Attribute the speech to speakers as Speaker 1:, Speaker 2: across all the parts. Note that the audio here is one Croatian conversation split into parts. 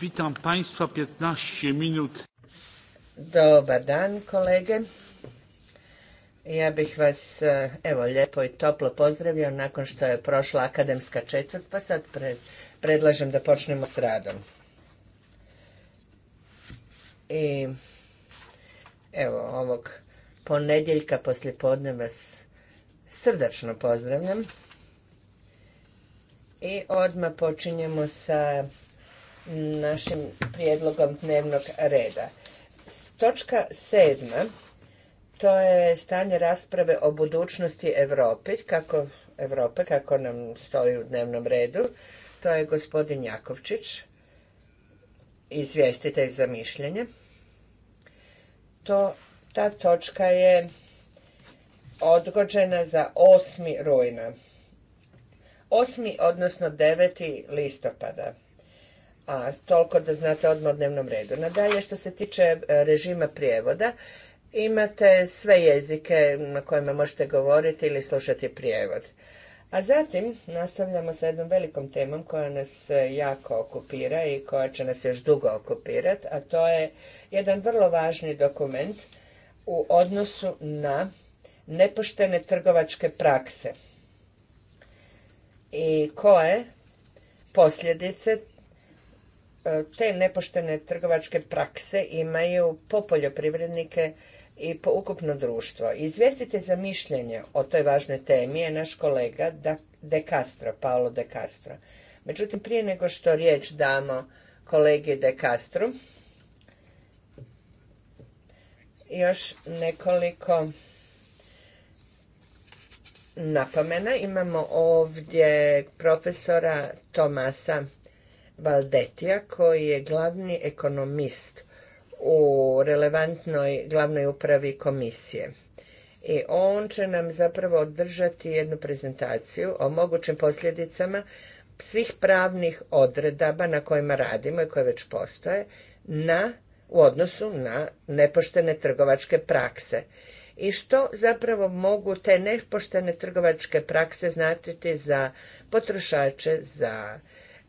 Speaker 1: Witam Państwa 15 minut. Dobar dan kolege. Ja bih vas e, evo lijepo i toplo pozdravio nakon što je prošla akademska četvrt pa sad predlažem da počnemo s radom. I evo ovog ponedjeljka poslijepodne vas srdačno pozdravljam. I odmah počinjemo sa našim prijedlogom dnevnog reda. Točka sedma, to je stanje rasprave o budućnosti Europe, kako Europe, kako nam stoji u dnevnom redu. To je gospodin Jakovčić, izvjestitelj za mišljenje. To, ta točka je odgođena za 8. rujna. 8. odnosno 9. listopada. A toliko da znate odmah o dnevnom redu. Nadalje, što se tiče e, režima prijevoda, imate sve jezike na kojima možete govoriti ili slušati prijevod. A zatim nastavljamo sa jednom velikom temom koja nas e, jako okupira i koja će nas još dugo okupirati, a to je jedan vrlo važni dokument u odnosu na nepoštene trgovačke prakse i koje posljedice E, te nepoštene trgovačke prakse imaju po poljoprivrednike i po ukupno društvo. Izvjestitelj za mišljenje o toj važnoj temi je naš kolega De Castro, Paolo De Castro. Međutim, prije nego što riječ damo kolegi De Castro, još nekoliko napomena. Imamo ovdje profesora Tomasa Valdetija koji je glavni ekonomist u relevantnoj glavnoj upravi komisije. I on će nam zapravo održati jednu prezentaciju o mogućim posljedicama svih pravnih odredaba na kojima radimo i koje već postoje na, u odnosu na nepoštene trgovačke prakse. I što zapravo mogu te nepoštene trgovačke prakse značiti za potrošače, za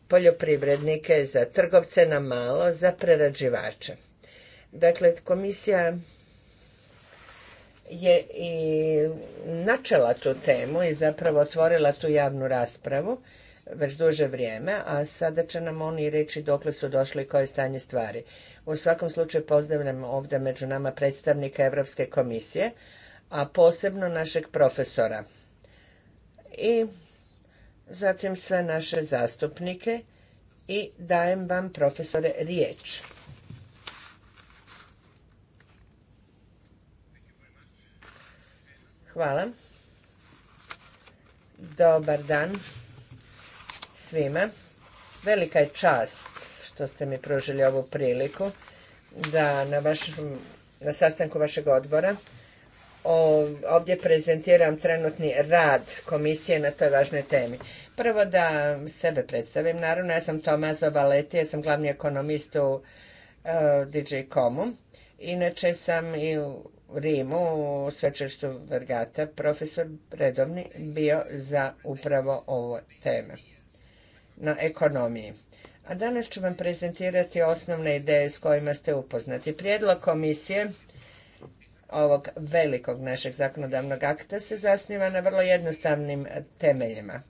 Speaker 1: poljoprivrednike, za trgovce na malo, za prerađivače. Dakle, komisija je i načela tu temu i zapravo otvorila tu javnu raspravu već duže vrijeme, a sada će nam oni reći dokle su došli koje stanje stvari. U svakom slučaju pozdravljam ovdje među nama predstavnika Europske komisije, a posebno našeg profesora. I zatim sve naše zastupnike i dajem vam, profesore, riječ. Hvala. Dobar dan svima. Velika je čast što ste mi pružili ovu priliku da na, na sastanku vašeg odbora ovdje prezentiram trenutni rad komisije na toj važnoj temi. Prvo da sebe predstavim, naravno ja sam Tomazo Valeti, ja sam glavni ekonomist u e, Comu, Inače sam i u Rimu, u svečeštu Vergata, profesor redovni bio za upravo ovo teme na ekonomiji. A danas ću vam prezentirati osnovne ideje s kojima ste upoznati. Prijedlog komisije ovog velikog našeg zakonodavnog akta se zasniva na vrlo jednostavnim e, temeljima.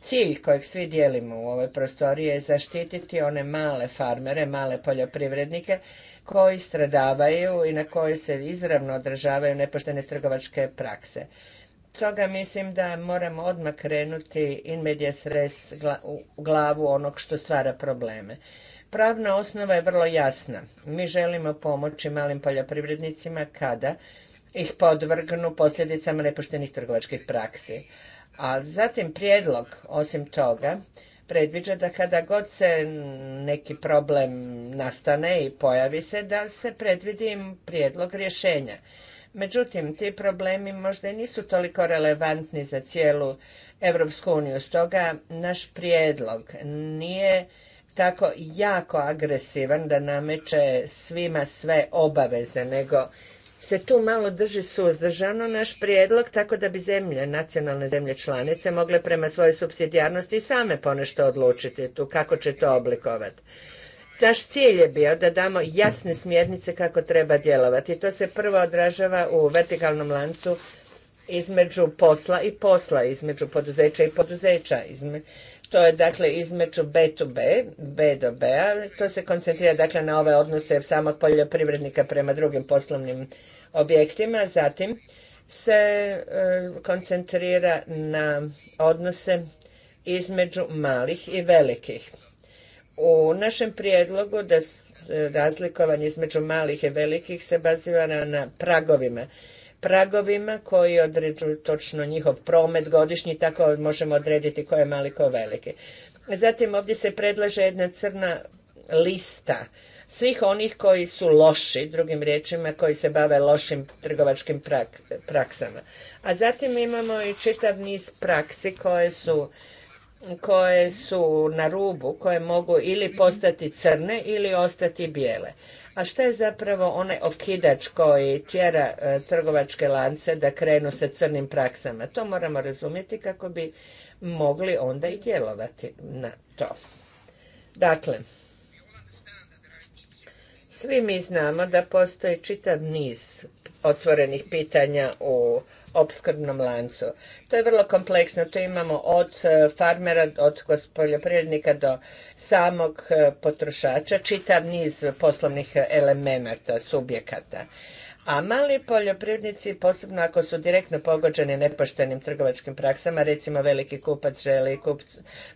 Speaker 1: Cilj kojeg svi dijelimo u ovoj prostoriji je zaštititi one male farmere, male poljoprivrednike koji stradavaju i na koje se izravno odražavaju nepoštene trgovačke prakse. Toga mislim da moramo odmah krenuti in medias res u glavu onog što stvara probleme. Pravna osnova je vrlo jasna. Mi želimo pomoći malim poljoprivrednicima kada ih podvrgnu posljedicama nepoštenih trgovačkih praksi. A zatim prijedlog, osim toga, predviđa da kada god se neki problem nastane i pojavi se, da se predvidi prijedlog rješenja. Međutim, ti problemi možda i nisu toliko relevantni za cijelu Evropsku uniju. Stoga naš prijedlog nije tako jako agresivan da nameće svima sve obaveze, nego se tu malo drži suzdržano naš prijedlog, tako da bi zemlje, nacionalne zemlje članice mogle prema svojoj subsidijarnosti same ponešto odlučiti tu kako će to oblikovati. Naš cilj je bio da damo jasne smjernice kako treba djelovati. To se prvo odražava u vertikalnom lancu između posla i posla, između poduzeća i poduzeća, između to je dakle između B to B, B do B, ali to se koncentrira dakle na ove odnose samog poljoprivrednika prema drugim poslovnim objektima, zatim se e, koncentrira na odnose između malih i velikih. U našem prijedlogu da e, razlikovanje između malih i velikih se bazira na pragovima pragovima koji određuju točno njihov promet godišnji, tako možemo odrediti koje je mali, ko veliki. Zatim ovdje se predlaže jedna crna lista svih onih koji su loši, drugim riječima koji se bave lošim trgovačkim praksama. A zatim imamo i čitav niz praksi koje su koje su na rubu, koje mogu ili postati crne ili ostati bijele. A šta je zapravo onaj okidač koji tjera e, trgovačke lance da krenu sa crnim praksama? To moramo razumjeti kako bi mogli onda i djelovati na to. Dakle, svi mi znamo da postoji čitav niz otvorenih pitanja u opskrbnom lancu. To je vrlo kompleksno. To imamo od e, farmera, od poljoprivrednika do samog e, potrošača čitav niz poslovnih elemenata, subjekata. A mali poljoprivrednici, posebno ako su direktno pogođeni nepoštenim trgovačkim praksama, recimo veliki kupac želi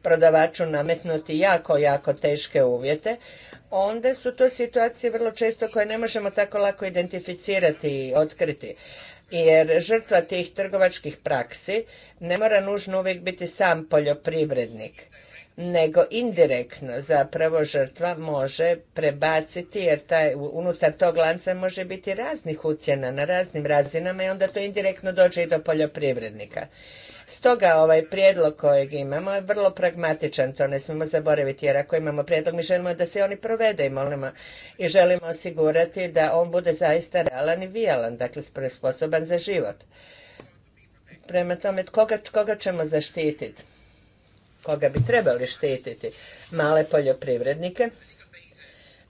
Speaker 1: prodavaču nametnuti jako, jako teške uvjete, onda su to situacije vrlo često koje ne možemo tako lako identificirati i otkriti jer žrtva tih trgovačkih praksi ne mora nužno uvijek biti sam poljoprivrednik, nego indirektno zapravo žrtva može prebaciti, jer taj, unutar tog lanca može biti raznih ucjena na raznim razinama i onda to indirektno dođe i do poljoprivrednika. Stoga ovaj prijedlog kojeg imamo je vrlo pragmatičan, to ne smijemo zaboraviti, jer ako imamo prijedlog mi želimo da se oni provede i molimo i želimo osigurati da on bude zaista realan i vijalan, dakle sposoban za život. Prema tome, koga, koga ćemo zaštititi? Koga bi trebali štititi? Male poljoprivrednike.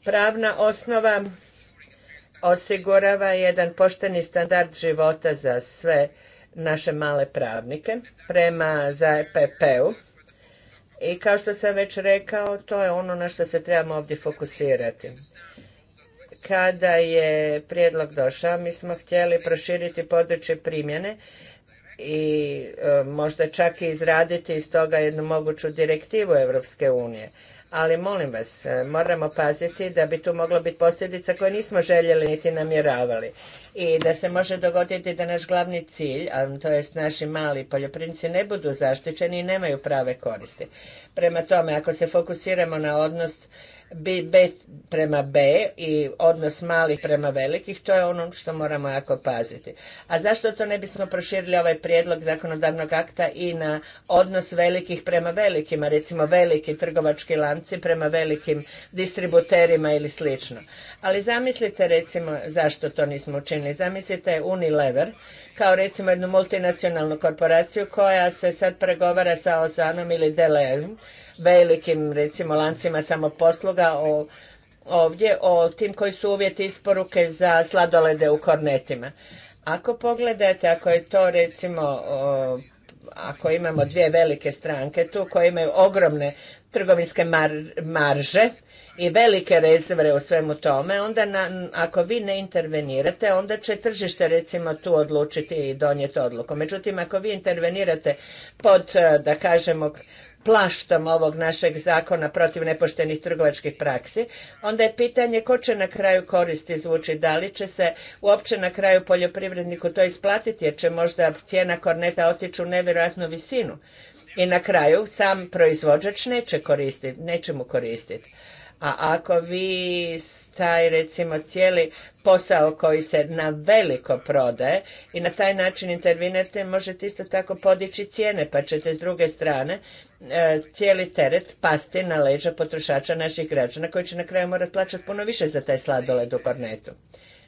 Speaker 1: Pravna osnova osigurava jedan pošteni standard života za sve naše male pravnike prema ZPP-u. I kao što sam već rekao, to je ono na što se trebamo ovdje fokusirati. Kada je prijedlog došao, mi smo htjeli proširiti područje primjene i e, možda čak i izraditi iz toga jednu moguću direktivu Europske unije ali molim vas, e, moramo paziti da bi tu moglo biti posljedica koje nismo željeli niti namjeravali. I da se može dogoditi da naš glavni cilj, a to jest naši mali poljoprivrednici, ne budu zaštićeni i nemaju prave koristi. Prema tome, ako se fokusiramo na odnos B, prema B i odnos malih prema velikih, to je ono što moramo jako paziti. A zašto to ne bismo proširili ovaj prijedlog zakonodavnog akta i na odnos velikih prema velikima, recimo veliki trgovački lanci prema velikim distributerima ili slično. Ali zamislite recimo zašto to nismo učinili. Zamislite Unilever kao recimo jednu multinacionalnu korporaciju koja se sad pregovara sa Osanom ili Deleuze velikim recimo lancima samoposluga ovdje o tim koji su uvjeti isporuke za sladolede u kornetima. Ako pogledate, ako je to recimo, ako imamo dvije velike stranke tu koje imaju ogromne trgovinske marže i velike rezerve u svemu tome, onda ako vi ne intervenirate, onda će tržište recimo tu odlučiti i donijeti odluku. Međutim, ako vi intervenirate pod, da kažemo, plaštom ovog našeg zakona protiv nepoštenih trgovačkih praksi, onda je pitanje ko će na kraju koristi izvući, da li će se uopće na kraju poljoprivredniku to isplatiti, jer će možda cijena korneta otići u nevjerojatnu visinu. I na kraju sam proizvođač neće koristiti, neće mu koristiti. A ako vi taj recimo cijeli posao koji se na veliko prodaje i na taj način intervinete, možete isto tako podići cijene, pa ćete s druge strane e, cijeli teret pasti na leđa potrošača naših građana koji će na kraju morati plaćati puno više za taj sladoled u kornetu.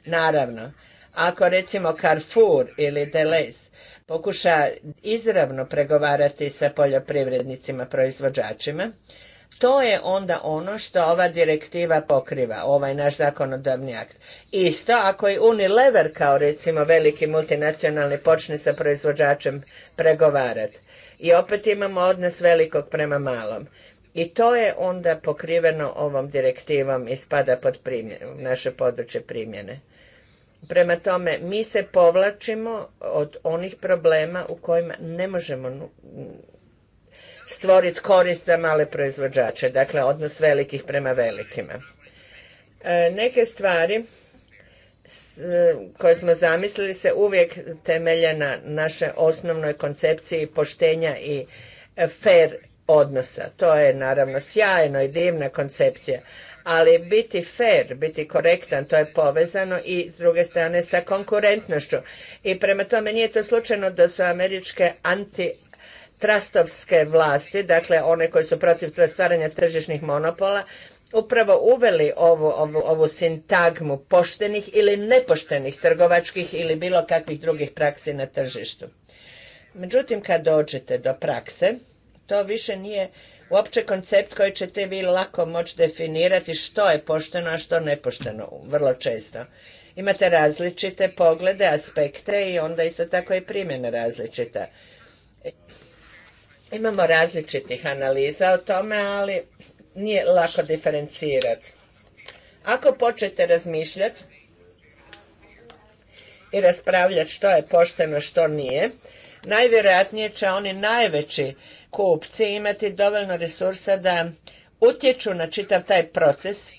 Speaker 1: Naravno, ako recimo Carrefour ili Deleuze pokuša izravno pregovarati sa poljoprivrednicima, proizvođačima, to je onda ono što ova direktiva pokriva, ovaj naš zakonodavni akt. Isto ako i Unilever kao recimo veliki multinacionalni počne sa proizvođačem pregovarati. I opet imamo odnos velikog prema malom. I to je onda pokriveno ovom direktivom i spada pod naše područje primjene. Prema tome, mi se povlačimo od onih problema u kojima ne možemo stvoriti korist za male proizvođače, dakle odnos velikih prema velikima. E, neke stvari e, koje smo zamislili se uvijek temelje na našoj osnovnoj koncepciji poštenja i fair odnosa. To je naravno sjajno i divna koncepcija, ali biti fair, biti korektan, to je povezano i s druge strane sa konkurentnošću. I prema tome nije to slučajno da su američke anti trastovske vlasti, dakle one koje su protiv stvaranja tržišnih monopola, upravo uveli ovu, ovu, ovu sintagmu poštenih ili nepoštenih trgovačkih ili bilo kakvih drugih praksi na tržištu. Međutim, kad dođete do prakse, to više nije uopće koncept koji ćete vi lako moći definirati što je pošteno, a što nepošteno, vrlo često. Imate različite poglede, aspekte i onda isto tako i primjena različita. Imamo različitih analiza o tome, ali nije lako diferencirati. Ako počnete razmišljati i raspravljati što je pošteno, što nije, najvjerojatnije će oni najveći kupci imati dovoljno resursa da utječu na čitav taj proces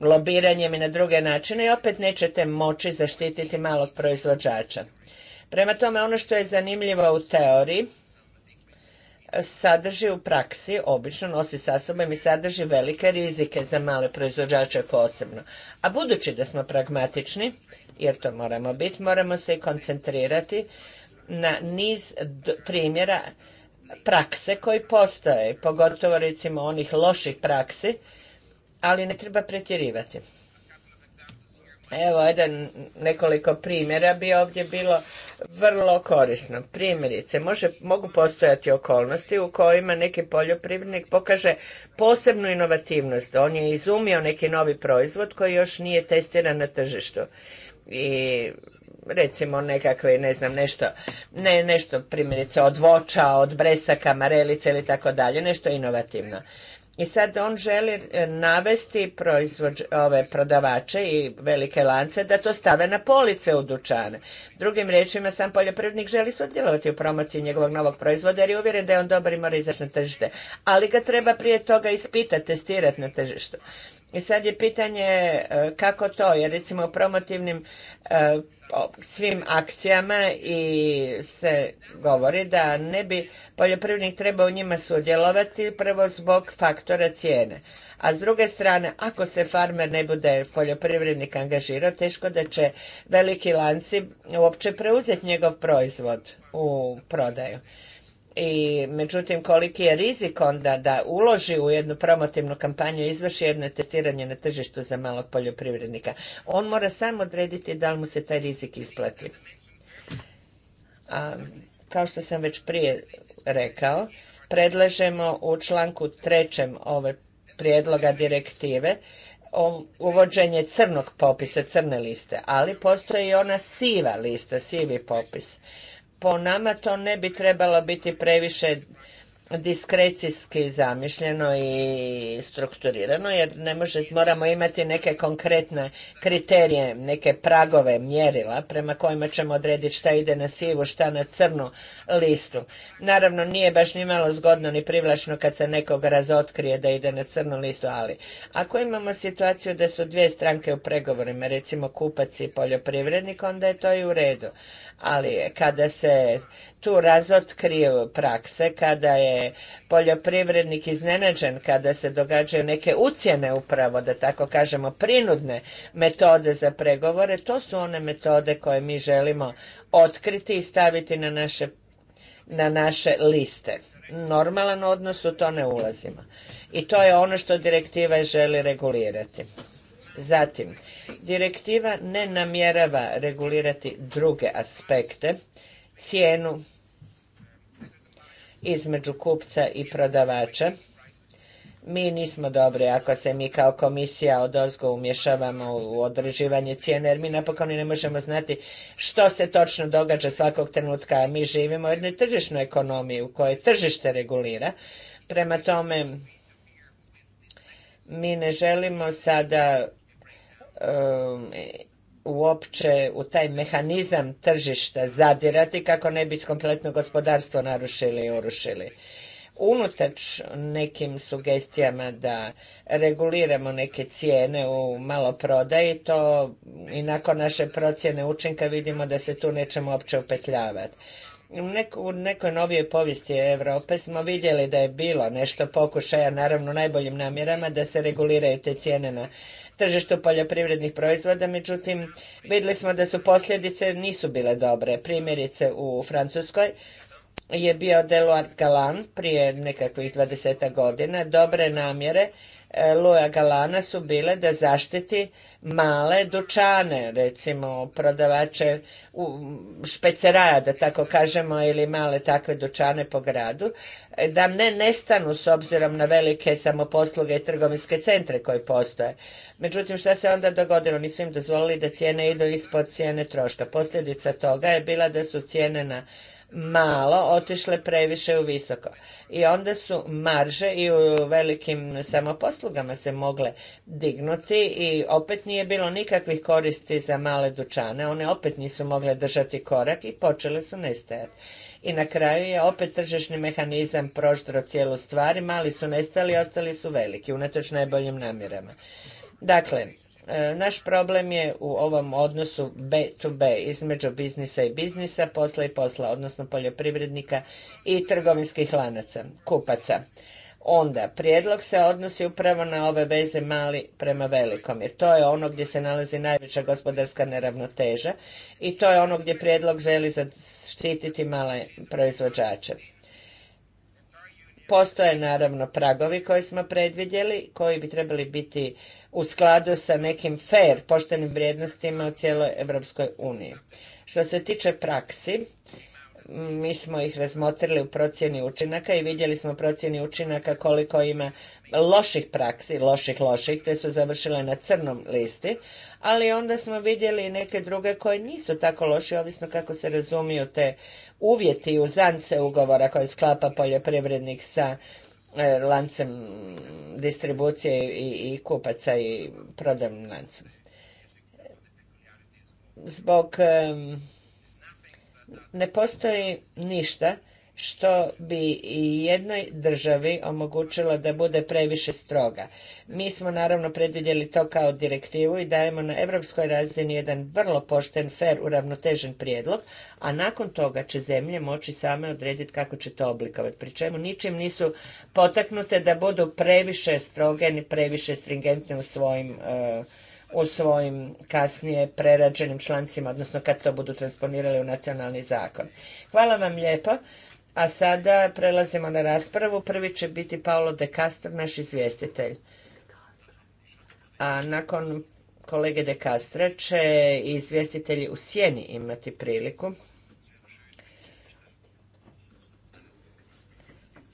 Speaker 1: lobiranjem i na druge načine i opet nećete moći zaštititi malog proizvođača. Prema tome, ono što je zanimljivo u teoriji sadrži u praksi, obično nosi sa sobom i sadrži velike rizike za male proizvođače posebno. A budući da smo pragmatični, jer to moramo biti, moramo se koncentrirati na niz primjera prakse koji postoje, pogotovo recimo onih loših praksi, ali ne treba pretjerivati. Evo, jedan, nekoliko primjera bi ovdje bilo vrlo korisno. Primjerice, može, mogu postojati okolnosti u kojima neki poljoprivrednik pokaže posebnu inovativnost. On je izumio neki novi proizvod koji još nije testiran na tržištu. I recimo nekakve, ne znam, nešto, ne, nešto primjerice od voća, od bresaka, marelice ili tako dalje, nešto inovativno. I sad on želi e, navesti proizvođ, ove prodavače i velike lance da to stave na police u dućane. Drugim riječima, sam poljoprivrednik želi sudjelovati u promociji njegovog novog proizvoda jer je uvjeren da je on dobar i mora izaći na tržište. Ali ga treba prije toga ispitati, testirati na tržištu. I sad je pitanje e, kako to, jer recimo u promotivnim e, svim akcijama i se govori da ne bi poljoprivrednik trebao u njima sudjelovati prvo zbog faktora cijene. A s druge strane, ako se farmer ne bude poljoprivrednik angažirao, teško da će veliki lanci uopće preuzeti njegov proizvod u prodaju i međutim koliki je rizik onda da uloži u jednu promotivnu kampanju, i izvrši jedno testiranje na tržištu za malog poljoprivrednika. On mora sam odrediti da li mu se taj rizik isplati. A, kao što sam već prije rekao, predlažemo u članku trećem ove prijedloga direktive uvođenje crnog popisa, crne liste, ali postoji i ona siva lista, sivi popis po nama to ne bi trebalo biti previše diskrecijski zamišljeno i strukturirano jer ne može, moramo imati neke konkretne kriterije, neke pragove, mjerila prema kojima ćemo odrediti šta ide na sivu, šta na crnu listu. Naravno nije baš ni malo zgodno ni privlačno kad se nekog razotkrije da ide na crnu listu, ali ako imamo situaciju da su dvije stranke u pregovorima, recimo kupac i poljoprivrednik, onda je to i u redu. Ali kada se tu razotkriju prakse kada je poljoprivrednik iznenađen kada se događaju neke ucjene upravo da tako kažemo prinudne metode za pregovore to su one metode koje mi želimo otkriti i staviti na naše na naše liste. Normalan odnos u to ne ulazimo. I to je ono što direktiva želi regulirati. Zatim, direktiva ne namjerava regulirati druge aspekte, cijenu između kupca i prodavača. Mi nismo dobri ako se mi kao komisija odozgo umješavamo u određivanje cijene, jer mi napokon ne možemo znati što se točno događa svakog trenutka, mi živimo u jednoj tržišnoj ekonomiji u kojoj tržište regulira. Prema tome, mi ne želimo sada um, uopće u taj mehanizam tržišta zadirati kako ne bi kompletno gospodarstvo narušili i urušili. Unutač nekim sugestijama da reguliramo neke cijene u maloprodaji, to i nakon naše procjene učinka vidimo da se tu nećemo uopće upetljavati. U nekoj novijoj povijesti Europe smo vidjeli da je bilo nešto pokušaja, naravno najboljim namjerama, da se reguliraju te cijene na tržištu poljoprivrednih proizvoda, međutim vidjeli smo da su posljedice nisu bile dobre. Primjerice u Francuskoj je bio Deloitte Galant prije nekakvih 20 godina, dobre namjere E, Luja Galana su bile da zaštiti male dućane, recimo prodavače špeceraja, da tako kažemo, ili male takve dućane po gradu, e, da ne nestanu s obzirom na velike samoposluge i trgovinske centre koji postoje. Međutim, šta se onda dogodilo? Nisu im dozvolili da cijene idu ispod cijene troška. Posljedica toga je bila da su cijene na malo otišle previše u visoko. I onda su marže i u velikim samoposlugama se mogle dignuti i opet nije bilo nikakvih koristi za male dućane. One opet nisu mogle držati korak i počele su nestajati. I na kraju je opet tržišni mehanizam proždro cijelu stvar mali su nestali, ostali su veliki, unatoč najboljim namjerama. Dakle, E, naš problem je u ovom odnosu B to B, između biznisa i biznisa, posla i posla, odnosno poljoprivrednika i trgovinskih lanaca, kupaca. Onda, prijedlog se odnosi upravo na ove veze mali prema velikom, jer to je ono gdje se nalazi najveća gospodarska neravnoteža i to je ono gdje prijedlog želi zaštititi male proizvođače. Postoje naravno pragovi koje smo predvidjeli, koji bi trebali biti u skladu sa nekim fair, poštenim vrijednostima u cijeloj Evropskoj uniji. Što se tiče praksi, mi smo ih razmotrili u procjeni učinaka i vidjeli smo procjeni učinaka koliko ima loših praksi, loših, loših, te su završile na crnom listi, ali onda smo vidjeli i neke druge koje nisu tako loše, ovisno kako se razumiju te uvjeti i uzance ugovora koje sklapa poljoprivrednik sa E, lancem distribucije i, i kupaca i prodavnim lancem. Zbog ne postoji ništa što bi i jednoj državi omogućilo da bude previše stroga. Mi smo naravno predvidjeli to kao direktivu i dajemo na europskoj razini jedan vrlo pošten, fer, uravnotežen prijedlog, a nakon toga će zemlje moći same odrediti kako će to oblikovati, pri čemu ničim nisu potaknute da budu previše stroge ni previše stringentne u svojim e, u svojim kasnije prerađenim člancima, odnosno kad to budu transponirali u nacionalni zakon. Hvala vam lijepo. A sada prelazimo na raspravu. Prvi će biti Paolo de Castro, naš izvjestitelj. A nakon kolege de Castro će izvjestitelji u sjeni imati priliku.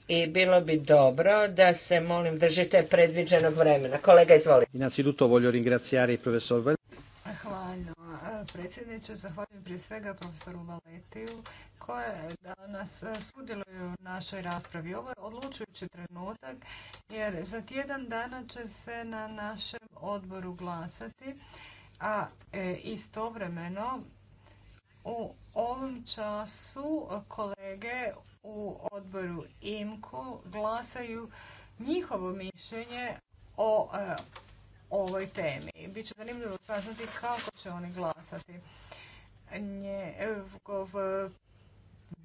Speaker 1: I bilo bi dobro da se, molim, držite predviđenog vremena. Kolega, izvoli. to voglio ringraziare il professor Hvala
Speaker 2: e, predsjedniče. Zahvaljujem prije svega profesoru Valetiju koja danas e, sudjeluje u našoj raspravi. Ovo je odlučujući trenutak jer za tjedan dana će se na našem odboru glasati, a e, istovremeno u ovom času kolege u odboru IMKU glasaju njihovo mišljenje o ovoj temi. Biće zanimljivo saznati kako će oni glasati.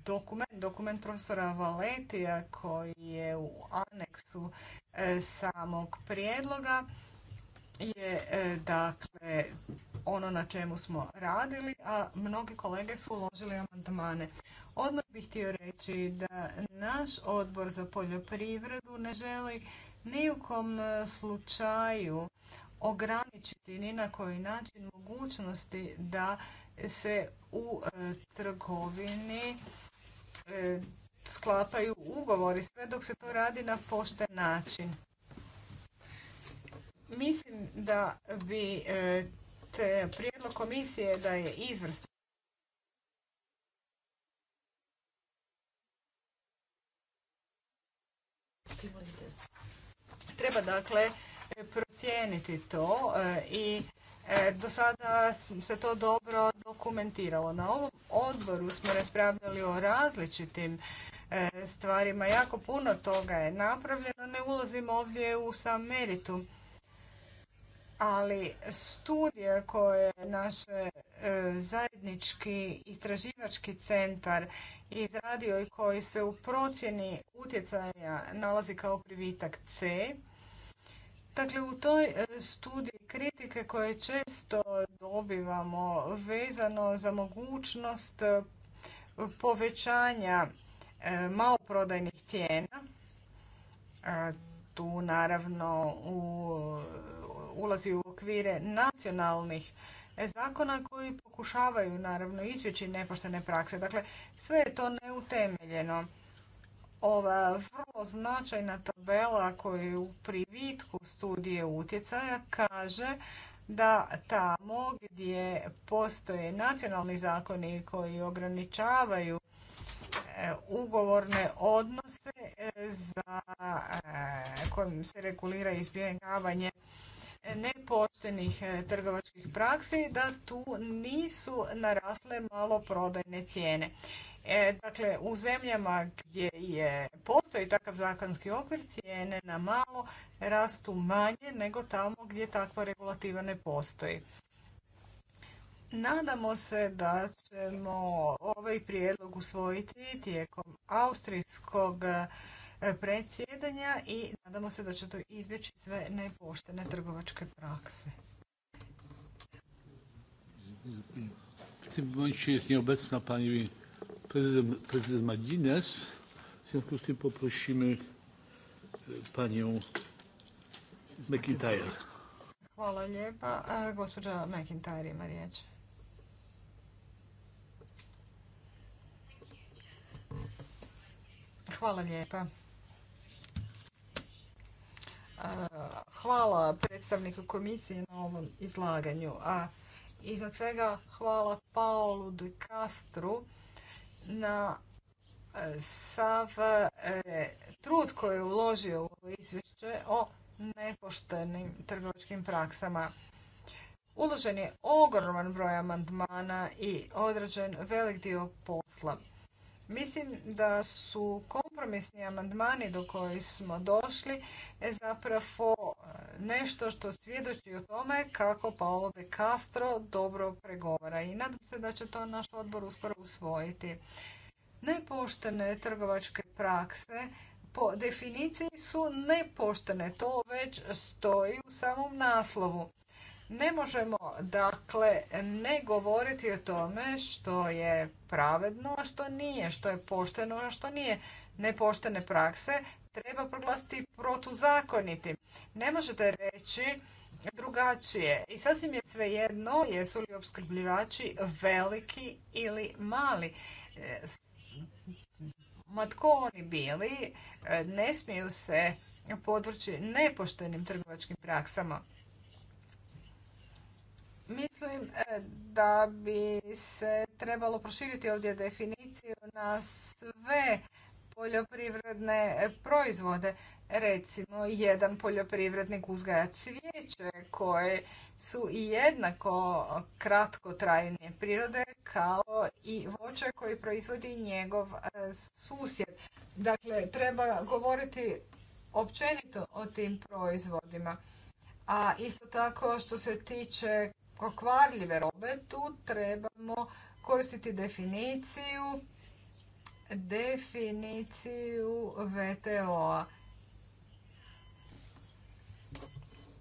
Speaker 2: dokument, dokument profesora Valetija koji je u aneksu e, samog prijedloga je e, dakle ono na čemu smo radili, a mnogi kolege su uložili amandmane. Odmah bih htio reći da naš odbor za poljoprivredu ne želi ni u kom e, slučaju ograničiti ni na koji način mogućnosti da se u e, trgovini e, sklapaju ugovori, sve dok se to radi na pošten način. Mislim da bi prijedlog komisije da je izvrstan. Treba dakle procijeniti to e, i e, do sada se to dobro dokumentiralo. Na ovom odboru smo raspravljali o različitim e, stvarima. Jako puno toga je napravljeno. Ne ulazimo ovdje u sam meritum ali studije koje naš e, zajednički istraživački centar izradio i koji se u procjeni utjecanja nalazi kao privitak C, Dakle, u toj e, studiji kritike koje često dobivamo vezano za mogućnost e, povećanja maloprodajnih cijena, tu naravno u ulazi u okvire nacionalnih zakona koji pokušavaju naravno izvjeći nepoštene prakse. Dakle, sve je to neutemeljeno. Ova vrlo značajna tabela koja je u privitku studije utjecaja kaže da tamo gdje postoje nacionalni zakoni koji ograničavaju e, ugovorne odnose e, za e, kojim se regulira izbjegavanje nepoštenih e, trgovačkih praksi da tu nisu narasle prodajne cijene. E, dakle, u zemljama gdje je postoji takav zakonski okvir, cijene na malo rastu manje nego tamo gdje takva regulativa ne postoji. Nadamo se da ćemo ovaj prijedlog usvojiti tijekom austrijskog E, predsjedanja i nadamo se da će to izbjeći sve nepoštene trgovačke prakse. W tym momencie jest nieobecna pani prezydent, prezydent Madines. W związku z tym poprosimy e, panią McIntyre. Hvala lijepa. E, gospođa McIntyre ima riječ. Hvala lijepa. Hvala predstavniku komisije na ovom izlaganju. A iznad svega hvala Paolu de Castru na e, sav e, trud koji je uložio u ovo izvješće o nepoštenim trgovačkim praksama. Uložen je ogroman broj amandmana i određen velik dio posla. Mislim da su kompromisni amandmani do koji smo došli je zapravo e, nešto što svjedoči o tome kako Paolo de Castro dobro pregovara i nadam se da će to naš odbor uskoro usvojiti. Nepoštene trgovačke prakse po definiciji su nepoštene, to već stoji u samom naslovu. Ne možemo dakle ne govoriti o tome što je pravedno, a što nije, što je pošteno, a što nije. Nepoštene prakse treba proglasiti protuzakonitim. Ne možete reći drugačije. I sasvim je svejedno jesu li opskrbljivači veliki ili mali. Ma tko oni bili, ne smiju se podvrći nepoštenim trgovačkim praksama. Mislim e, da bi se trebalo proširiti ovdje definiciju na sve poljoprivredne e, proizvode. Recimo, jedan poljoprivrednik uzgaja cvijeće koje su i jednako kratkotrajne prirode kao i voće koje proizvodi njegov e, susjed. Dakle, treba govoriti općenito o tim proizvodima. A isto tako što se tiče kvarljive robe, tu trebamo koristiti definiciju definiciju VTO-a.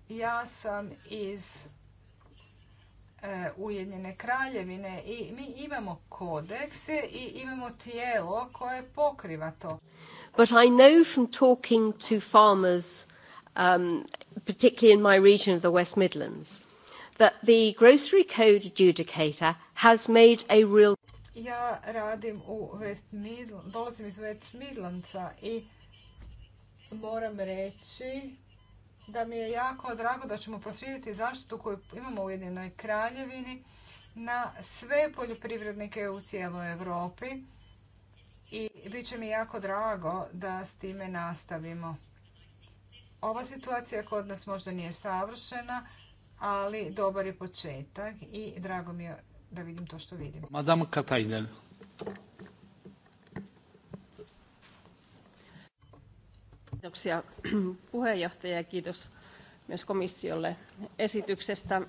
Speaker 2: Ja sam iz e, Ujedinjene kraljevine i mi imamo kodekse i imamo tijelo koje pokriva to.
Speaker 1: But I know from talking to farmers, um, particularly in my region of the West Midlands, that the grocery code adjudicator has made a real
Speaker 2: ja radim u West dolazim iz West Midlandsa i moram reći da mi je jako drago da ćemo prosvijediti zaštitu koju imamo u Ujedinjenoj Kraljevini na sve poljoprivrednike u cijeloj Europi i bit će mi jako drago da s time nastavimo. Ova situacija kod nas možda nije savršena, ali dobar je početak i drago mi je da vidim to što vidim. Madame Katajnen.
Speaker 1: Kiitoksia puheenjohtaja ja kiitos myös komissiolle esityksestä.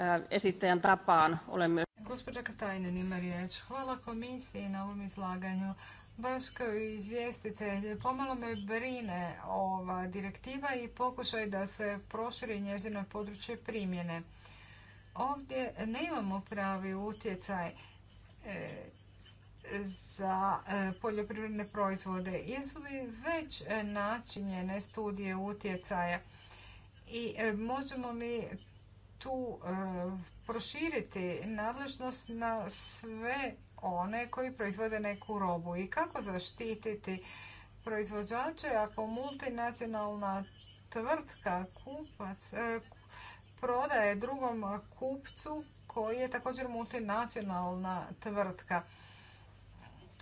Speaker 1: Äh, esittäjän tapaan olen myös... Gospodja Katajnen ima riječ. Hvala komisiji
Speaker 2: na ovom izlaganju baš kao izvjestitelj, pomalo me brine ova direktiva i pokušaj da se proširi njezino područje primjene. Ovdje nemamo pravi utjecaj e, za e, poljoprivredne proizvode. Jesu li već e, načinjene studije utjecaja i možemo li tu proširiti nadležnost na sve one koji proizvode neku robu i kako zaštititi proizvođače ako multinacionalna tvrtka kupac e, prodaje drugom kupcu koji je također multinacionalna tvrtka.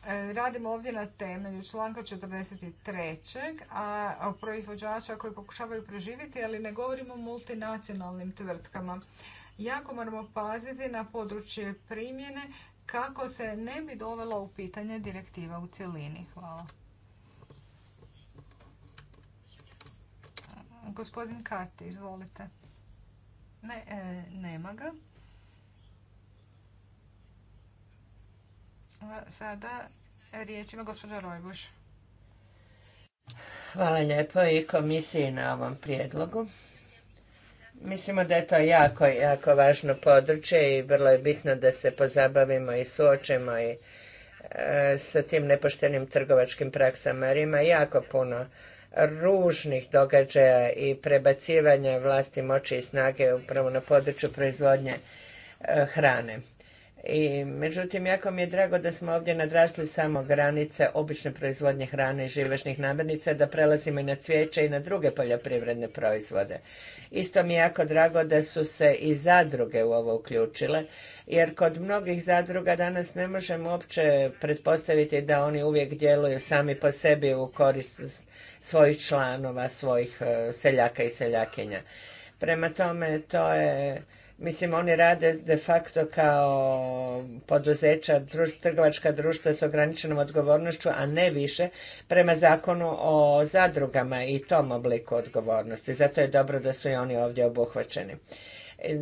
Speaker 2: E, radimo ovdje na temelju članka 43. a proizvođača koji pokušavaju preživjeti, ali ne govorimo o multinacionalnim tvrtkama. Jako moramo paziti na područje primjene kako se ne bi dovelo u pitanje direktiva u cjelini. Hvala. Gospodin Karti, izvolite. Ne, e, nema ga. Sada riječ ima gospođa Rojbuš.
Speaker 1: Hvala lijepo i komisiji na ovom prijedlogu. Mislimo da je to jako, jako važno područje i vrlo je bitno da se pozabavimo i suočimo i e, sa tim nepoštenim trgovačkim praksama jer ima jako puno ružnih događaja i prebacivanja vlasti moći i snage upravo na području proizvodnje e, hrane. I, međutim, jako mi je drago da smo ovdje nadrasli samo granice obične proizvodnje hrane i živešnih namirnica, da prelazimo i na cvijeće i na druge poljoprivredne proizvode. Isto mi je jako drago da su se i zadruge u ovo uključile, jer kod mnogih zadruga danas ne možemo uopće pretpostaviti da oni uvijek djeluju sami po sebi u korist svojih članova, svojih eh, seljaka i seljakinja. Prema tome, to je Mislim, oni rade de facto kao poduzeća, trgovačka društva s ograničenom odgovornošću, a ne više prema zakonu o zadrugama i tom obliku odgovornosti. Zato je dobro da su i oni ovdje obuhvaćeni. E,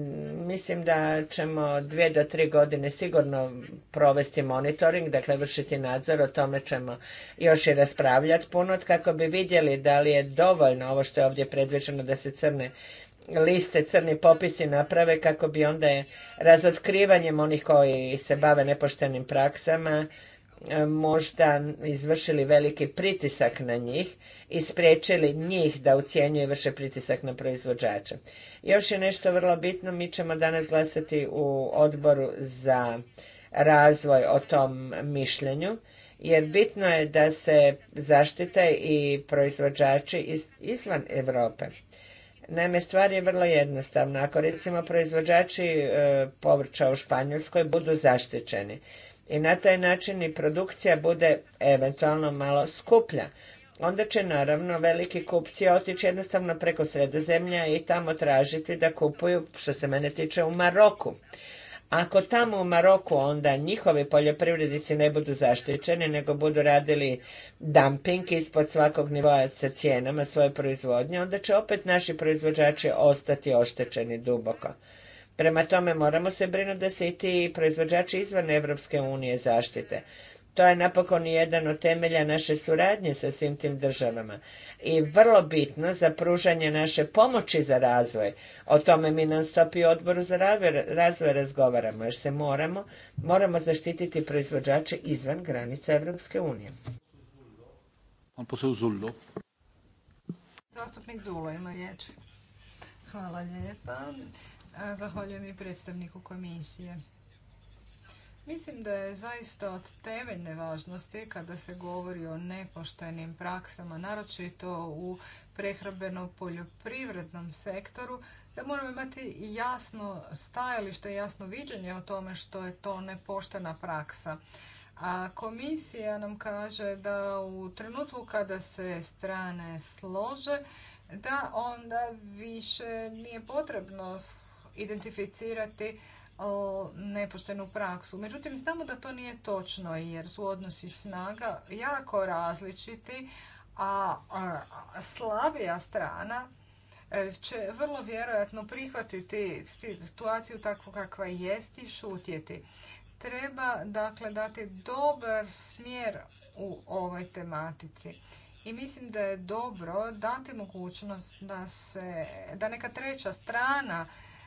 Speaker 1: mislim da ćemo dvije do tri godine sigurno provesti monitoring, dakle vršiti nadzor, o tome ćemo još i raspravljati puno kako bi vidjeli da li je dovoljno ovo što je ovdje predviđeno da se crne liste, crni popisi naprave kako bi onda razotkrivanjem onih koji se bave nepoštenim praksama e, možda izvršili veliki pritisak na njih i spriječili njih da ucijenjuju i vrše pritisak na proizvođače. Još je nešto vrlo bitno, mi ćemo danas glasati u odboru za razvoj o tom mišljenju, jer bitno je da se zaštite i proizvođači iz, izvan Europe. Naime, stvar je vrlo jednostavna. Ako recimo proizvođači e, povrća u Španjolskoj budu zaštićeni i na taj način i produkcija bude eventualno malo skuplja, onda će naravno veliki kupci otići jednostavno preko sredozemlja i tamo tražiti da kupuju, što se mene tiče, u Maroku. Ako tamo u Maroku onda njihovi poljoprivrednici ne budu zaštićeni, nego budu radili dumping ispod svakog nivoa sa cijenama svoje proizvodnje, onda će opet naši proizvođači ostati oštećeni duboko. Prema tome moramo se brinuti da se i ti proizvođači izvan Evropske unije zaštite. To je napokon jedan od temelja naše suradnje sa svim tim državama i vrlo bitno za pružanje naše pomoći za razvoj. O tome mi nam stopi odboru za razvoj razgovaramo jer se moramo, moramo zaštititi proizvođače izvan granica Europske unije.
Speaker 2: Zastupnik Zulo ima riječ. Hvala lijepa. Zahvaljujem i predstavniku komisije. Mislim da je zaista od temeljne važnosti kada se govori o nepoštenim praksama, naročito u prehrambeno poljoprivrednom sektoru, da moramo imati jasno stajalište, jasno viđenje o tome što je to nepoštena praksa. A komisija nam kaže da u trenutku kada se strane slože, da onda više nije potrebno identificirati nepoštenu praksu. Međutim, znamo da to nije točno jer su odnosi snaga jako različiti, a slabija strana e, će vrlo vjerojatno prihvatiti situaciju takvu kakva jest i šutjeti. Treba dakle dati dobar smjer u ovoj tematici. I mislim da je dobro dati mogućnost da se da neka treća strana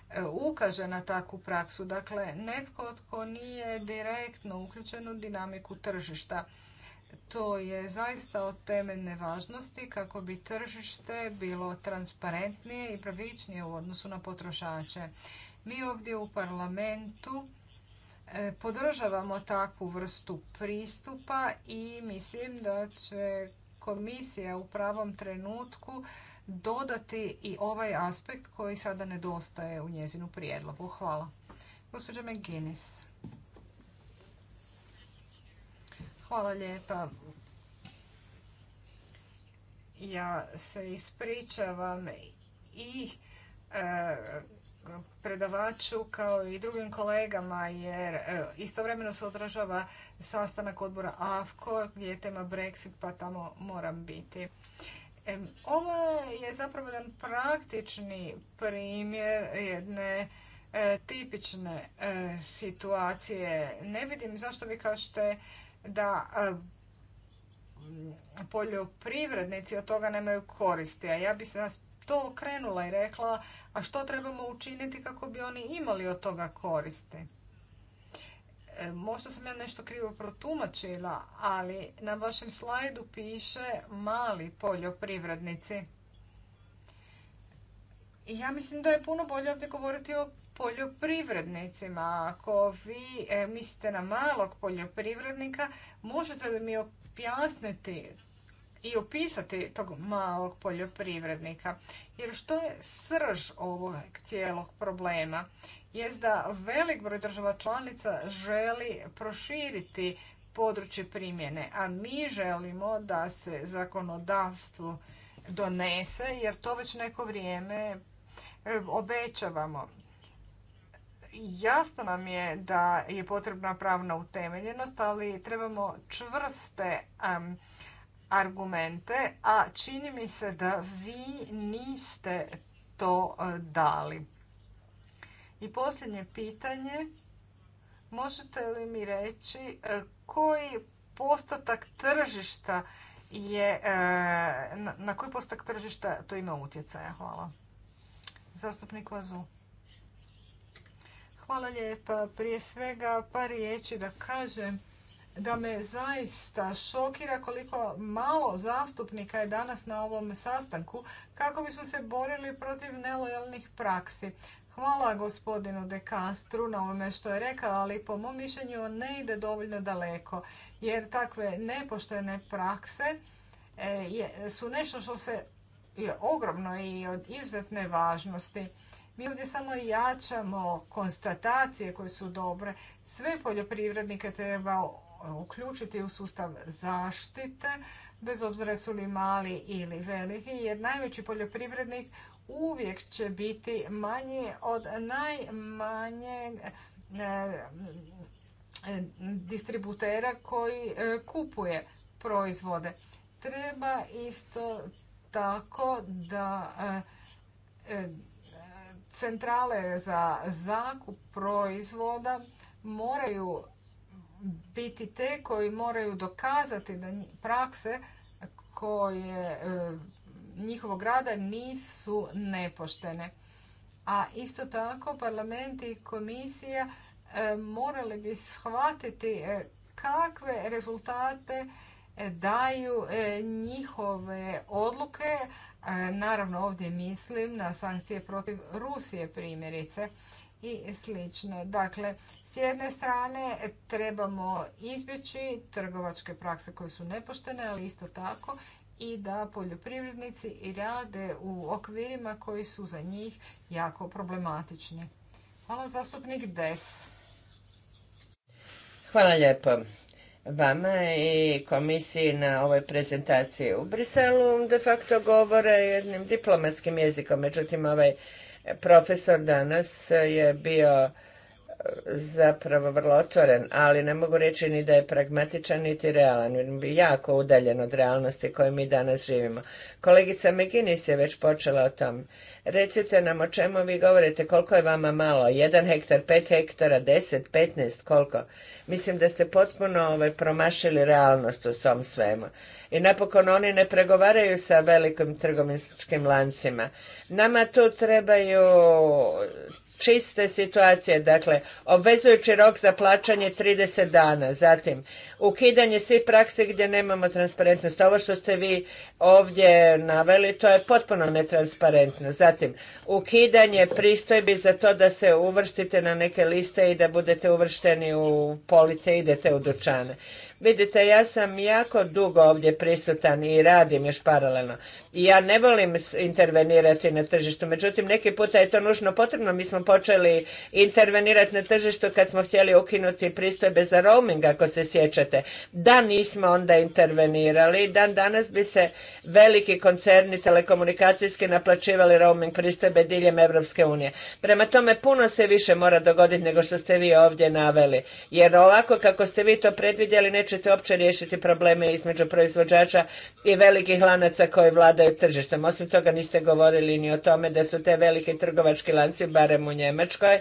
Speaker 2: E, ukaže na takvu praksu. Dakle, netko tko nije direktno uključen u dinamiku tržišta. To je zaista od temeljne važnosti kako bi tržište bilo transparentnije i pravičnije u odnosu na potrošače. Mi ovdje u parlamentu e, podržavamo takvu vrstu pristupa i mislim da će komisija u pravom trenutku dodati i ovaj aspekt koji sada nedostaje u njezinu prijedlogu. Hvala. Gospođa McGinnis. Hvala lijepa. Ja se ispričavam i e, predavaču kao i drugim kolegama jer e, istovremeno se odražava sastanak odbora AFKO gdje je tema Brexit pa tamo moram biti. Ovo je zapravo jedan praktični primjer jedne e, tipične e, situacije. Ne vidim zašto vi kažete da e, poljoprivrednici od toga nemaju koristi. A ja bi se nas to okrenula i rekla, a što trebamo učiniti kako bi oni imali od toga koristi? E, možda sam ja nešto krivo protumačila, ali na vašem slajdu piše mali poljoprivrednici. Ja mislim da je puno bolje ovdje govoriti o poljoprivrednicima. Ako vi e, mislite na malog poljoprivrednika, možete li mi objasniti i opisati tog malog poljoprivrednika. Jer što je srž ovog cijelog problema? je da velik broj država članica želi proširiti područje primjene, a mi želimo da se zakonodavstvo donese jer to već neko vrijeme e, obećavamo. Jasno nam je da je potrebna pravna utemeljenost, ali trebamo čvrste argumente, a čini mi se da vi niste to e, dali. I posljednje pitanje, možete li mi reći e, koji postotak tržišta je, e, na koji postotak tržišta to ima utjecaja? Hvala. Zastupnik Vazu. Hvala lijepa. Prije svega par riječi da kažem da me zaista šokira koliko malo zastupnika je danas na ovom sastanku kako bismo se borili protiv nelojalnih praksi. Hvala gospodinu De Castru na ovome što je rekao, ali po mom mišljenju on ne ide dovoljno daleko, jer takve nepoštene prakse e, su nešto što se je ogromno i od izuzetne važnosti. Mi ovdje samo jačamo konstatacije koje su dobre. Sve poljoprivrednike treba uključiti u sustav zaštite, bez obzira su li mali ili veliki, jer najveći poljoprivrednik uvijek će biti manje od najmanje eh, distributera koji eh, kupuje proizvode. Treba isto tako da eh, centrale za zakup proizvoda moraju biti te koji moraju dokazati da prakse koje njihovog rada nisu nepoštene. A isto tako parlament i komisija e, morali bi shvatiti e, kakve rezultate e, daju njihove odluke. Naravno ovdje mislim na sankcije protiv Rusije primjerice i slično. Dakle, s jedne strane trebamo izbjeći trgovačke prakse koje su nepoštene, ali isto tako i da poljoprivrednici rade u okvirima koji su za njih jako problematični. Hvala zastupnik Des.
Speaker 1: Hvala lijepo vama i komisiji na ovoj prezentaciji u Briselu. De facto govore jednim diplomatskim jezikom, međutim ovaj profesor danas je bio zapravo vrlo otvoren, ali ne mogu reći ni da je pragmatičan niti realan, jer bi jako udaljen od realnosti koje mi danas živimo. Kolegica McGinnis je već počela o tom. Recite nam o čemu vi govorite, koliko je vama malo, jedan hektar, pet hektara, 10, 15, koliko? Mislim da ste potpuno ovaj, promašili realnost u svom svemu. I napokon oni ne pregovaraju sa velikim trgovinskim lancima. Nama tu trebaju čiste situacije, dakle obvezujući rok za plaćanje 30 dana, zatim ukidanje svih praksi gdje nemamo transparentnost. Ovo što ste vi ovdje naveli, to je potpuno netransparentno. Zatim, ukidanje pristojbi za to da se uvrstite na neke liste i da budete uvršteni u police, i idete u dućane. Vidite, ja sam jako dugo ovdje prisutan i radim još paralelno. I ja ne volim intervenirati na tržištu, međutim neki puta je to nužno potrebno. Mi smo počeli intervenirati na tržištu kad smo htjeli ukinuti pristojbe za roaming, ako se sjećate. Da nismo onda intervenirali, dan danas bi se veliki koncerni telekomunikacijski naplaćivali roaming pristojbe diljem Europske unije. Prema tome puno se više mora dogoditi nego što ste vi ovdje naveli. Jer ovako kako ste vi to predvidjeli neće ćete uopće riješiti probleme između proizvođača i velikih lanaca koji vladaju tržištem. Osim toga niste govorili ni o tome da su te velike trgovački lanci, barem u Njemačkoj,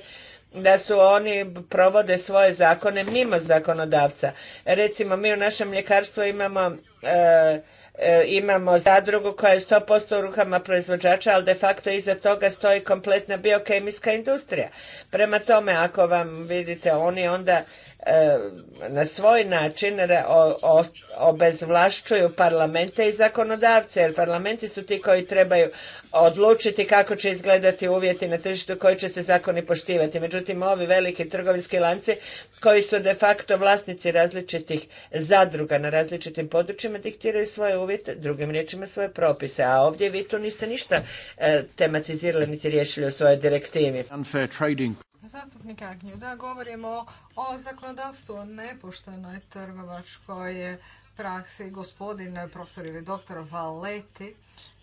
Speaker 1: da su oni provode svoje zakone mimo zakonodavca. Recimo mi u našem mljekarstvu imamo e, e, imamo zadrugu koja je 100% u rukama proizvođača, ali de facto iza toga stoji kompletna biokemijska industrija. Prema tome, ako vam vidite, oni onda E, na svoj način obezvlašćuju parlamente i zakonodavce, jer parlamenti su ti koji trebaju odlučiti kako će izgledati uvjeti na tržištu koji će se zakoni poštivati. Međutim, ovi veliki trgovinski lanci koji su de facto vlasnici različitih zadruga na različitim područjima diktiraju svoje uvjete, drugim riječima svoje propise. A ovdje vi tu niste ništa e, tematizirali niti riješili u svojoj direktivi.
Speaker 2: Zastupnik Agnju, da govorimo o zakonodavstvu o nepoštenoj trgovačkoj praksi. Gospodin profesor ili doktor Valeti,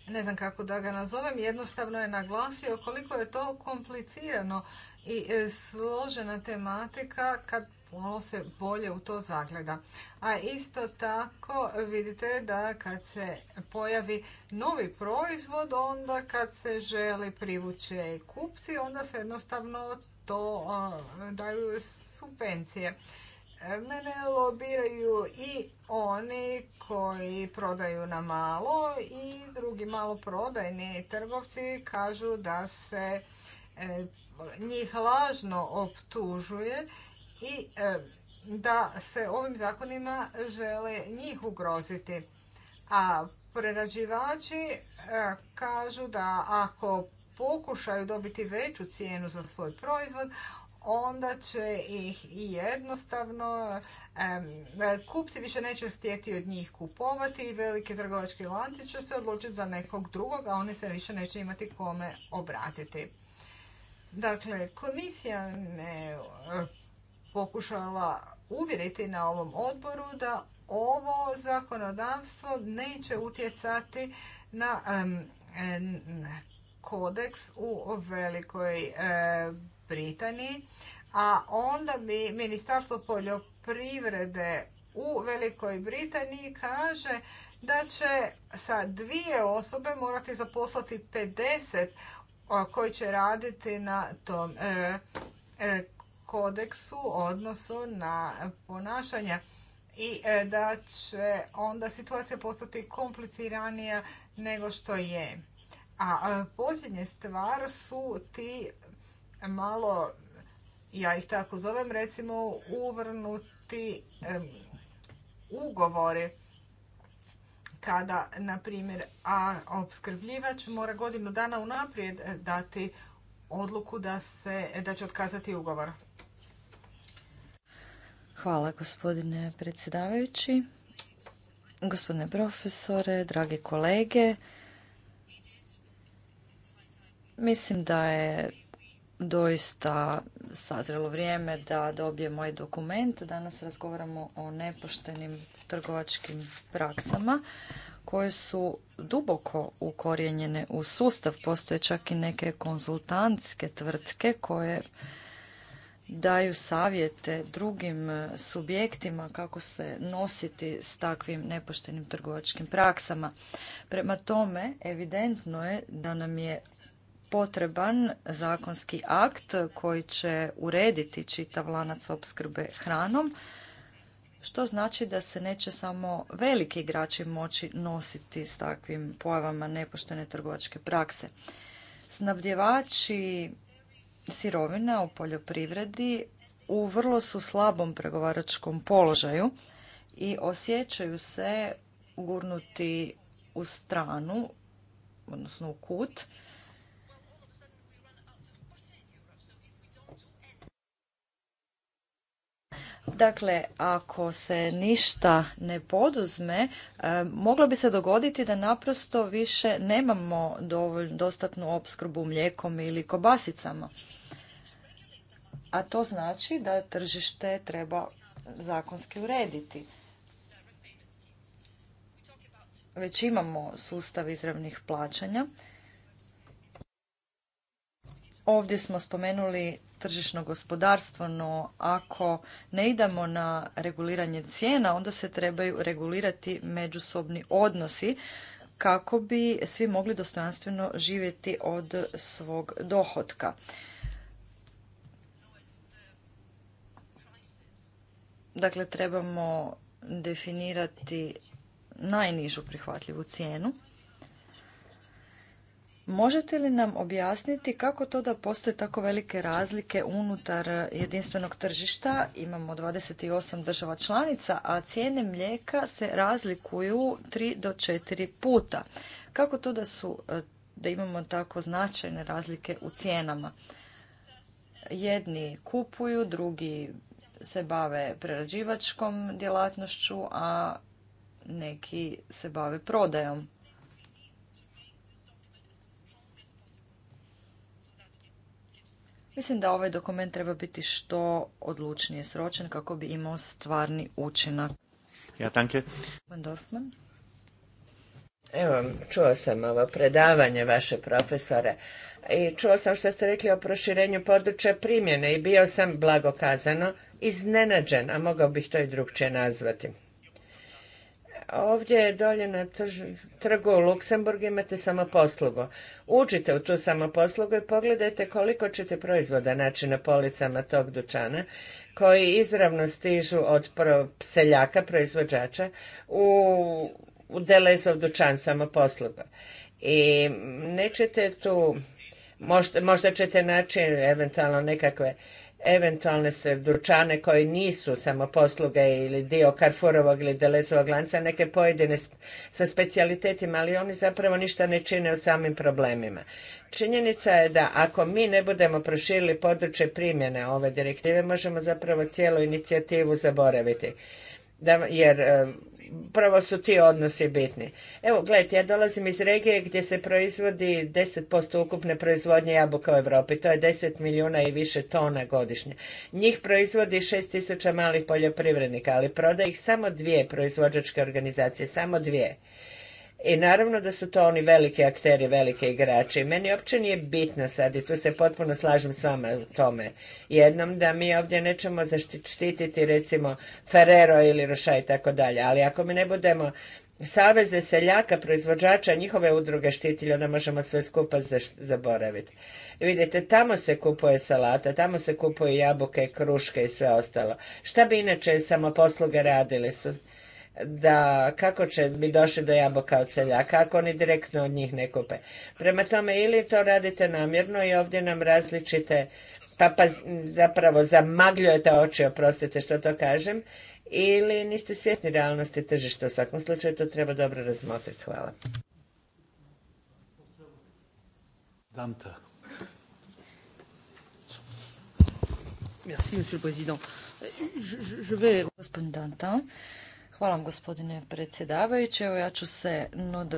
Speaker 2: ne znam kako da ga nazovem, jednostavno je naglasio koliko je to komplicirano i e, složena tematika kad ono se bolje u to zagleda. A isto tako vidite da kad se pojavi novi proizvod, onda kad se želi privući kupci, onda se jednostavno to daju subvencije. Mene lobiraju i oni koji prodaju na malo i drugi maloprodajni trgovci kažu da se e, njih lažno optužuje i e, da se ovim zakonima žele njih ugroziti. A prerađivači e, kažu da ako pokušaju dobiti veću cijenu za svoj proizvod, onda će ih i jednostavno kupci više neće htjeti od njih kupovati i velike trgovački lanci će se odlučiti za nekog drugog, a oni se više neće imati kome obratiti. Dakle, komisija me eh, pokušala uvjeriti na ovom odboru da ovo zakonodavstvo neće utjecati na kodeks u Velikoj e, Britaniji, a onda bi Ministarstvo poljoprivrede u Velikoj Britaniji kaže da će sa dvije osobe morati zaposlati 50 koji će raditi na tom e, e, kodeksu odnosu na ponašanja i da će onda situacija postati kompliciranija nego što je. A e, posljednje stvar su ti malo, ja ih tako zovem, recimo uvrnuti ugovore ugovori kada, na primjer, a opskrbljivač mora godinu dana unaprijed e, dati odluku da, se, da će otkazati ugovor.
Speaker 3: Hvala gospodine predsjedavajući, gospodine profesore, drage kolege. Mislim da je doista sazrelo vrijeme da dobije moj dokument. Danas razgovaramo o nepoštenim trgovačkim praksama koje su duboko ukorijenjene u sustav. Postoje čak i neke konzultantske tvrtke koje daju savjete drugim subjektima kako se nositi s takvim nepoštenim trgovačkim praksama. Prema tome, evidentno je da nam je potreban zakonski akt koji će urediti čitav lanac opskrbe hranom, što znači da se neće samo veliki igrači moći nositi s takvim pojavama nepoštene trgovačke prakse. Snabdjevači sirovina u poljoprivredi u vrlo su slabom pregovaračkom položaju i osjećaju se gurnuti u stranu, odnosno u kut, Dakle, ako se ništa ne poduzme, e, moglo bi se dogoditi da naprosto više nemamo dovolj dostatnu opskrbu mlijekom ili kobasicama. A to znači da tržište treba zakonski urediti. Već imamo sustav izravnih plaćanja. Ovdje smo spomenuli tržišno gospodarstvo, no ako ne idemo na reguliranje cijena, onda se trebaju regulirati međusobni odnosi kako bi svi mogli dostojanstveno živjeti od svog dohotka. Dakle, trebamo definirati najnižu prihvatljivu cijenu. Možete li nam objasniti kako to da postoje tako velike razlike unutar jedinstvenog tržišta? Imamo 28 država članica, a cijene mlijeka se razlikuju 3 do 4 puta. Kako to da su e, da imamo tako značajne razlike u cijenama? Jedni kupuju, drugi se bave prerađivačkom djelatnošću, a neki se bave prodajom. Mislim da ovaj dokument treba biti što odlučnije sročen kako bi imao stvarni učinak. Ja, danke. Evo, čuo sam ovo predavanje vaše profesore
Speaker 1: i čuo sam što ste rekli o proširenju područja primjene i bio sam, blagokazano iznenađen, a mogao bih to i drugčije nazvati. Ovdje dolje na trgu u Luksemburg imate samoposlugu. Uđite u tu samoposlugu i pogledajte koliko ćete proizvoda naći na policama tog dučana koji izravno stižu od seljaka, proizvođača u, u Delezov dućan samoposluga. I nećete tu, možda ćete naći eventualno nekakve eventualne se dućane koji nisu samo posluge ili dio Carrefourovog ili Delezovog lanca, neke pojedine sa specijalitetima, ali oni zapravo ništa ne čine o samim problemima. Činjenica je da ako mi ne budemo proširili područje primjene ove direktive, možemo zapravo cijelu inicijativu zaboraviti jer e, prvo su ti odnosi bitni. Evo, gledajte, ja dolazim iz regije gdje se proizvodi 10% ukupne proizvodnje jabuka u Europi. To je 10 milijuna i više tona godišnje. Njih proizvodi 6000 malih poljoprivrednika, ali proda ih samo dvije proizvođačke organizacije, samo dvije. I naravno da su to oni veliki akteri, veliki igrači. Meni uopće nije bitno sad i tu se potpuno slažem s vama u tome. Jednom da mi ovdje nećemo zaštititi recimo Ferrero ili Roša i tako dalje. Ali ako mi ne budemo saveze seljaka, proizvođača, njihove udruge štitili, onda možemo sve skupa zaboraviti. Vidite, tamo se kupuje salata, tamo se kupuje jabuke, kruške i sve ostalo. Šta bi inače samoposluge radili su? da kako će bi došli do jabuka od seljaka ako oni direktno od njih ne kupe. Prema tome ili to radite namjerno i ovdje nam različite pa, pa zapravo zamagljujete oči, oprostite što to kažem, ili niste svjesni realnosti tržišta. U svakom slučaju to treba dobro razmotriti. Hvala.
Speaker 3: Danta. Merci, monsieur le président. Je, je, je vais... Hvala vam gospodine predsjedavajući. Evo ja ću se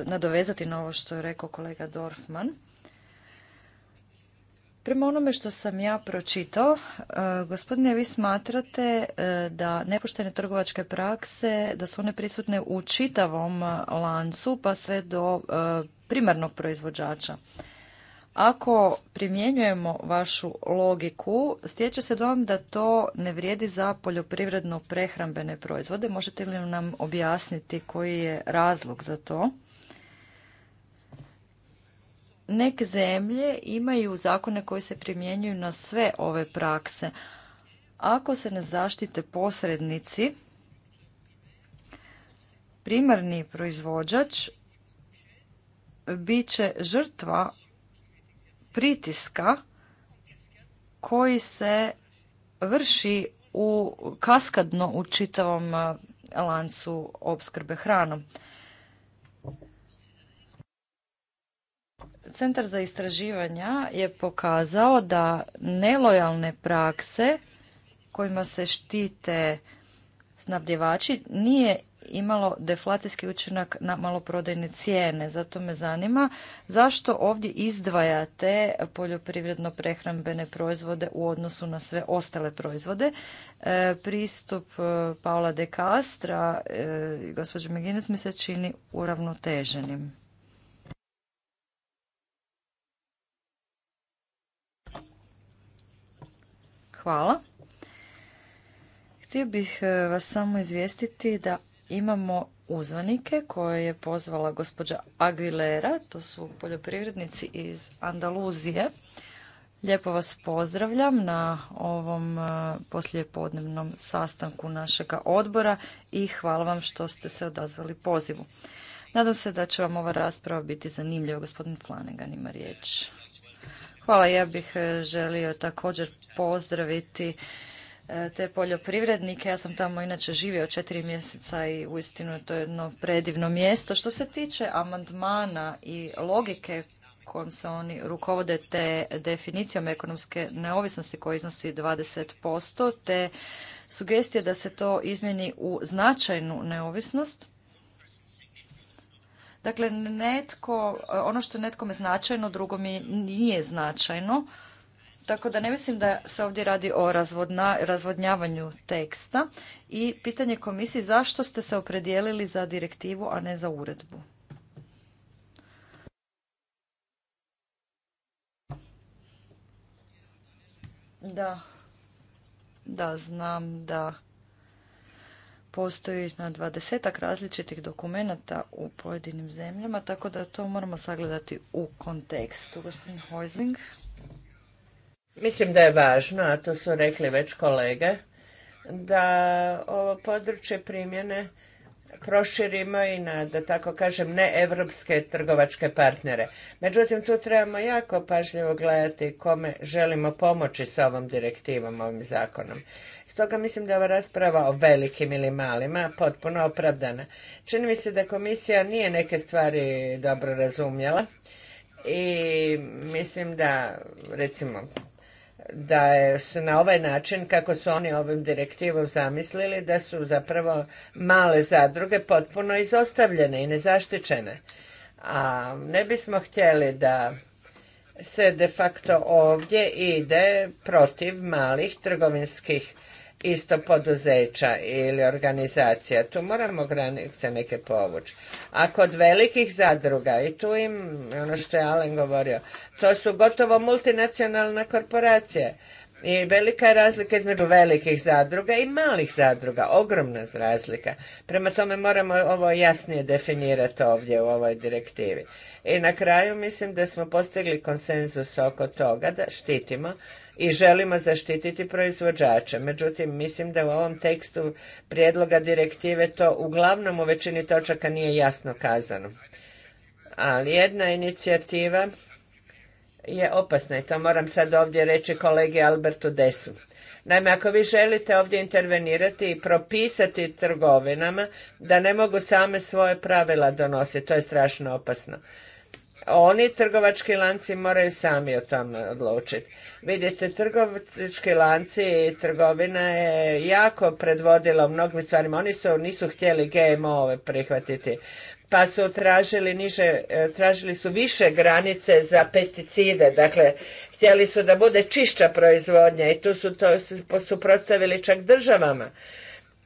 Speaker 3: nadovezati na ovo što je rekao kolega Dorfman. Prema onome što sam ja pročitao, e, gospodine, vi smatrate e, da nepoštene trgovačke prakse, da su one prisutne u čitavom lancu pa sve do e, primarnog proizvođača. Ako primjenjujemo vašu logiku, stječe se dojam da to ne vrijedi za poljoprivredno prehrambene proizvode. Možete li nam objasniti koji je razlog za to? Neke zemlje imaju zakone koji se primjenjuju na sve ove prakse. Ako se ne zaštite posrednici, primarni proizvođač bit će žrtva pritiska koji se vrši u kaskadno u čitavom e, lancu opskrbe hranom. Centar za istraživanja je pokazao da nelojalne prakse kojima se štite snabdjevači nije imalo deflacijski učinak na maloprodajne cijene. Zato me zanima zašto ovdje izdvajate poljoprivredno prehrambene proizvode u odnosu na sve ostale proizvode. E, pristup e, Paula de Castra e, i gospođe Meginec mi se čini uravnoteženim. Hvala. Htio bih vas samo izvijestiti da imamo uzvanike koje je pozvala gospođa Aguilera, to su poljoprivrednici iz Andaluzije. Lijepo vas pozdravljam na ovom e, poslijepodnevnom sastanku našega odbora i hvala vam što ste se odazvali pozivu. Nadam se da će vam ova rasprava biti zanimljiva. Gospodin Flanagan ima riječ. Hvala, ja bih e, želio također pozdraviti E, te poljoprivrednike. Ja sam tamo inače živio četiri mjeseca i uistinu je to jedno predivno mjesto. Što se tiče amandmana i logike kojom se oni rukovode te definicijom ekonomske neovisnosti koja iznosi 20%, te sugestije da se to izmjeni u značajnu neovisnost. Dakle, netko, ono što je netkome značajno, drugo mi nije značajno. Tako da ne mislim da se ovdje radi o razvodnjavanju teksta i pitanje komisiji zašto ste se opredijelili za direktivu, a ne za uredbu. Da, da znam da postoji na dvadesetak različitih dokumenata u pojedinim zemljama, tako da to moramo sagledati u kontekstu. Gospodin Hojzling.
Speaker 1: Mislim da je važno, a to su rekli već kolege, da ovo područje primjene proširimo i na, da tako kažem, ne evropske trgovačke partnere. Međutim, tu trebamo jako pažljivo gledati kome želimo pomoći sa ovom direktivom, ovim zakonom. Stoga mislim da je ova rasprava o velikim ili malima potpuno opravdana. Čini mi se da komisija nije neke stvari dobro razumjela i mislim da, recimo, da je na ovaj način kako su oni ovim direktivom zamislili da su zapravo male zadruge potpuno izostavljene i nezaštićene. A ne bismo htjeli da se de facto ovdje ide protiv malih trgovinskih isto poduzeća ili organizacija. Tu moramo granice neke povući. A kod velikih zadruga, i tu im, ono što je Alen govorio, to su gotovo multinacionalne korporacije. I velika je razlika između velikih zadruga i malih zadruga, ogromna razlika. Prema tome moramo ovo jasnije definirati ovdje u ovoj direktivi. I na kraju mislim da smo postigli konsenzus oko toga da štitimo i želimo zaštititi proizvođače. Međutim, mislim da u ovom tekstu prijedloga direktive to uglavnom u većini točaka nije jasno kazano. Ali jedna inicijativa je opasna i to moram sad ovdje reći kolegi Albertu Desu. Naime, ako vi želite ovdje intervenirati i propisati trgovinama da ne mogu same svoje pravila donositi, to je strašno opasno oni trgovački lanci moraju sami o tome odlučiti. Vidite, trgovački lanci i trgovina je jako predvodila u mnogim stvarima. Oni su, nisu htjeli GMO-ove prihvatiti, pa su tražili niže, tražili su više granice za pesticide, dakle htjeli su da bude čišća proizvodnja i tu su to suprotstavili čak državama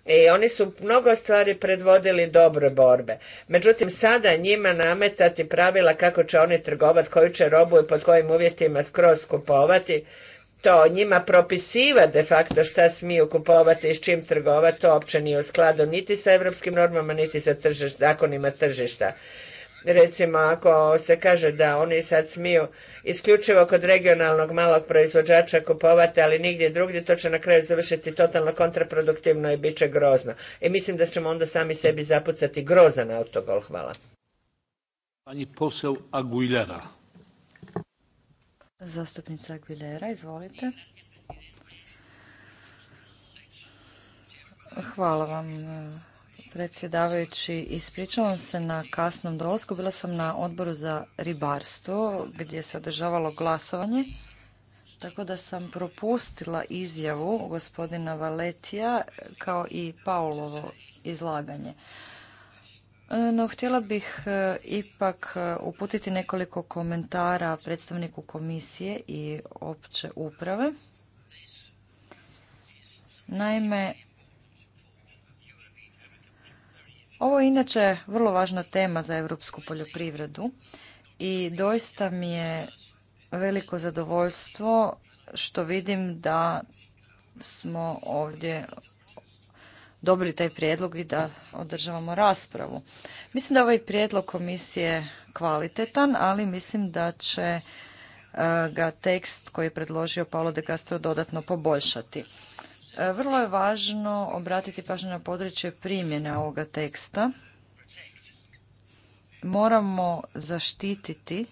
Speaker 1: i oni su mnogo stvari predvodili dobre borbe. Međutim, sada njima nametati pravila kako će oni trgovati, koju će robu i pod kojim uvjetima skroz kupovati, to njima propisiva de facto šta smiju kupovati i s čim trgovati, to uopće nije u skladu niti sa evropskim normama, niti sa zakonima tržišta recimo ako se kaže da oni sad smiju isključivo kod regionalnog malog proizvođača kupovati, ali nigdje drugdje, to će na kraju završiti totalno kontraproduktivno i bit će grozno. I mislim da ćemo onda sami sebi zapucati grozan autogol. Hvala.
Speaker 2: Pani posel Aguilera.
Speaker 3: Zastupnica Aguilera, izvolite. Hvala vam predsjedavajući. Ispričavam se na kasnom dolasku. Bila sam na odboru za ribarstvo gdje se održavalo glasovanje. Tako da sam propustila izjavu gospodina Valetija kao i Paulovo izlaganje. E, no, htjela bih e, ipak e, uputiti nekoliko komentara predstavniku komisije i opće uprave. Naime, Ovo je inače vrlo važna tema za europsku poljoprivredu i doista mi je veliko zadovoljstvo što vidim da smo ovdje dobili taj prijedlog i da održavamo raspravu. Mislim da je ovaj prijedlog komisije kvalitetan, ali mislim da će e, ga tekst koji je predložio Paolo de Castro dodatno poboljšati. E, vrlo je važno obratiti pažnju na područje primjene ovoga teksta. Moramo zaštititi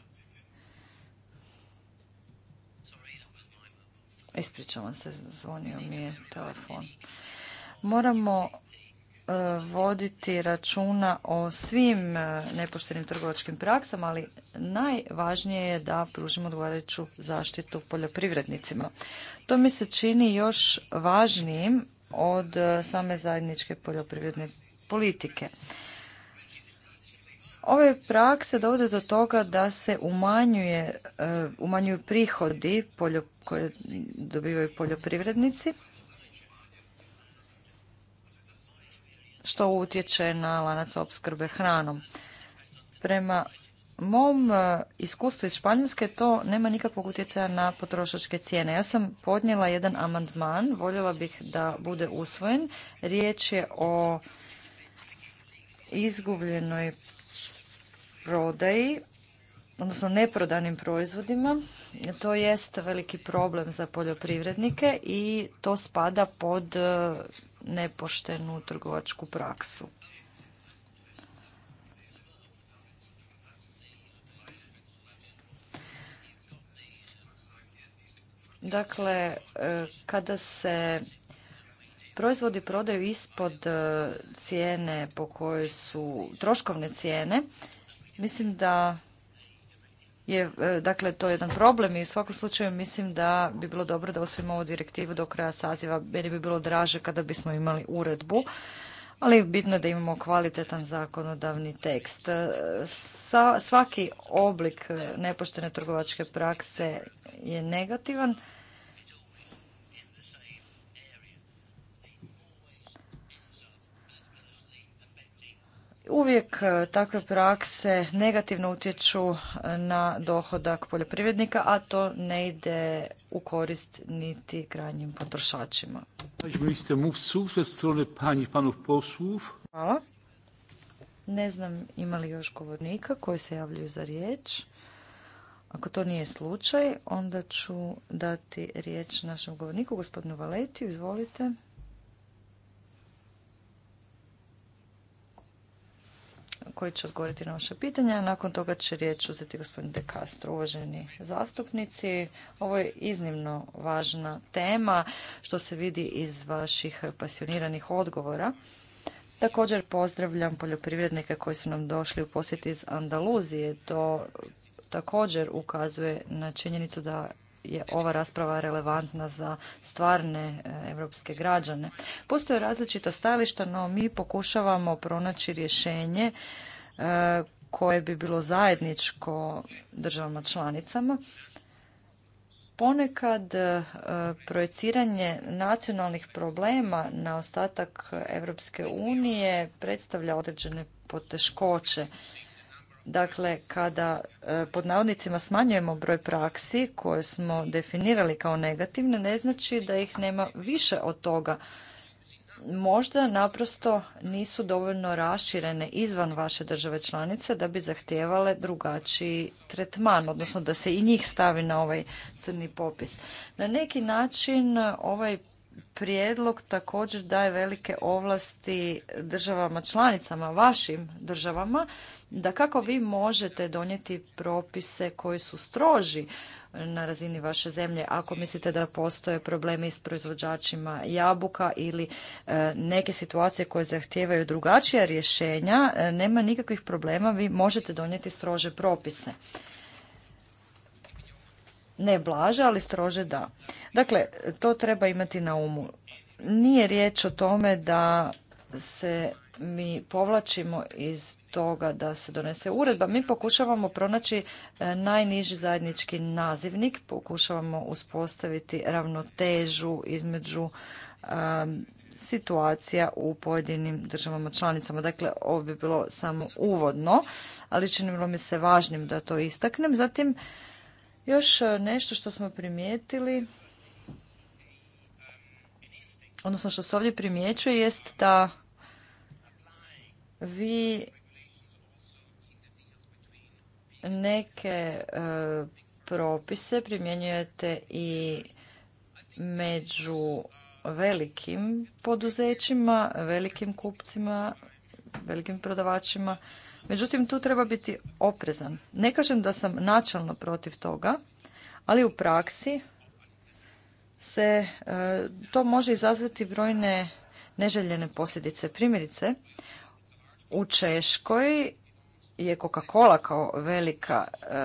Speaker 3: Ispričavam se, zvonio mi je telefon. Moramo E, voditi računa o svim e, nepoštenim trgovačkim praksama, ali najvažnije je da pružimo odgovarajuću zaštitu poljoprivrednicima. To mi se čini još važnijim od e, same zajedničke poljoprivredne politike. Ove prakse dovode do toga da se umanjuje, umanjuju prihodi koje dobivaju poljoprivrednici što utječe na lanac opskrbe hranom. Prema mom e, iskustvu iz Španjolske to nema nikakvog utjecaja na potrošačke cijene. Ja sam podnijela jedan amandman, voljela bih da bude usvojen. Riječ je o izgubljenoj prodaji, odnosno neprodanim proizvodima. To jest veliki problem za poljoprivrednike i to spada pod e, nepoštenu trgovačku praksu. Dakle, e, kada se proizvodi prodaju ispod e, cijene po kojoj su troškovne cijene, mislim da je, e, dakle, to je jedan problem i u svakom slučaju mislim da bi bilo dobro da osvijemo ovu direktivu do kraja saziva. Meni bi bilo draže kada bismo imali uredbu, ali bitno je da imamo kvalitetan zakonodavni tekst. E, svaki oblik nepoštene trgovačke prakse je negativan Uvijek e, takve prakse negativno utječu e, na dohodak poljoprivrednika, a to ne ide u korist niti krajnjim potrošačima. Hvala. Ne znam ima li još govornika koji se javljaju za riječ. Ako to nije slučaj, onda ću dati riječ našem govorniku, gospodinu Valetiju. Izvolite. koji će odgovoriti na vaše pitanja. Nakon toga će riječ uzeti gospodin De Castro, uvaženi zastupnici. Ovo je iznimno važna tema što se vidi iz vaših pasioniranih odgovora. Također pozdravljam poljoprivrednike koji su nam došli u posjet iz Andaluzije. To također ukazuje na činjenicu da je ova rasprava relevantna za stvarne europske građane. Postoje različita stajališta, no mi pokušavamo pronaći rješenje e, koje bi bilo zajedničko državama članicama. Ponekad e, projeciranje nacionalnih problema na ostatak Europske unije predstavlja određene poteškoće. Dakle, kada e, pod navodnicima smanjujemo broj praksi koje smo definirali kao negativne, ne znači da ih nema više od toga. Možda naprosto nisu dovoljno raširene izvan vaše države članice da bi zahtijevale drugačiji tretman, odnosno da se i njih stavi na ovaj crni popis. Na neki način ovaj prijedlog također daje velike ovlasti državama članicama, vašim državama, da kako vi možete donijeti propise koji su stroži na razini vaše zemlje ako mislite da postoje problemi s proizvođačima jabuka ili e, neke situacije koje zahtijevaju drugačija rješenja, e, nema nikakvih problema, vi možete donijeti strože propise ne blaže, ali strože da. Dakle, to treba imati na umu. Nije riječ o tome da se mi povlačimo iz toga da se donese uredba. Mi pokušavamo pronaći e, najniži zajednički nazivnik, pokušavamo uspostaviti ravnotežu između e, situacija u pojedinim državama članicama. Dakle, ovo bi bilo samo uvodno, ali činilo mi se važnim da to istaknem. Zatim, još e, nešto što smo primijetili, odnosno što se ovdje primjećuje, jest da vi neke e, propise primjenjujete i među velikim poduzećima, velikim kupcima, velikim prodavačima. Međutim, tu treba biti oprezan. Ne kažem da sam načelno protiv toga, ali u praksi se e, to može izazvati brojne neželjene posljedice. Primjerice, u Češkoj je Coca-Cola kao velika e,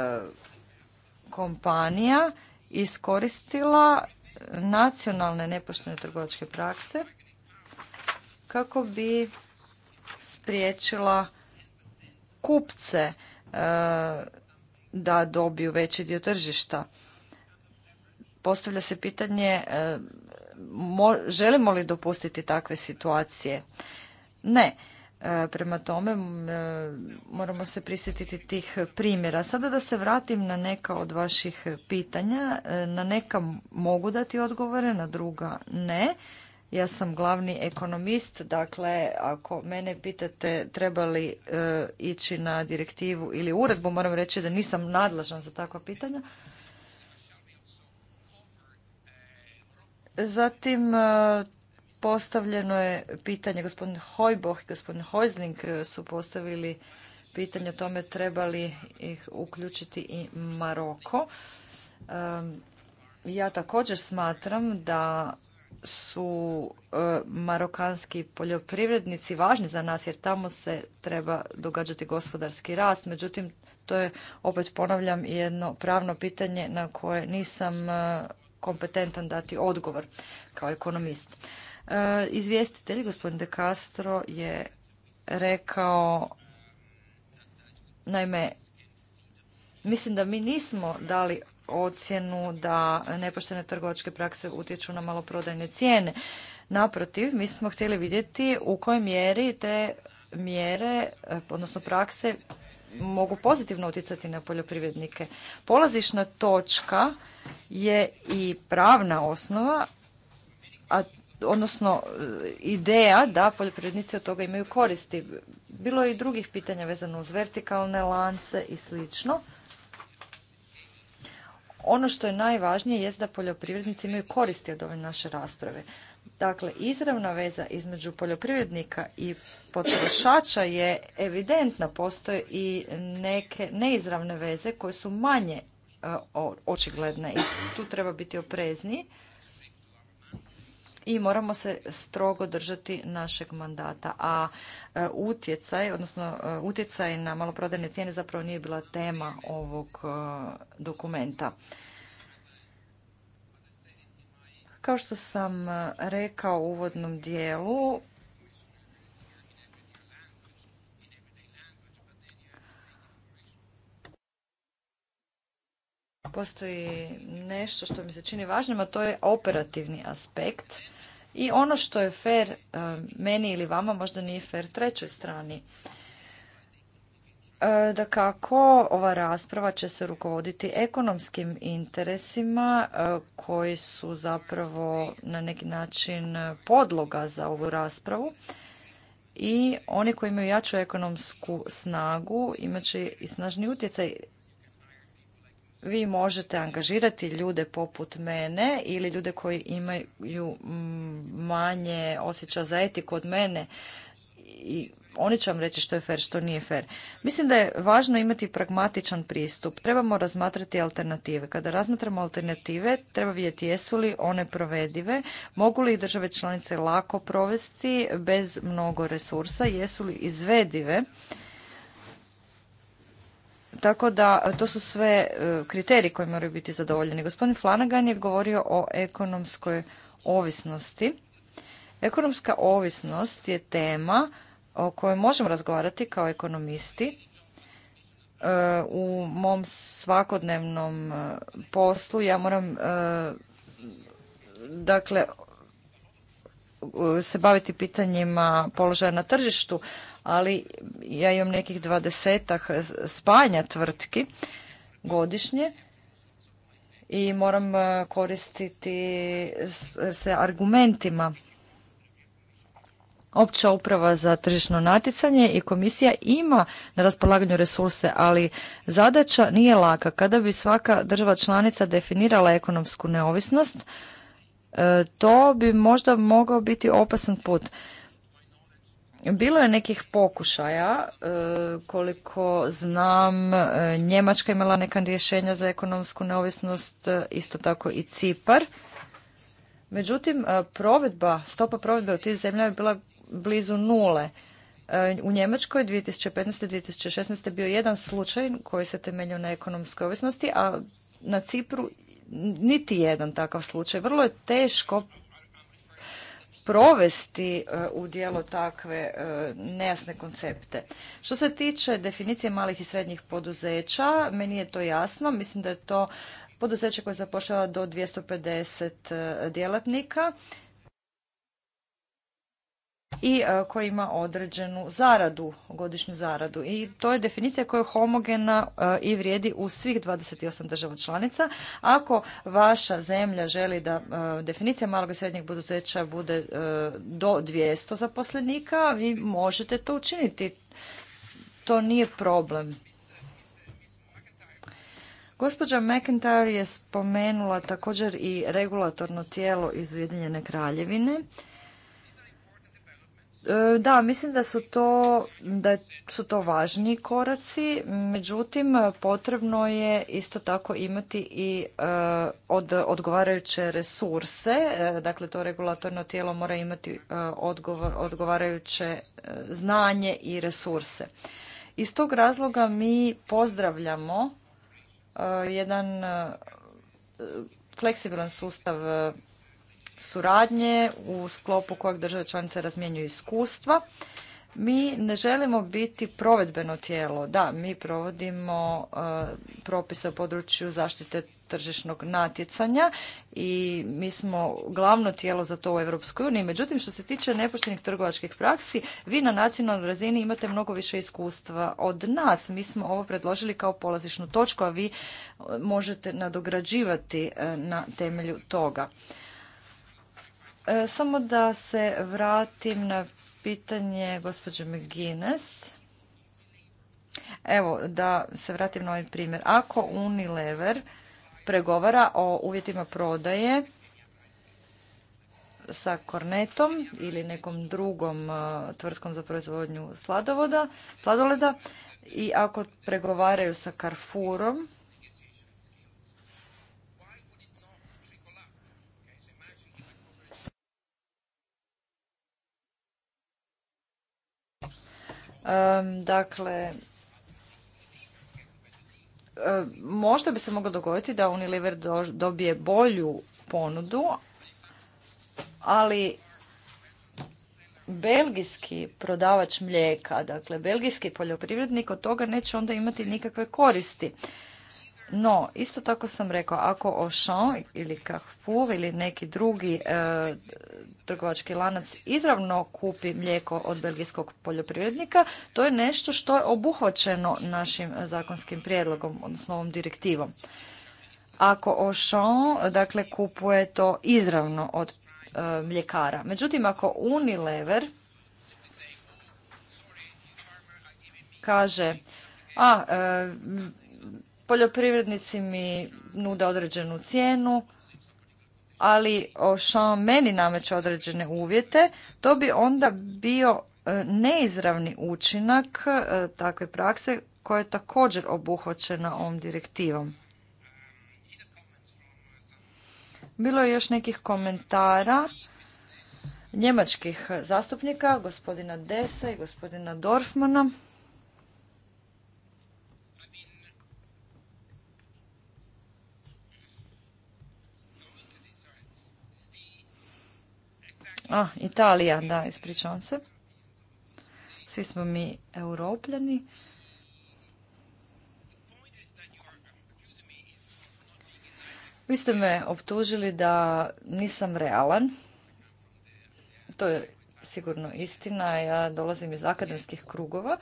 Speaker 3: kompanija iskoristila nacionalne nepoštene trgovačke prakse kako bi spriječila kupce e, da dobiju veći dio tržišta. Postavlja se pitanje e, želimo li dopustiti takve situacije? Ne. E, prema tome moramo se prisjetiti tih primjera. Sada da se vratim na neka od vaših pitanja. Na neka mogu dati odgovore, na druga ne. Ja sam glavni ekonomist, dakle ako mene pitate treba li e, ići na direktivu ili uredbu, moram reći da nisam nadležan za takva pitanja. Zatim e, postavljeno je pitanje, gospodin Hojboh i gospodin Hojzling e, su postavili pitanje o tome treba li ih uključiti i Maroko. ja također smatram da su e, marokanski poljoprivrednici važni za nas jer tamo se treba događati gospodarski rast. Međutim, to je opet ponavljam jedno pravno pitanje na koje nisam e, kompetentan dati odgovor kao ekonomist. E, izvjestitelj gospodin De Castro je rekao naime mislim da mi nismo dali ocjenu da nepoštene trgovačke prakse utječu na maloprodajne cijene. Naprotiv, mi smo htjeli vidjeti u kojoj mjeri te mjere, odnosno prakse, mogu pozitivno utjecati na poljoprivrednike. Polazišna točka je i pravna osnova, a odnosno e, ideja da poljoprivrednici od toga imaju koristi. Bilo je i drugih pitanja vezano uz vertikalne lance i slično. Ono što je najvažnije jest da poljoprivrednici imaju koristi od ove naše rasprave. Dakle, izravna veza između poljoprivrednika i potrošača je evidentna. Postoje i neke neizravne veze koje su manje e, očigledne i tu treba biti oprezniji i moramo se strogo držati našeg mandata. A e, utjecaj, odnosno e, utjecaj na maloprodajne cijene zapravo nije bila tema ovog e, dokumenta. Kao što sam rekao u uvodnom dijelu, postoji nešto što mi se čini važnim, a to je operativni aspekt i ono što je fer eh, meni ili vama možda nije fer trećoj strani. Eh, da kako ova rasprava će se rukovoditi ekonomskim interesima eh, koji su zapravo na neki način podloga za ovu raspravu i oni koji imaju jaču ekonomsku snagu imat i snažni utjecaj vi možete angažirati ljude poput mene ili ljude koji imaju mm, manje osjeća za etiku od mene i oni će vam reći što je fer, što nije fer. Mislim da je važno imati pragmatičan pristup. Trebamo razmatrati alternative. Kada razmatramo alternative, treba vidjeti jesu li one provedive, mogu li države članice lako provesti bez mnogo resursa, jesu li izvedive tako da e, to su sve e, kriteriji koji moraju biti zadovoljeni. Gospodin Flanagan je govorio o ekonomskoj ovisnosti. Ekonomska ovisnost je tema o kojoj možemo razgovarati kao ekonomisti. E, u mom svakodnevnom poslu ja moram dakle se baviti pitanjima položaja na tržištu, ali ja imam nekih dvadesetak spajanja tvrtki godišnje i moram e, koristiti se argumentima. Opća uprava za tržišno natjecanje i komisija ima na raspolaganju resurse, ali zadaća nije laka. Kada bi svaka država članica definirala ekonomsku neovisnost, e, to bi možda mogao biti opasan put bilo je nekih pokušaja, e, koliko znam, e, Njemačka imala neka rješenja za ekonomsku neovisnost, e, isto tako i Cipar. Međutim, provedba, stopa provedbe u tim zemljama je bila blizu nule. U Njemačkoj 2015. 2016. bio jedan slučaj koji se temeljio na ekonomskoj ovisnosti, a na Cipru niti jedan takav slučaj. Vrlo je teško provesti e, u dijelo takve e, nejasne koncepte. Što se tiče definicije malih i srednjih poduzeća, meni je to jasno. Mislim da je to poduzeće koje zapošljava do 250 e, djelatnika i e, koji ima određenu zaradu, godišnju zaradu. I to je definicija koja je homogena e, i vrijedi u svih 28 država članica. Ako vaša zemlja želi da e, definicija malog i srednjeg poduzeća bude do 200 zaposlenika, vi možete to učiniti. To nije problem. Gospođa McIntyre je spomenula također i regulatorno tijelo iz Ujedinjene kraljevine E, da, mislim da su to, da su to važni koraci, međutim potrebno je isto tako imati i e, odgovarajuće resurse, e, dakle to regulatorno tijelo mora imati odgovarajuće znanje i resurse. Iz tog razloga mi pozdravljamo jedan fleksibilan sustav suradnje u sklopu kojeg države članice razmjenjuju iskustva. Mi ne želimo biti provedbeno tijelo. Da, mi provodimo e, propise u području zaštite tržišnog natjecanja i mi smo glavno tijelo za to u Europskoj uniji. Međutim, što se tiče nepoštenih trgovačkih praksi, vi na nacionalnoj razini imate mnogo više iskustva od nas. Mi smo ovo predložili kao polazišnu točku, a vi možete nadograđivati e, na temelju toga. E, samo da se vratim na pitanje gospođe McGuinness. Evo, da se vratim na ovaj primjer. Ako Unilever pregovara o uvjetima prodaje sa Kornetom ili nekom drugom e, tvrtkom za proizvodnju sladovoda, sladoleda i ako pregovaraju sa Carrefourom, Dakle, možda bi se moglo dogoditi da Unilever dobije bolju ponudu, ali belgijski prodavač mlijeka, dakle belgijski poljoprivrednik od toga neće onda imati nikakve koristi. No, isto tako sam rekao, ako Auchan ili Carrefour ili neki drugi e, trgovački lanac izravno kupi mlijeko od belgijskog poljoprivrednika, to je nešto što je obuhvaćeno našim zakonskim prijedlogom, odnosno ovom direktivom. Ako Auchan, dakle, kupuje to izravno od e, mljekara. Međutim, ako Unilever kaže, a, e, poljoprivrednici mi nude određenu cijenu, ali Auchan meni nameće određene uvjete, to bi onda bio e, neizravni učinak e, takve prakse koja je također obuhvaćena ovom direktivom. Bilo je još nekih komentara njemačkih zastupnika, gospodina Desa i gospodina Dorfmana. A, Italija, da, ispričavam se. Svi smo mi europljani. Vi ste me optužili da nisam realan. To je sigurno istina. Ja dolazim iz akademskih krugova.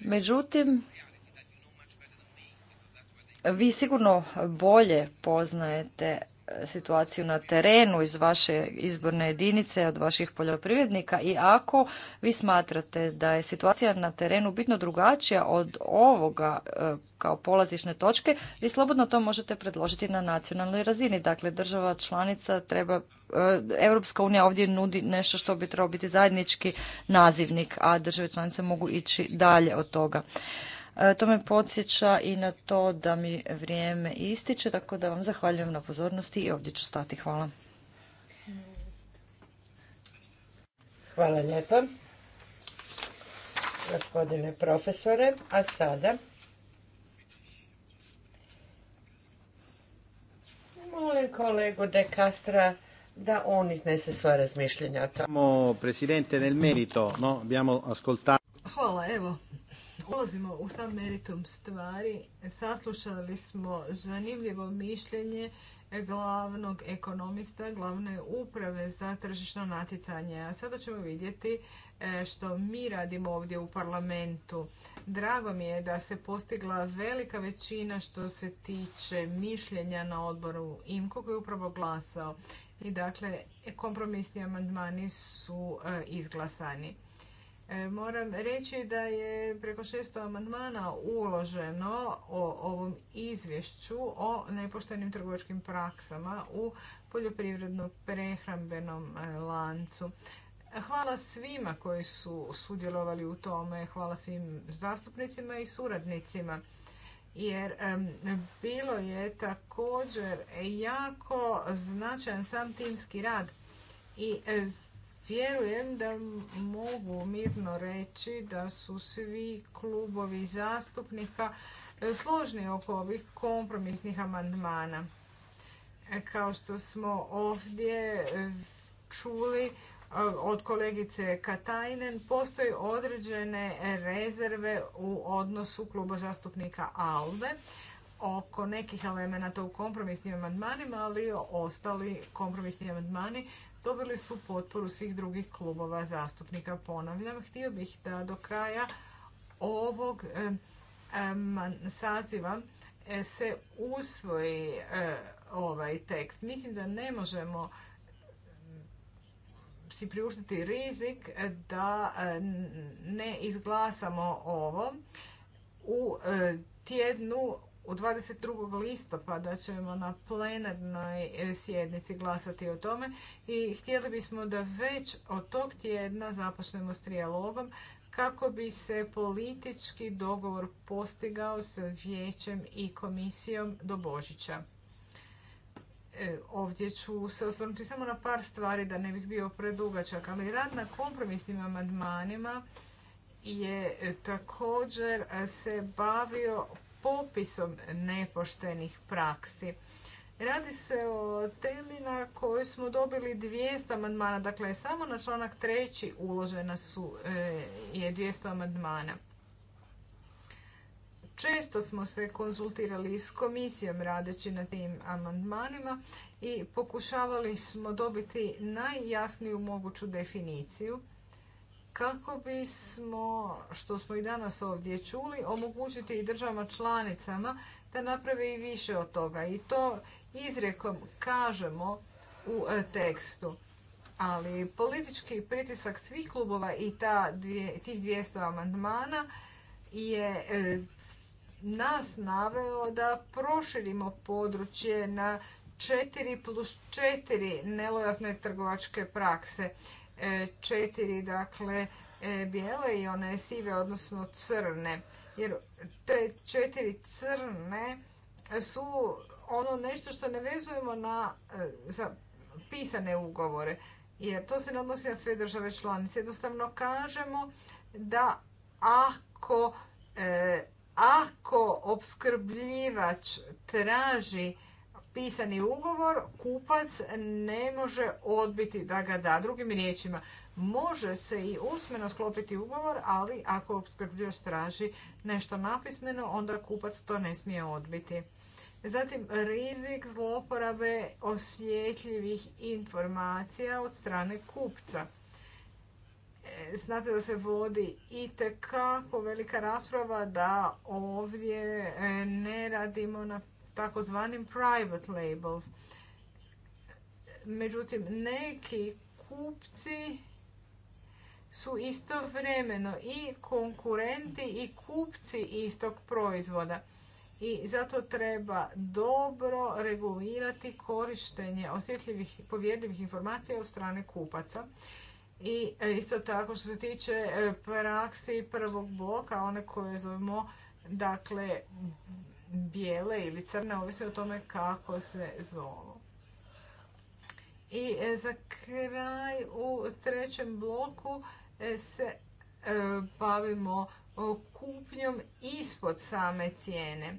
Speaker 3: Međutim, vi sigurno bolje poznajete situaciju na terenu iz vaše izborne jedinice, od vaših poljoprivrednika i ako vi smatrate da je situacija na terenu bitno drugačija od ovoga e, kao polazišne točke, vi slobodno to možete predložiti na nacionalnoj razini. Dakle, država članica treba, e, Europska unija ovdje nudi nešto što bi trebalo biti zajednički nazivnik, a države članice mogu ići dalje od toga. E, to me podsjeća i na to da mi vrijeme ističe, tako da vam zahvaljujem na pozornosti i ovdje ću stati. Hvala.
Speaker 1: Hvala lijepa, gospodine profesore. A sada molim kolegu De Castra da on iznese svoje razmišljenja o tome. Presidente, nel merito, no? Abbiamo
Speaker 2: Hvala, evo, ulazimo u sam meritum stvari, saslušali smo zanimljivo mišljenje glavnog ekonomista, glavne uprave za tržišno natjecanje. A sada ćemo vidjeti e, što mi radimo ovdje u parlamentu. Drago mi je da se postigla velika većina što se tiče mišljenja na odboru IMKO koji je upravo glasao. I dakle, kompromisni amandmani su e, izglasani. E, moram reći da je preko 600 amandmana uloženo o ovom izvješću o nepoštenim trgovačkim praksama u poljoprivredno-prehrambenom e, lancu. Hvala svima koji su sudjelovali u tome, hvala svim zastupnicima i suradnicima. Jer bilo je također jako značajan sam timski rad i e, Vjerujem da mogu mirno reći da su svi klubovi zastupnika e, složni oko ovih kompromisnih amandmana. E, kao što smo ovdje e, čuli od kolegice Katajnen, postoji određene rezerve u odnosu kluba zastupnika ALDE oko nekih elemenata u kompromisnim amandmanima, ali ostali kompromisni amandmani dobili su potporu svih drugih klubova zastupnika. Ponavljam, htio bih da do kraja ovog saziva e, se usvoji e, ovaj tekst. Mislim da ne možemo si priuštiti rizik da e, ne izglasamo ovo u tjednu u 22. listopada ćemo na plenarnoj e, sjednici glasati o tome i htjeli bismo da već od tog tjedna započnemo s trijalogom kako bi se politički dogovor postigao s vijećem i komisijom do Božića. E, ovdje ću se osvrnuti samo na par stvari da ne bih bio predugačak, ali rad na kompromisnim amandmanima je e, također se bavio popisom nepoštenih praksi. Radi se o temi na koju smo dobili 200 amandmana, dakle samo na članak treći uložena su e, je 200 amandmana. Često smo se konzultirali s komisijom radeći na tim amandmanima i pokušavali smo dobiti najjasniju moguću definiciju kako bismo, što smo i danas ovdje čuli, omogućiti i državama članicama da naprave i više od toga. I to izrijekom kažemo u e, tekstu. Ali politički pritisak svih klubova i ta tih 200 amandmana je e, nas naveo da proširimo područje na 4 plus 4 nelojasne trgovačke prakse četiri dakle e, bijele i one sive, odnosno crne. Jer te četiri crne su ono nešto što ne vezujemo na e, za pisane ugovore. Jer to se ne odnosi na sve države članice. Jednostavno kažemo da ako, e, ako opskrbljivač traži pisani ugovor kupac ne može odbiti da ga da. Drugim riječima, može se i usmeno sklopiti ugovor, ali ako opskrbljivač traži nešto napismeno, onda kupac to ne smije odbiti. Zatim, rizik zloporabe osjetljivih informacija od strane kupca. E, znate da se vodi i velika rasprava da ovdje e, ne radimo na takozvanim private labels. Međutim, neki kupci su istovremeno i konkurenti i kupci istog proizvoda. I zato treba dobro regulirati korištenje osjetljivih i povjerljivih informacija od strane kupaca. I e, isto tako što se tiče e, praksi prvog bloka, one koje zovemo dakle bijele ili crne, ovisi o tome kako se zovu. I e, za kraj u trećem bloku e, se e, bavimo kupnjom ispod same cijene.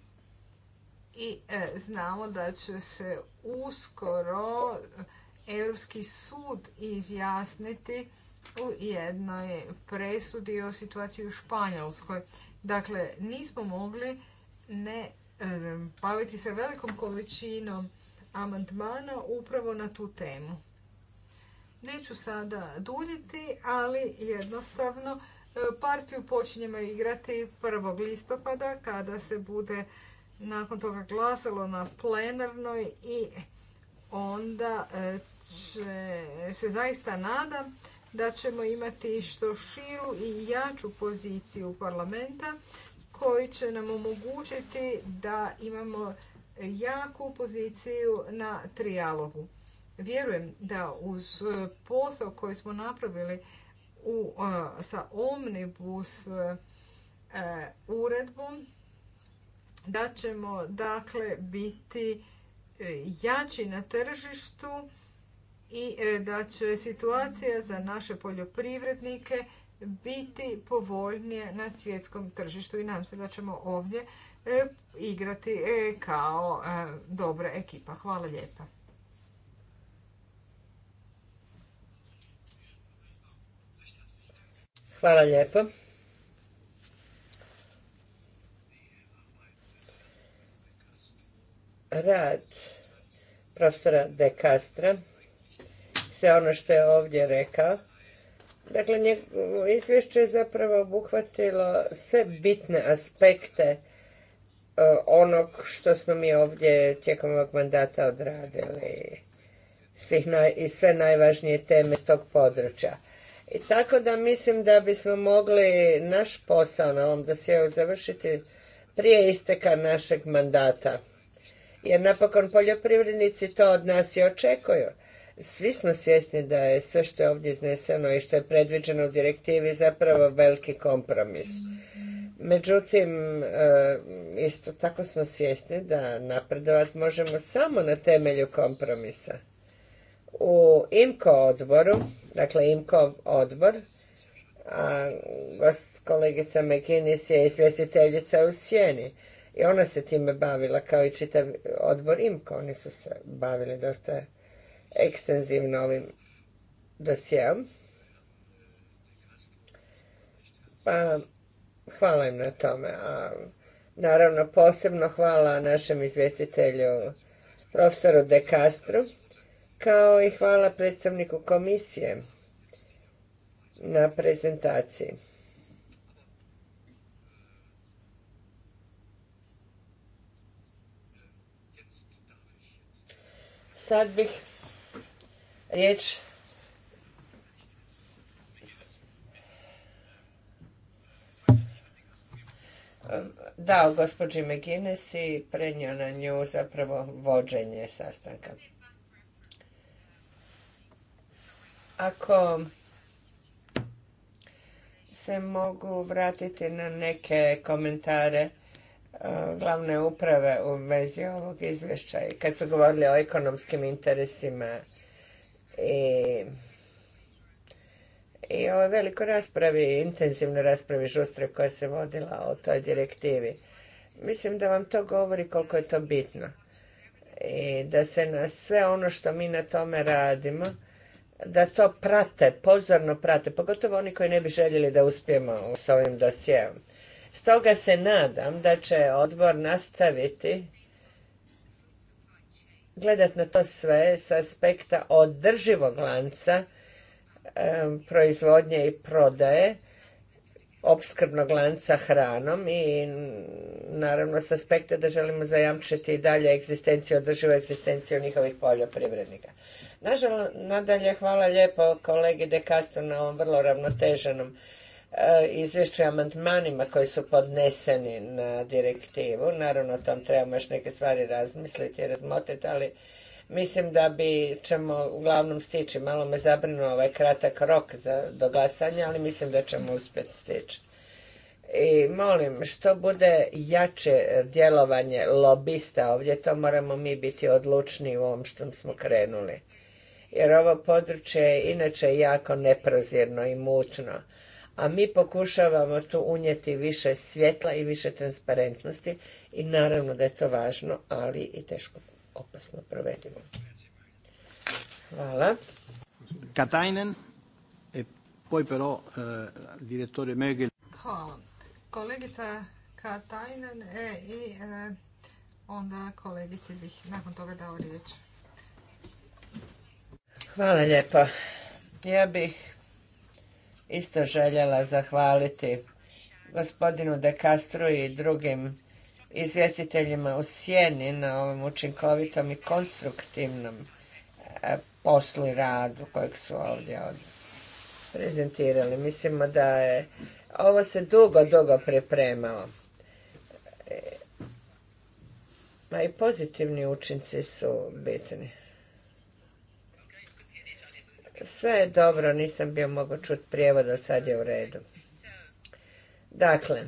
Speaker 2: I znamo da će se uskoro Europski sud izjasniti u jednoj presudi o situaciji u Španjolskoj. Dakle, nismo mogli ne baviti se velikom količinom amandmana upravo na tu temu. Neću sada duljiti, ali jednostavno e, partiju počinjemo igrati 1. listopada kada se bude nakon toga glasalo na plenarnoj i onda e, će, se zaista nadam da ćemo imati što širu i jaču poziciju parlamenta koji će nam omogućiti da imamo jaku poziciju na trijalogu. Vjerujem da uz e, posao koji smo napravili u, e, sa omnibus e, uredbom, da ćemo dakle biti jači na tržištu i da će situacija za naše poljoprivrednike biti povoljnije na svjetskom tržištu i nam se da ćemo ovdje e, igrati e, kao e, dobra ekipa. Hvala lijepa.
Speaker 1: Hvala lijepa. Rad profesora De Castra, sve ono što je ovdje rekao, Dakle, njegovo izvješće je zapravo obuhvatilo sve bitne aspekte e, onog što smo mi ovdje tijekom ovog mandata odradili i sve najvažnije teme s tog područja. I tako da mislim da bismo mogli naš posao na ovom dosjeu završiti prije isteka našeg mandata. Jer napokon poljoprivrednici to od nas i očekuju. Svi smo svjesni da je sve što je ovdje izneseno i što je predviđeno u direktivi zapravo veliki kompromis. Međutim, e, isto tako smo svjesni da napredovat možemo samo na temelju kompromisa. U IMKO odboru, dakle IMKO odbor, a gost kolegica McInnes je izvjestiteljica u Sjeni i ona se time bavila kao i čitav odbor IMKO. Oni su se bavili dosta ekstenzivno ovim dosijem. Pa hvala im na tome. A naravno posebno hvala našem izvjestitelju profesoru De Castro, kao i hvala predstavniku komisije na prezentaciji. Sad bih riječ dao gospođi McGuinness i prenio na nju zapravo vođenje sastanka. Ako se mogu vratiti na neke komentare e, glavne uprave u vezi ovog izvješća i kad su govorili o ekonomskim interesima i o ovoj velikoj raspravi, intenzivnoj raspravi žustre koja se vodila o toj direktivi. Mislim da vam to govori koliko je to bitno. I da se na sve ono što mi na tome radimo, da to prate, pozorno prate, pogotovo oni koji ne bi željeli da uspijemo s ovim dosijevom. Stoga se nadam da će odbor nastaviti gledati na to sve s aspekta održivog lanca proizvodnje i prodaje, opskrbnog lanca hranom i naravno s aspekta da želimo zajamčiti i dalje egzistenciju, održivu egzistenciju njihovih poljoprivrednika. Nažalost, nadalje hvala lijepo kolegi De Castro na ovom vrlo ravnoteženom E, izvješće o amandmanima koji su podneseni na direktivu. Naravno, o tom trebamo još neke stvari razmisliti i razmotriti, ali mislim da bi ćemo uglavnom stići. Malo me zabrinuo ovaj kratak rok za doglasanje, ali mislim da ćemo uspjeti stići. I molim, što bude jače djelovanje lobista ovdje, to moramo mi biti odlučni u ovom što smo krenuli. Jer ovo područje je inače jako neprozirno i mutno a mi pokušavamo tu unijeti više svjetla i više transparentnosti i naravno da je to važno, ali i teško opasno provedivo. Hvala.
Speaker 2: Katajnen, e, poi però eh, direttore Megel. Kolegica Katajnen e, i e, onda kolegici bih nakon toga dao riječ.
Speaker 1: Hvala lijepo Ja bih isto željela zahvaliti gospodinu De Castro i drugim izvjestiteljima u sjeni na ovom učinkovitom i konstruktivnom e, poslu i radu kojeg su ovdje prezentirali. Mislimo da je ovo se dugo, dugo pripremalo. Ma e, i pozitivni učinci su bitni. Sve je dobro, nisam bio mogo čuti prijevod, ali sad je u redu. Dakle,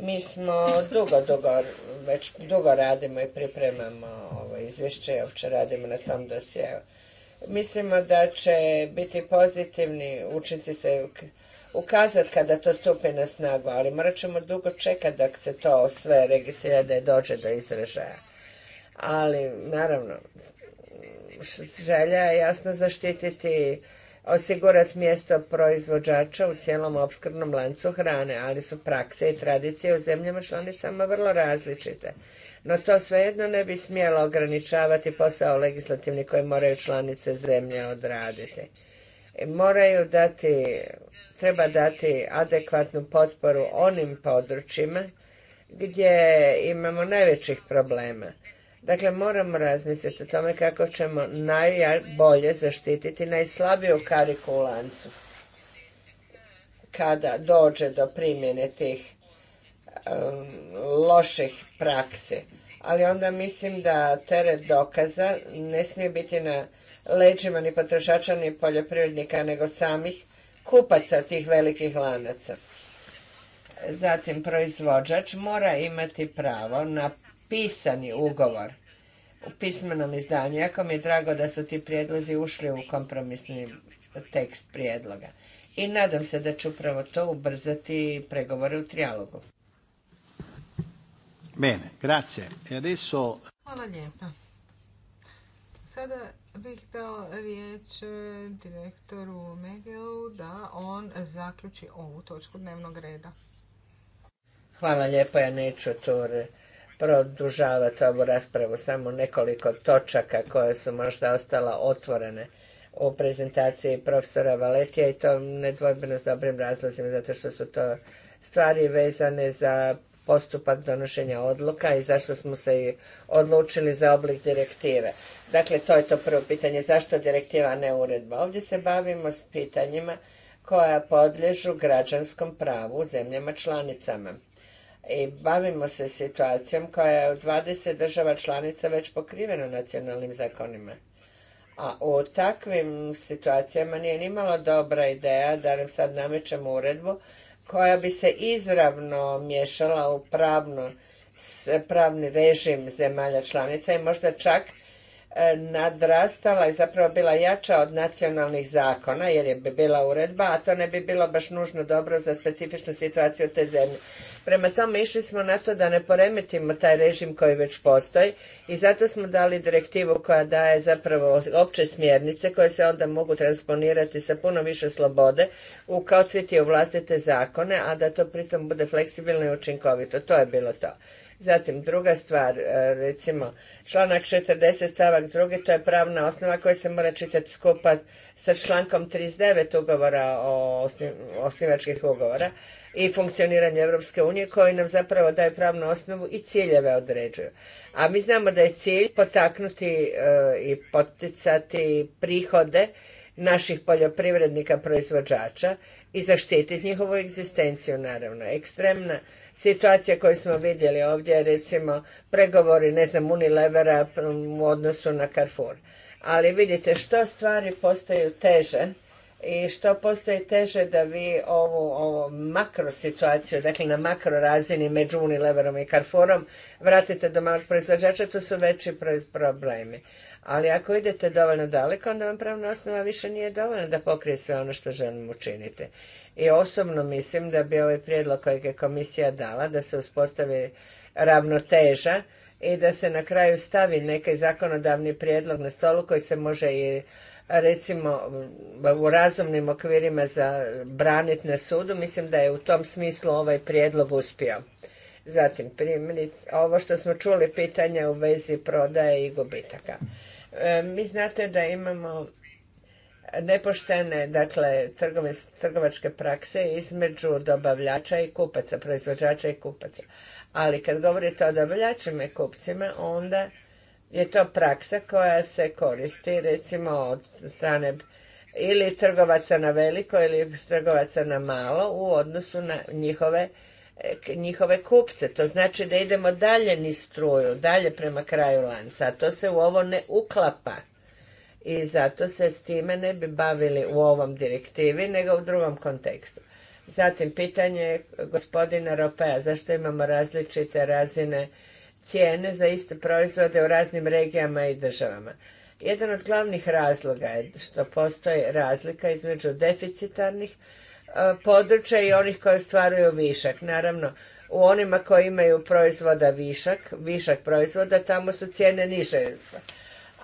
Speaker 1: mi smo dugo, dugo, već dugo radimo i pripremamo ovo izvješće, uopće radimo na tom dosijevu. Mislimo da će biti pozitivni učinci se ukazati kada to stupi na snagu, ali morat ćemo dugo čekati da se to sve registrira da dođe do izražaja. Ali, naravno, želja je jasno zaštititi osigurati mjesto proizvođača u cijelom opskrbnom lancu hrane, ali su prakse i tradicije u zemljama članicama vrlo različite. No to svejedno ne bi smjelo ograničavati posao legislativni koji moraju članice zemlje odraditi. Moraju dati, treba dati adekvatnu potporu onim područjima gdje imamo najvećih problema Dakle, moramo razmisliti o tome kako ćemo najbolje zaštititi najslabiju kariku u lancu kada dođe do primjene tih um, loših praksi. Ali onda mislim da teret dokaza ne smije biti na leđima ni potrošača ni poljoprivrednika, nego samih kupaca tih velikih lanaca. Zatim proizvođač mora imati pravo na pisani ugovor u pismenom izdanju. Jako mi je drago da su ti prijedlozi ušli u kompromisni tekst prijedloga. I nadam se da ću upravo to ubrzati pregovore u trijalogu.
Speaker 3: Bene,
Speaker 2: grazie. E adesso... Hvala lijepa. Sada bih dao riječ e, direktoru Megelu da on zaključi ovu točku dnevnog reda.
Speaker 1: Hvala lijepa, ja neću to produžavati ovu raspravu. Samo nekoliko točaka koje su možda ostala otvorene u prezentaciji profesora Valetija i to nedvojbeno s dobrim razlozima, zato što su to stvari vezane za postupak donošenja odluka i zašto smo se i odlučili za oblik direktive. Dakle, to je to prvo pitanje, zašto direktiva, a ne uredba. Ovdje se bavimo s pitanjima koja podliježu građanskom pravu u zemljama članicama i bavimo se situacijom koja je u 20 država članica već pokrivena nacionalnim zakonima. A u takvim situacijama nije nimalo dobra ideja da nam sad namećemo uredbu koja bi se izravno miješala u pravni režim zemalja članica i možda čak E, nadrastala i zapravo bila jača od nacionalnih zakona jer je bi bila uredba, a to ne bi bilo baš nužno dobro za specifičnu situaciju te zemlje. Prema tome išli smo na to da ne poremetimo taj režim koji već postoji i zato smo dali direktivu koja daje zapravo opće smjernice koje se onda mogu transponirati sa puno više slobode, u ukotviti u vlastite zakone, a da to pritom bude fleksibilno i učinkovito. To je bilo to. Zatim, druga stvar, e, recimo, članak 40 stavak 2, to je pravna osnova koja se mora čitati skupa sa člankom 39 ugovora o osnivačkih ugovora i funkcioniranju Europske unije koji nam zapravo daje pravnu osnovu i ciljeve određuju. A mi znamo da je cilj potaknuti e, i poticati prihode naših poljoprivrednika proizvođača i zaštititi njihovu egzistenciju naravno. Ekstremna situacija koju smo vidjeli ovdje, recimo pregovori, ne znam, Unilevera u odnosu na Carrefour. Ali vidite, što stvari postaju teže i što postaje teže da vi ovu, ovu makro situaciju, dakle na makro razini među Unileverom i Carrefourom vratite do malog proizvođača, to su veći problemi. Ali ako idete dovoljno daleko, onda vam pravna osnova više nije dovoljna da pokrije sve ono što želimo učiniti. I osobno mislim da bi ovaj prijedlog kojeg je komisija dala, da se uspostavi ravnoteža i da se na kraju stavi neki zakonodavni prijedlog na stolu koji se može i recimo u razumnim okvirima za na sudu, mislim da je u tom smislu ovaj prijedlog uspio. Zatim, ovo što smo čuli pitanja u vezi prodaje i gubitaka. E, mi znate da imamo nepoštene dakle trgovačke prakse između dobavljača i kupaca, proizvođača i kupaca. Ali kad govorite o dobavljačima i kupcima, onda je to praksa koja se koristi recimo od strane ili trgovaca na veliko ili trgovaca na malo u odnosu na njihove, njihove kupce. To znači da idemo dalje niz struju, dalje prema kraju lanca, a to se u ovo ne uklapa i zato se s time ne bi bavili u ovom direktivi, nego u drugom kontekstu. Zatim, pitanje gospodina Ropeja, zašto imamo različite razine cijene za iste proizvode u raznim regijama i državama. Jedan od glavnih razloga je što postoji razlika između deficitarnih e, područja i onih koji ostvaruju višak. Naravno, u onima koji imaju proizvoda višak, višak proizvoda, tamo su cijene niže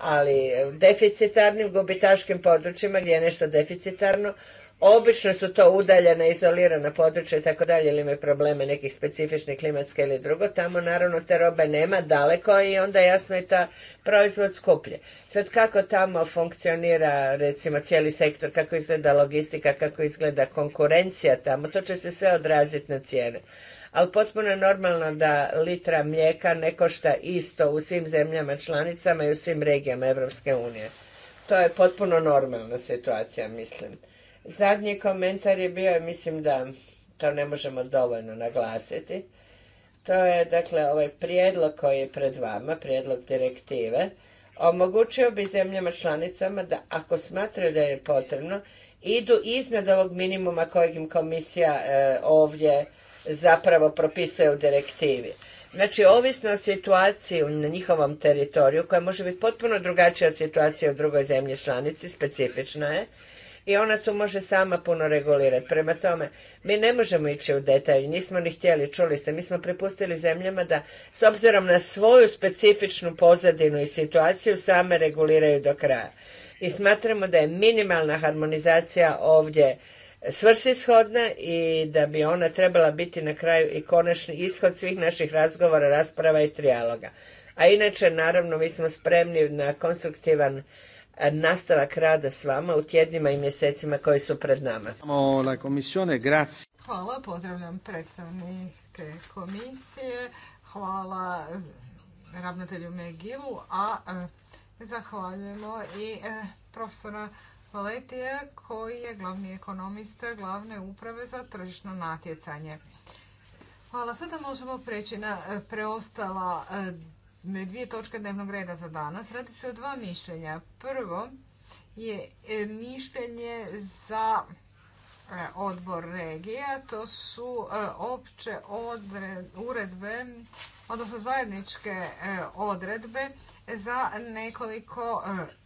Speaker 1: ali eh, deficitarnim gubitaškim područjima gdje je nešto deficitarno, obično su to udaljena, izolirana područja i tako dalje, ili imaju probleme nekih specifičnih klimatske ili drugo, tamo naravno te robe nema daleko i onda jasno je ta proizvod skuplje. Sad kako tamo funkcionira recimo cijeli sektor, kako izgleda logistika, kako izgleda konkurencija tamo, to će se sve odraziti na cijene ali potpuno je normalno da litra mlijeka ne košta isto u svim zemljama članicama i u svim regijama Europske unije. To je potpuno normalna situacija, mislim. Zadnji komentar je bio, mislim da to ne možemo dovoljno naglasiti, to je dakle ovaj prijedlog koji je pred vama, prijedlog direktive, omogućio bi zemljama članicama da ako smatraju da je potrebno, idu iznad ovog minimuma kojeg im komisija e, ovdje zapravo propisuje u direktivi. Znači, ovisno o situaciji na njihovom teritoriju, koja može biti potpuno drugačija od situacije u drugoj zemlji članici, specifična je, i ona tu može sama puno regulirati. Prema tome, mi ne možemo ići u detalj, nismo ni htjeli, čuli ste, mi smo prepustili zemljama da s obzirom na svoju specifičnu pozadinu i situaciju same reguliraju do kraja. I smatramo da je minimalna harmonizacija ovdje svrsishodna i da bi ona trebala biti na kraju i konačni ishod svih naših razgovora, rasprava i trijaloga. A inače, naravno, mi smo spremni na konstruktivan e, nastavak rada s vama u tjednima i mjesecima koji su pred nama.
Speaker 2: Hvala, pozdravljam predstavnike komisije, hvala ravnatelju Megilu, a e, zahvaljujemo i e, profesora Valetije koji je glavni ekonomist glavne uprave za tržišno natjecanje. Hvala, sada možemo preći na e, preostala e, dvije točke dnevnog reda za danas. Radi se o dva mišljenja. Prvo je e, mišljenje za odbor regija, to su opće uredbe, odnosno zajedničke odredbe za nekoliko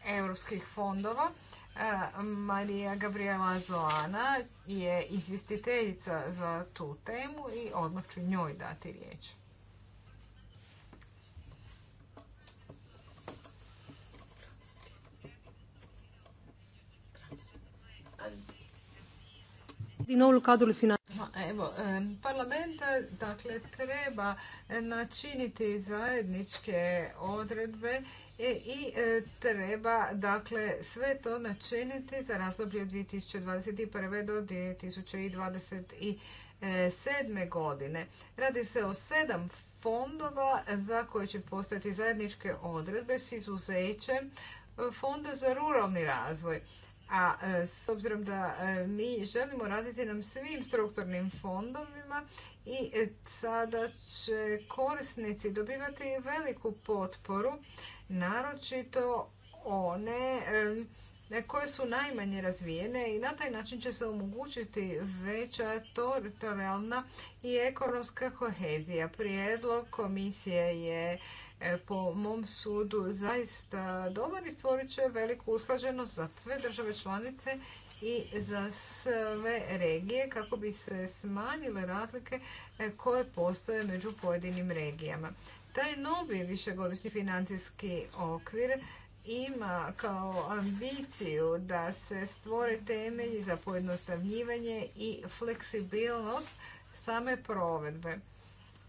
Speaker 2: europskih fondova E, Marija Gabriela Zoana je izvjestiteljica za tu temu i odmah ću njoj dati riječ. cadrul pa, evo, parlament e, dakle, treba načiniti zajedničke odredbe i e, treba dakle, sve to načiniti za razdoblje 2021. do 2027. godine. Radi se o sedam fondova za koje će postojati zajedničke odredbe s izuzećem Fonda za ruralni razvoj. A e, s obzirom da e, mi želimo raditi nam svim strukturnim fondovima i e, sada će korisnici dobivati veliku potporu, naročito one koje su najmanje razvijene i na taj način će se omogućiti veća teritorijalna i ekonomska kohezija. Prijedlog komisije je e, po mom sudu zaista dobar i stvorit će veliku usklađenost za sve države članice i za sve regije kako bi se smanjile razlike e, koje postoje među pojedinim regijama. Taj novi višegodišnji financijski okvir ima kao ambiciju da se stvore temelji za pojednostavljivanje i fleksibilnost same provedbe.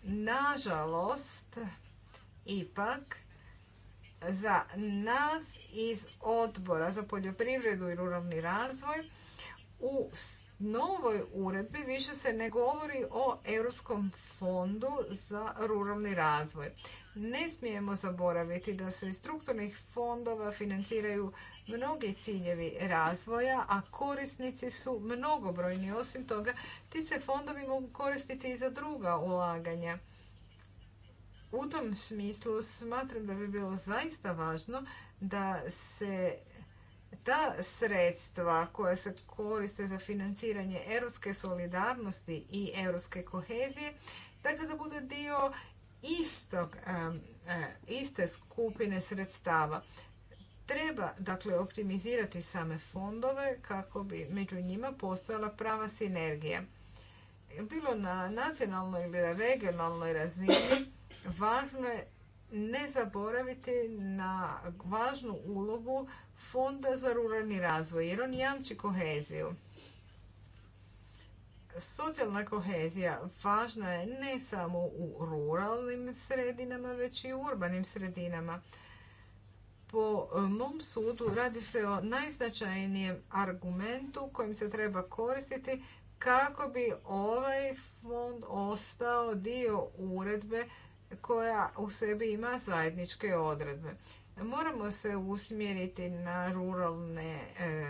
Speaker 2: Nažalost, ipak, za nas iz odbora za poljoprivredu i ruralni razvoj u novoj uredbi više se ne govori o Europskom fondu za ruralni razvoj. Ne smijemo zaboraviti da se iz strukturnih fondova financiraju mnogi ciljevi razvoja, a korisnici su mnogobrojni. Osim toga, ti se fondovi mogu koristiti i za druga ulaganja. U tom smislu smatram da bi bilo zaista važno da se ta sredstva koja se koriste za financiranje europske solidarnosti i europske kohezije, dakle da bude dio E, iste skupine sredstava. Treba dakle optimizirati same fondove kako bi među njima postojala prava sinergija. Bilo na nacionalnoj ili regionalnoj razini, važno je ne zaboraviti na važnu ulogu Fonda za ruralni razvoj jer on jamči koheziju. Socijalna kohezija važna je ne samo u ruralnim sredinama, već i u urbanim sredinama. Po e, mom sudu radi se o najznačajnijem argumentu kojim se treba koristiti kako bi ovaj fond ostao dio uredbe koja u sebi ima zajedničke odredbe. Moramo se usmjeriti na ruralne e,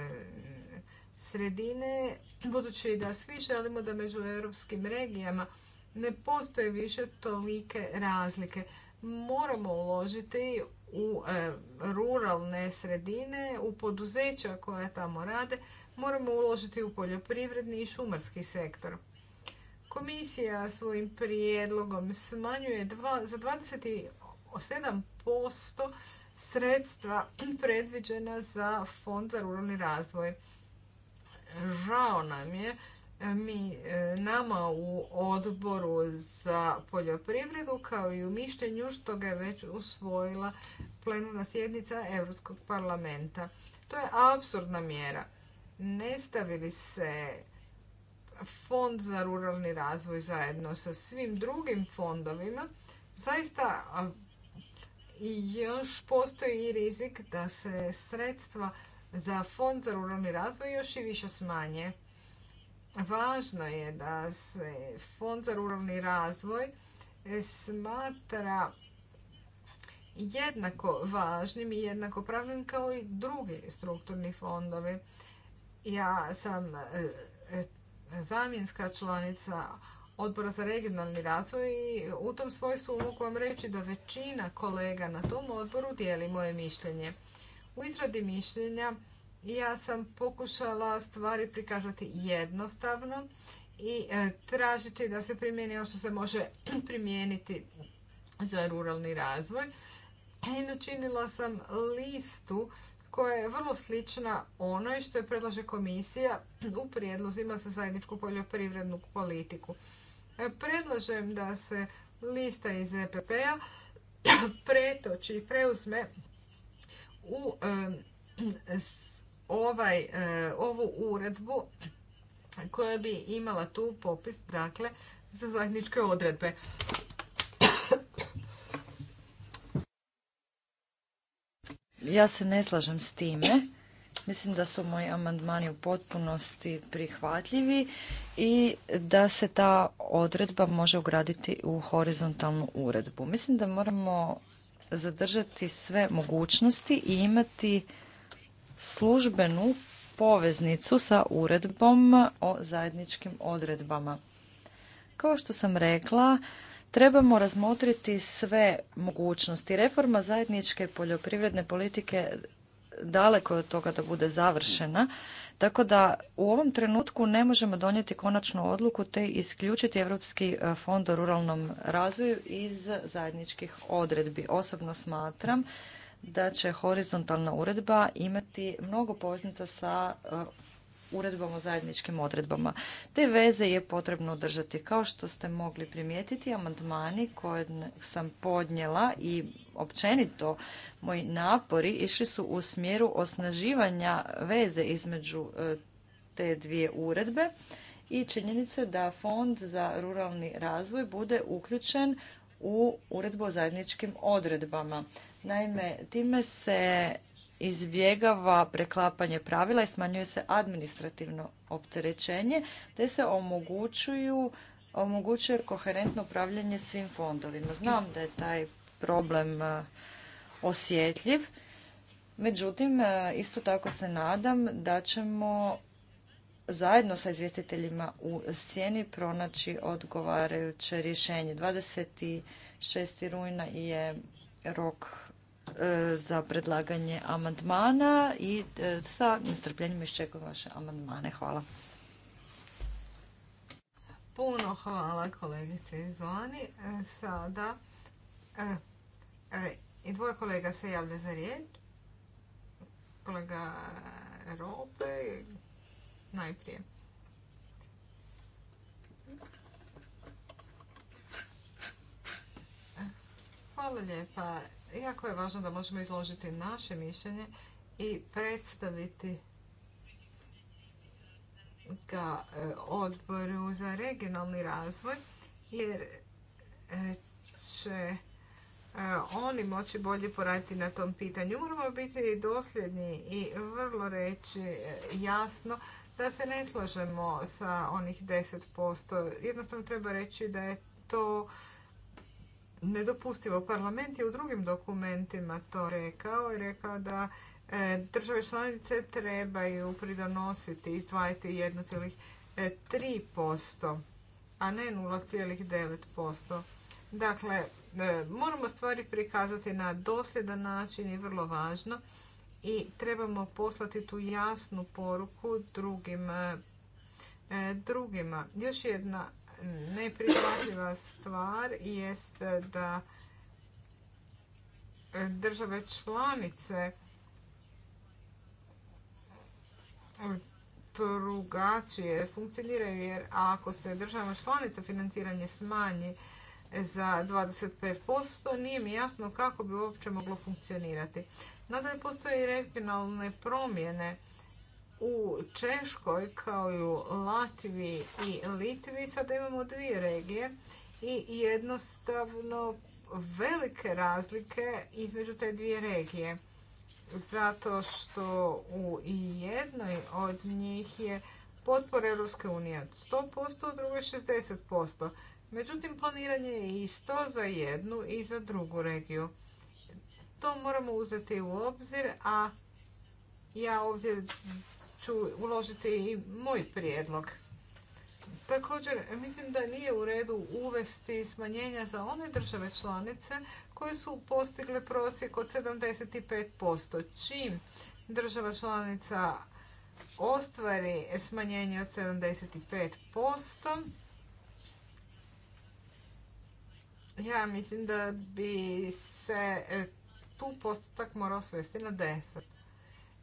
Speaker 2: sredine, budući da svi želimo da među europskim regijama ne postoje više tolike razlike. Moramo uložiti u e, ruralne sredine, u poduzeća koja tamo rade, moramo uložiti u poljoprivredni i šumarski sektor. Komisija svojim prijedlogom smanjuje za 27% sredstva predviđena za Fond za ruralni razvoj žao nam je e, mi e, nama u odboru za poljoprivredu kao i u mišljenju što ga je već usvojila plenarna sjednica Europskog parlamenta. To je apsurdna mjera. Ne stavili se fond za ruralni razvoj zajedno sa svim drugim fondovima, zaista još postoji i rizik da se sredstva za Fond za ruralni razvoj još i više smanje. Važno je da se Fond za ruralni razvoj smatra jednako važnim i jednako pravnim kao i drugi strukturni fondovi. Ja sam e, e, zamjenska članica odbora za regionalni razvoj i u tom svojstvu mogu vam reći da većina kolega na tom odboru dijeli moje mišljenje. U izradi mišljenja ja sam pokušala stvari prikazati jednostavno i e, tražiti da se primjeni ono što se može primijeniti za ruralni razvoj. I načinila sam listu koja je vrlo slična onoj što je predlaže komisija u prijedlozima za zajedničku poljoprivrednu politiku. E, predlažem da se lista iz EPP-a pretoči i preuzme u ovaj, e, ovu uredbu koja bi imala tu popis dakle, za zajedničke odredbe.
Speaker 3: Ja se ne slažem s time. Mislim da su moji amandmani u potpunosti prihvatljivi i da se ta odredba može ugraditi u horizontalnu uredbu. Mislim da moramo zadržati sve mogućnosti i imati službenu poveznicu sa uredbom o zajedničkim odredbama. Kao što sam rekla, trebamo razmotriti sve mogućnosti. Reforma zajedničke poljoprivredne politike daleko je od toga da bude završena tako da u ovom trenutku ne možemo donijeti konačnu odluku te isključiti Europski e, fond o ruralnom razvoju iz zajedničkih odredbi. Osobno smatram da će horizontalna uredba imati mnogo poznica sa e, uredbom o zajedničkim odredbama. Te veze je potrebno održati. Kao što ste mogli primijetiti, amandmani koje sam podnijela i općenito moji napori išli su u smjeru osnaživanja veze između e, te dvije uredbe i činjenice da Fond za ruralni razvoj bude uključen u uredbu o zajedničkim odredbama. Naime, time se izbjegava preklapanje pravila i smanjuje se administrativno opterećenje te se omogućuju, omogućuje koherentno upravljanje svim fondovima. Znam da je taj problem e, osjetljiv, međutim e, isto tako se nadam da ćemo zajedno sa izvjestiteljima u sjeni pronaći odgovarajuće rješenje. 26. rujna je rok E, za predlaganje amandmana i e, sa nestrpljenjem iščekujem vaše amandmane. Hvala.
Speaker 2: Puno hvala kolegice Zoni. E, sada i dvoje kolega se javlja za riječ. Kolega Rope najprije. Hvala lijepa jako je važno da možemo izložiti naše mišljenje i predstaviti ga e, odboru za regionalni razvoj jer e, će e, oni moći bolje poraditi na tom pitanju. Moramo biti dosljedni i vrlo reći jasno da se ne slažemo sa onih 10%. Jednostavno treba reći da je to nedopustivo. Parlament je u drugim dokumentima to rekao i rekao da e, države članice trebaju pridonositi i izdvajati 1,3%, e, a ne 0,9%. Dakle, e, moramo stvari prikazati na dosljedan način i vrlo važno i trebamo poslati tu jasnu poruku drugim drugima. Još jedna neprihvatljiva stvar jest da države članice drugačije funkcioniraju jer ako se država članica financiranje smanji za 25%, nije mi jasno kako bi uopće moglo funkcionirati. Nadalje postoje i regionalne promjene u Češkoj kao i u Latviji i Litvi sada imamo dvije regije i jednostavno velike razlike između te dvije regije. Zato što u jednoj od njih je potpora Europske unije 100%, u drugoj 60%. Međutim, planiranje je isto za jednu i za drugu regiju. To moramo uzeti u obzir, a ja ovdje uložiti i moj prijedlog. Također, mislim da nije u redu uvesti smanjenja za one države članice koje su postigle prosjek od 75%. Čim država članica ostvari smanjenje od 75%, ja mislim da bi se tu postotak morao svesti na 10%.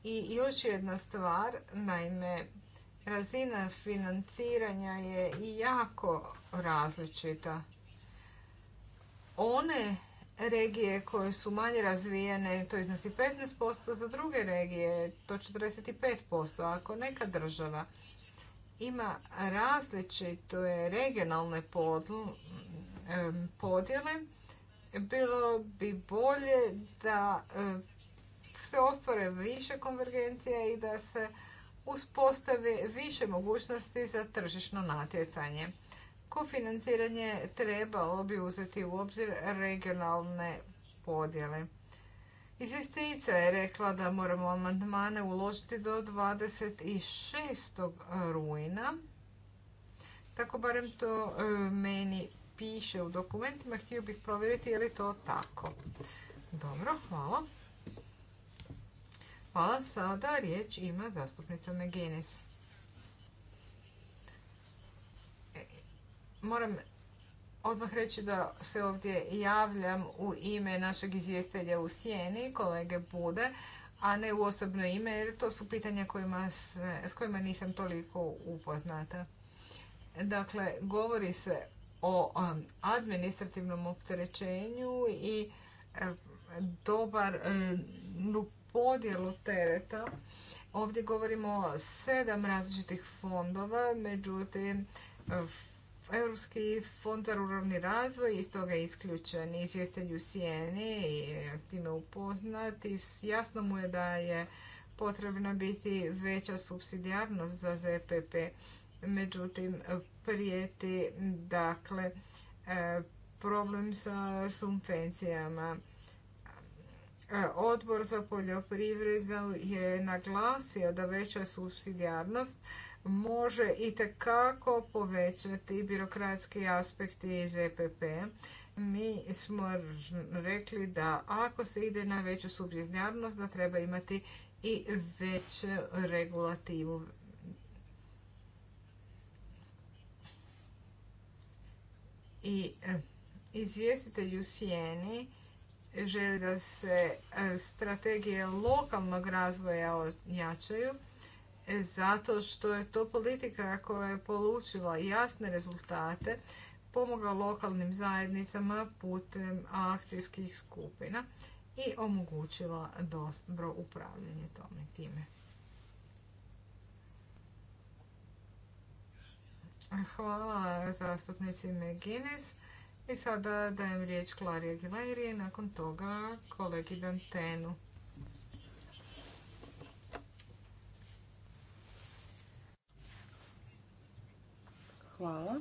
Speaker 2: I još jedna stvar, naime, razina financiranja je jako različita. One regije koje su manje razvijene, to iznosi 15%, za druge regije to 45%. Ako neka država ima različite regionalne podjele, bilo bi bolje da se ostvare više konvergencija i da se uspostave više mogućnosti za tržišno natjecanje. Kofinanciranje trebalo bi uzeti u obzir regionalne podjele. Izvjestica je rekla da moramo amandmane uložiti do 26. rujna. Tako barem to e, meni piše u dokumentima. Htio bih provjeriti je li to tako. Dobro, hvala. Hvala. Sada riječ ima zastupnica Meginis. E, moram odmah reći da se ovdje javljam u ime našeg izvjestelja u Sjeni, kolege Bude, a ne u osobno ime, jer to su pitanja s kojima nisam toliko upoznata. Dakle, govori se o um, administrativnom opterećenju i e, dobar e, podjelu tereta. Ovdje govorimo o sedam različitih fondova, međutim, Europski fond za ruralni razvoj iz toga je isključen i u Sijeni i s time upoznati. jasno mu je da je potrebna biti veća subsidijarnost za ZPP. Međutim, prijeti dakle, e, problem sa subvencijama E, odbor za poljoprivredu je naglasio da veća subsidijarnost može i tekako povećati birokratski aspekti iz EPP. Mi smo rekli da ako se ide na veću subsidijarnost da treba imati i veću regulativu. I e, izvjestitelj u sjeni želi da se e, strategije lokalnog razvoja jačaju, e, zato što je to politika koja je polučila jasne rezultate, pomogla lokalnim zajednicama putem akcijskih skupina i omogućila dobro upravljanje tome time. Hvala zastupnici McGuinness. I sada dajem riječ Klari Aguileri i nakon toga kolegi Dantenu.
Speaker 3: Hvala.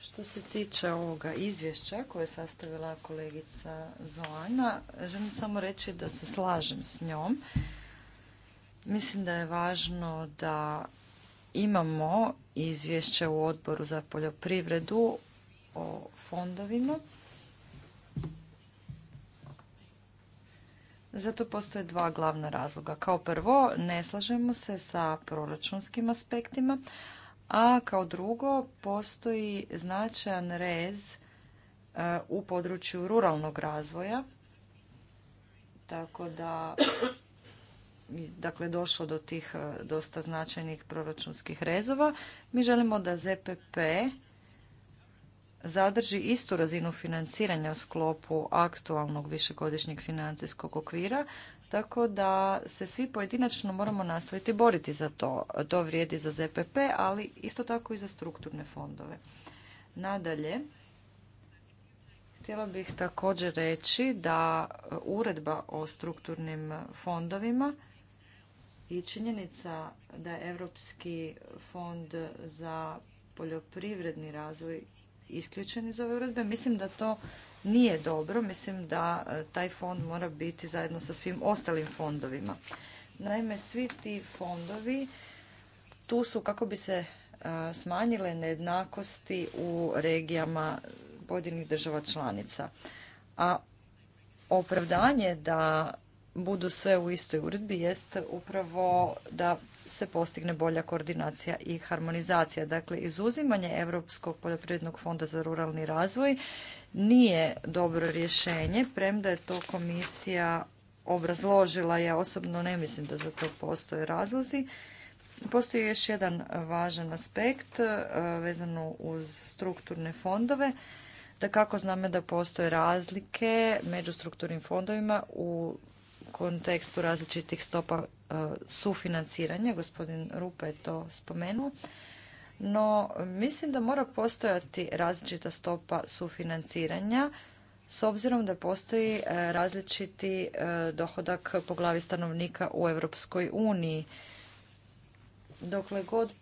Speaker 3: Što se tiče ovoga izvješća koje je sastavila kolegica Zoana, želim samo reći da se slažem s njom. Mislim da je važno da imamo izvješće u odboru za poljoprivredu o fondovima. Zato postoje dva glavna razloga. Kao prvo, ne slažemo se sa proračunskim aspektima, a kao drugo, postoji značajan rez e, u području ruralnog razvoja. Tako da dakle došlo do tih e, dosta značajnih proračunskih rezova. Mi želimo da ZPP zadrži istu razinu financiranja u sklopu aktualnog višegodišnjeg financijskog okvira, tako da se svi pojedinačno moramo nastaviti boriti za to. To vrijedi za ZPP, ali isto tako i za strukturne fondove. Nadalje, htjela bih također reći da uredba o strukturnim fondovima i činjenica da je Europski fond za poljoprivredni razvoj isključen iz ove uredbe. Mislim da to nije dobro, mislim da e, taj fond mora biti zajedno sa svim ostalim fondovima. Naime, svi ti fondovi tu su kako bi se e, smanjile nejednakosti u regijama pojedinih država članica. A opravdanje da budu sve u istoj uredbi jest upravo da se postigne bolja koordinacija i harmonizacija. Dakle, izuzimanje Europskog poljoprivrednog fonda za ruralni razvoj nije dobro rješenje, premda je to komisija obrazložila. Ja osobno ne mislim da za to postoje razlozi. Postoji još jedan važan aspekt e, vezano uz strukturne fondove. Da kako znamo da postoje razlike među strukturnim fondovima u kontekstu različitih stopa E, sufinanciranje, gospodin Rupa je to spomenuo, no mislim da mora postojati različita stopa sufinanciranja s obzirom da postoji e, različiti e, dohodak po glavi stanovnika u Europskoj uniji. Dokle god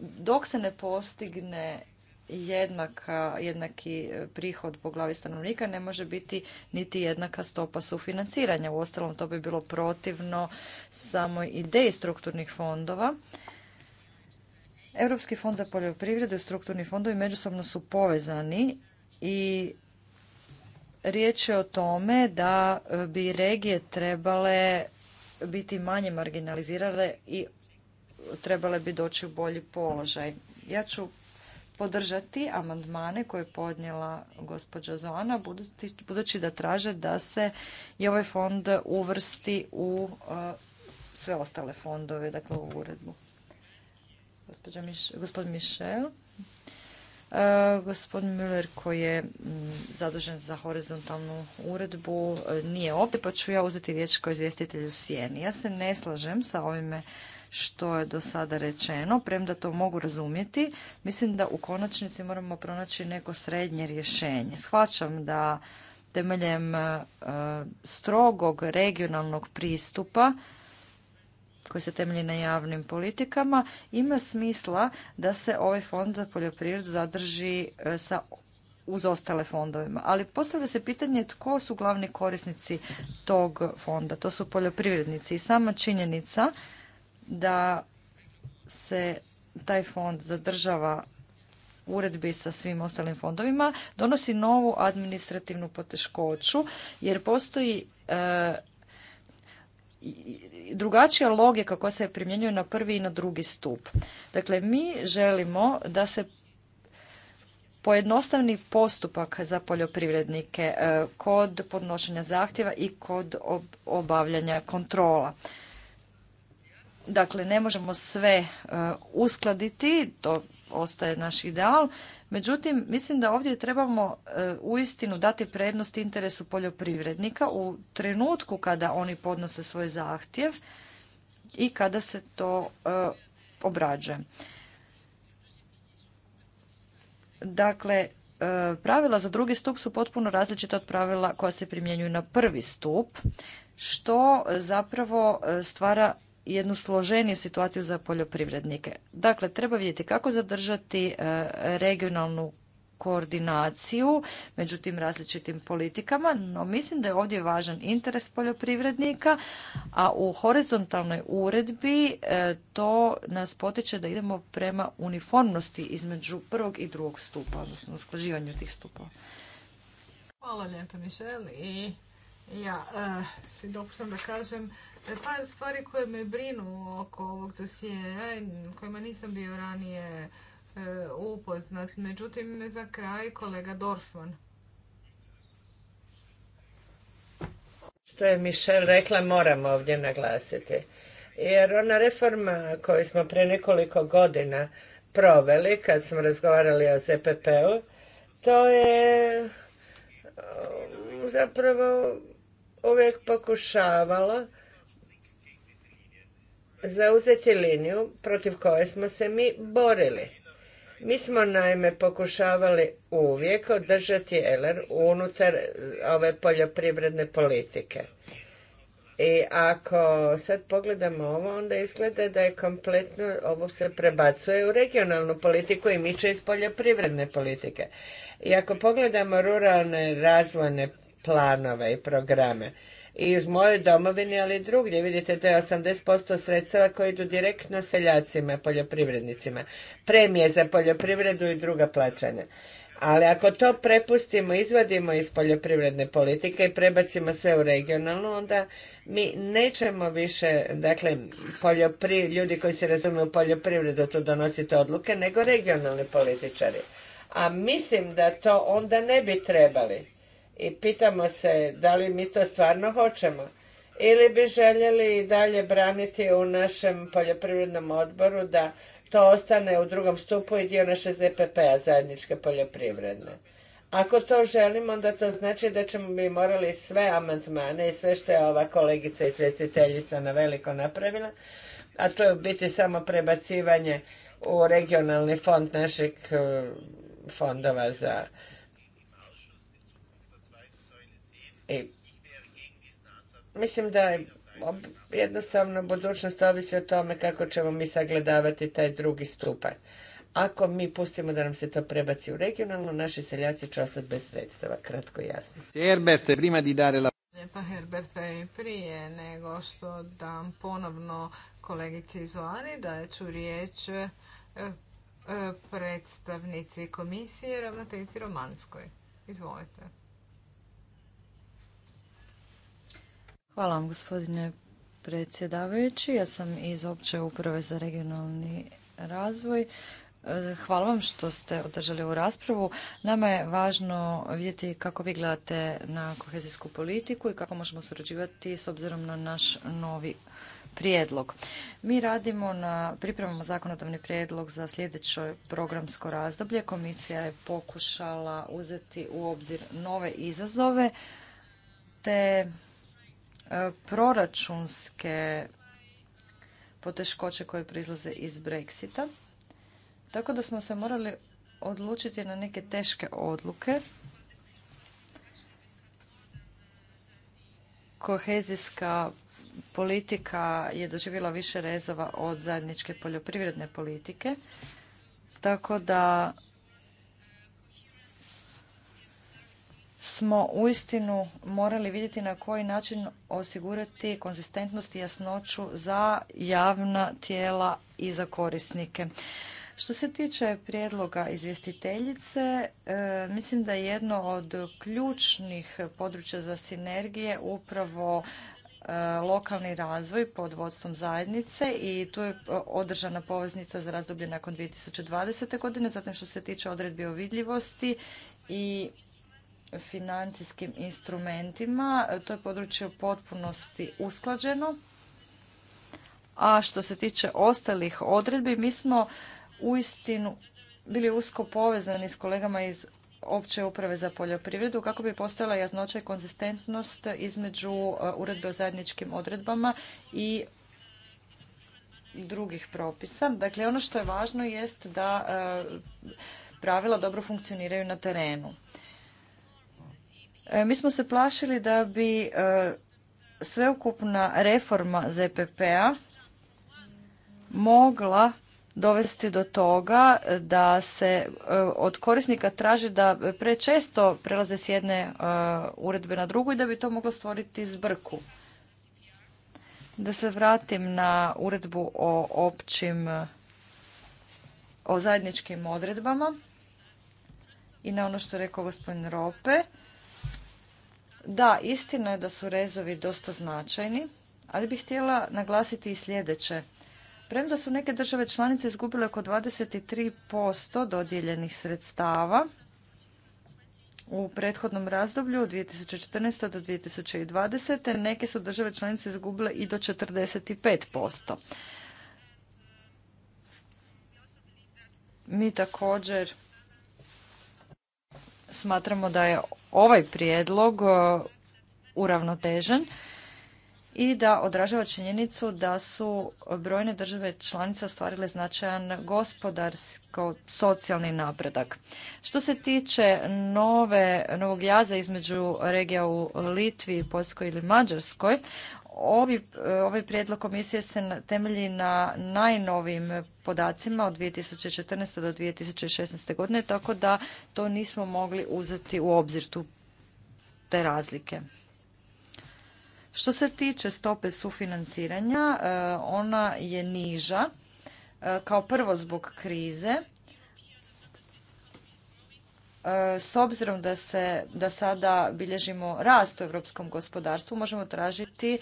Speaker 3: dok se ne postigne jednaka, jednaki e, prihod po glavi stanovnika ne može biti niti jednaka stopa sufinanciranja. Uostalom to bi bilo protivno samoj ideji strukturnih fondova. Europski fond za poljoprivredu i strukturni fondovi međusobno su povezani i riječ je o tome da e, bi regije trebale biti manje marginalizirale i trebale bi doći u bolji položaj. Ja ću podržati amandmane koje je podnijela gospođa Zona budući da traže da se i ovaj fond uvrsti u e, sve ostale fondove, dakle u uredbu. gospodin Mišel. E, gospodin Müller koji je zadužen za horizontalnu uredbu e, nije ovdje pa ću ja uzeti riječ kao izvjestitelj u sjeni. Ja se ne slažem sa ovime što je do sada rečeno, premda to mogu razumjeti, mislim da u konačnici moramo pronaći neko srednje rješenje. Shvaćam da temeljem e, strogog regionalnog pristupa koji se temelji na javnim politikama, ima smisla da se ovaj fond za poljoprivredu zadrži e, sa uz ostale fondovima. Ali postavlja se pitanje tko su glavni korisnici tog fonda. To su poljoprivrednici i sama činjenica da se taj fond zadržava uredbi sa svim ostalim fondovima, donosi novu administrativnu poteškoću jer postoji e, drugačija logika koja se primjenjuje na prvi i na drugi stup. Dakle, mi želimo da se pojednostavni postupak za poljoprivrednike e, kod podnošenja zahtjeva i kod obavljanja kontrola. Dakle, ne možemo sve e, uskladiti, to ostaje naš ideal. Međutim, mislim da ovdje trebamo e, uistinu dati prednost interesu poljoprivrednika u trenutku kada oni podnose svoj zahtjev i kada se to e, obrađuje. Dakle, pravila za drugi stup su potpuno različita od pravila koja se primjenjuju na prvi stup, što zapravo stvara jednu složeniju situaciju za poljoprivrednike. Dakle, treba vidjeti kako zadržati e, regionalnu koordinaciju među tim različitim politikama, no mislim da je ovdje važan interes poljoprivrednika, a u horizontalnoj uredbi e, to nas potiče da idemo prema uniformnosti između prvog i drugog stupa, odnosno usklađivanju tih stupa.
Speaker 2: Hvala lijepa, Mišel. I ja e, si da kažem E, par stvari koje me brinu oko ovog dosije, kojima nisam bio ranije e, upoznat. Međutim, za kraj kolega Dorfman.
Speaker 1: Što je Mišel rekla, moramo ovdje naglasiti. Jer ona reforma koju smo pre nekoliko godina proveli, kad smo razgovarali o ZPP-u, to je um, zapravo uvijek pokušavalo zauzeti liniju protiv koje smo se mi borili. Mi smo naime pokušavali uvijek održati LR unutar eh, ove poljoprivredne politike. I ako sad pogledamo ovo, onda izgleda da je kompletno, ovo se prebacuje u regionalnu politiku i miče iz poljoprivredne politike. I ako pogledamo ruralne razvojne planove i programe, i u mojoj domovini, ali i drugdje. Vidite, to je 80% sredstava koji idu direktno seljacima, poljoprivrednicima. Premije za poljoprivredu i druga plaćanja. Ali ako to prepustimo, izvadimo iz poljoprivredne politike i prebacimo sve u regionalnu, onda mi nećemo više, dakle, ljudi koji se razumiju u poljoprivredu tu donositi odluke, nego regionalni političari. A mislim da to onda ne bi trebali i pitamo se da li mi to stvarno hoćemo ili bi željeli i dalje braniti u našem poljoprivrednom odboru da to ostane u drugom stupu i dio naše ZPP-a, zajedničke poljoprivredne. Ako to želimo, onda to znači da ćemo mi morali sve amandmane i sve što je ova kolegica izvjestiteljica na veliko napravila, a to je u biti samo prebacivanje u regionalni fond naših eh, fondova za I mislim da je jednostavno budućnost ovisi o tome kako ćemo mi sagledavati taj drugi stupanj. Ako mi pustimo da nam se to prebaci u regionalno, naši seljaci će ostati bez sredstava, kratko i jasno.
Speaker 3: Herberte, prima
Speaker 1: di dare la...
Speaker 2: Pa Herberte, prije nego što dam ponovno kolegici Zoani, ću riječ e, e, predstavnici komisije ravnateljici Romanskoj. Izvolite.
Speaker 3: Hvala vam gospodine predsjedavajući. Ja sam iz opće uprave za regionalni razvoj. Hvala vam što ste održali ovu raspravu. Nama je važno vidjeti kako vi gledate na kohezijsku politiku i kako možemo surađivati s obzirom na naš novi prijedlog. Mi radimo na, pripremamo zakonodavni prijedlog za sljedeće programsko razdoblje. Komisija je pokušala uzeti u obzir nove izazove te E, proračunske poteškoće koje proizlaze iz Brexita. Tako da smo se morali odlučiti na neke teške odluke. Kohezijska politika je doživjela više rezova od zajedničke poljoprivredne politike. Tako da smo uistinu morali vidjeti na koji način osigurati konzistentnost i jasnoću za javna tijela i za korisnike. Što se tiče prijedloga izvjestiteljice, e, mislim da je jedno od ključnih područja za sinergije upravo e, lokalni razvoj pod vodstvom zajednice i tu je e, održana poveznica za razdoblje nakon 2020. godine, zatim što se tiče odredbi o vidljivosti i financijskim instrumentima. To je područje u potpunosti usklađeno. A što se tiče ostalih odredbi, mi smo uistinu bili usko povezani s kolegama iz opće uprave za poljoprivredu kako bi postojala jasnoća i konzistentnost između e, uredbe o zajedničkim odredbama i drugih propisa. Dakle, ono što je važno jest da e, pravila dobro funkcioniraju na terenu. E, mi smo se plašili da bi e, sveukupna reforma ZPP-a mogla dovesti do toga da se e, od korisnika traži da prečesto prelaze s jedne uredbe na drugu i da bi to moglo stvoriti zbrku. Da se vratim na uredbu o općim, o zajedničkim odredbama i na ono što je rekao gospodin Rope. Da, istina je da su rezovi dosta značajni, ali bih htjela naglasiti i sljedeće. Premda su neke države članice izgubile oko 23% dodijeljenih sredstava u prethodnom razdoblju od 2014. do 2020. neke su države članice izgubile i do 45%. Mi također smatramo da je ovaj prijedlog uravnotežen i da odražava činjenicu da su brojne države članice ostvarile značajan gospodarsko socijalni napredak. Što se tiče nove, novog jaza između regija u Litvi, Poljskoj ili Mađarskoj, Ovi, ovaj prijedlog komisije se temelji na najnovijim podacima od 2014. do 2016. godine, tako da to nismo mogli uzeti u obzir tu te razlike. Što se tiče stope sufinanciranja, e, ona je niža e, kao prvo zbog krize, E, s obzirom da se da sada bilježimo rast u europskom gospodarstvu možemo tražiti e,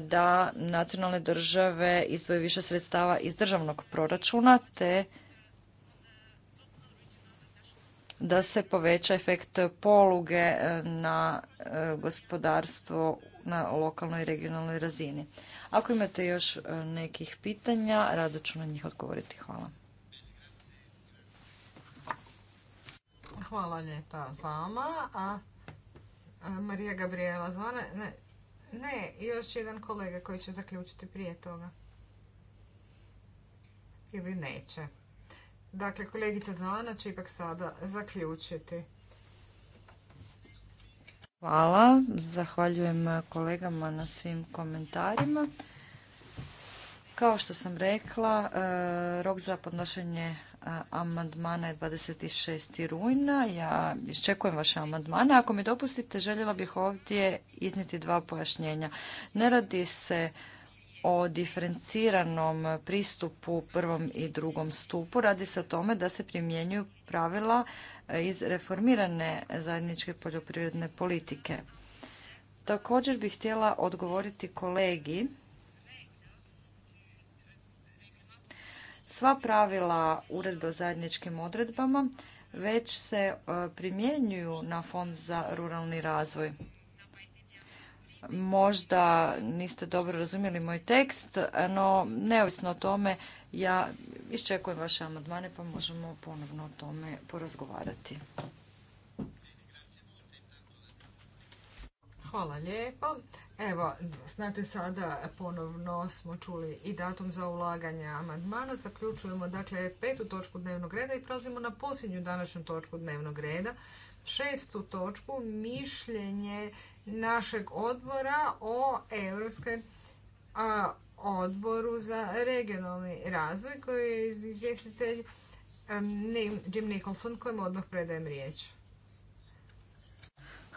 Speaker 3: da nacionalne države izdvoje više sredstava iz državnog proračuna te da se poveća efekt poluge e, na gospodarstvo na lokalnoj i regionalnoj razini. Ako imate još nekih pitanja, rado ću na njih odgovoriti. Hvala.
Speaker 2: Hvala lijepa vama. A Marija Gabriela zvane? Ne, ne, još jedan kolega koji će zaključiti prije toga. Ili neće. Dakle, kolegica Zvana će ipak sada zaključiti.
Speaker 3: Hvala. Zahvaljujem kolegama na svim komentarima. Kao što sam rekla, e, rok za podnošenje amandmana je 26. rujna. Ja iščekujem vaše amandmane. Ako mi dopustite, željela bih ovdje izniti dva pojašnjenja. Ne radi se o diferenciranom pristupu prvom i drugom stupu. Radi se o tome da se primjenjuju pravila e, iz reformirane zajedničke poljoprivredne politike. Također bih htjela odgovoriti kolegi Sva pravila uredbe o zajedničkim odredbama već se e, primjenjuju na Fond za ruralni razvoj. Možda niste dobro razumjeli moj tekst, no neovisno o tome ja iščekujem vaše amandmane pa možemo ponovno o tome porazgovarati.
Speaker 2: Hvala lijepo. Evo, znate sada ponovno smo čuli i datum za ulaganje amandmana. Zaključujemo dakle petu točku dnevnog reda i prelazimo na posljednju današnju točku dnevnog reda. Šestu točku, mišljenje našeg odbora o Europskoj odboru za regionalni razvoj koji je izvjestitelj Jim Nicholson kojem odmah predajem riječ.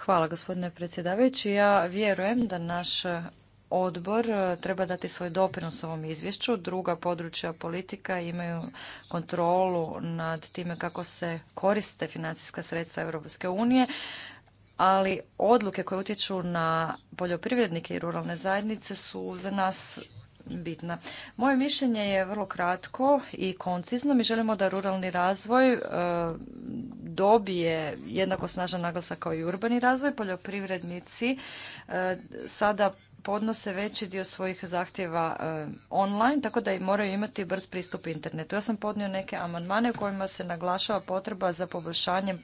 Speaker 3: Hvala gospodine predsjedavajući. Ja vjerujem da naš odbor e, treba dati svoj doprinos ovom izvješću. Druga područja politika imaju kontrolu nad time kako se koriste financijska sredstva Europske unije, ali odluke koje utječu na poljoprivrednike i ruralne zajednice su za nas bitna. Moje mišljenje je vrlo kratko i koncizno. Mi želimo da ruralni razvoj e, dobije jednako snažan naglasak kao i urbani razvoj. Poljoprivrednici e, sada podnose veći dio svojih zahtjeva e, online, tako da i moraju imati brz pristup internetu. Ja sam podnio neke amandmane u kojima se naglašava potreba za poboljšanjem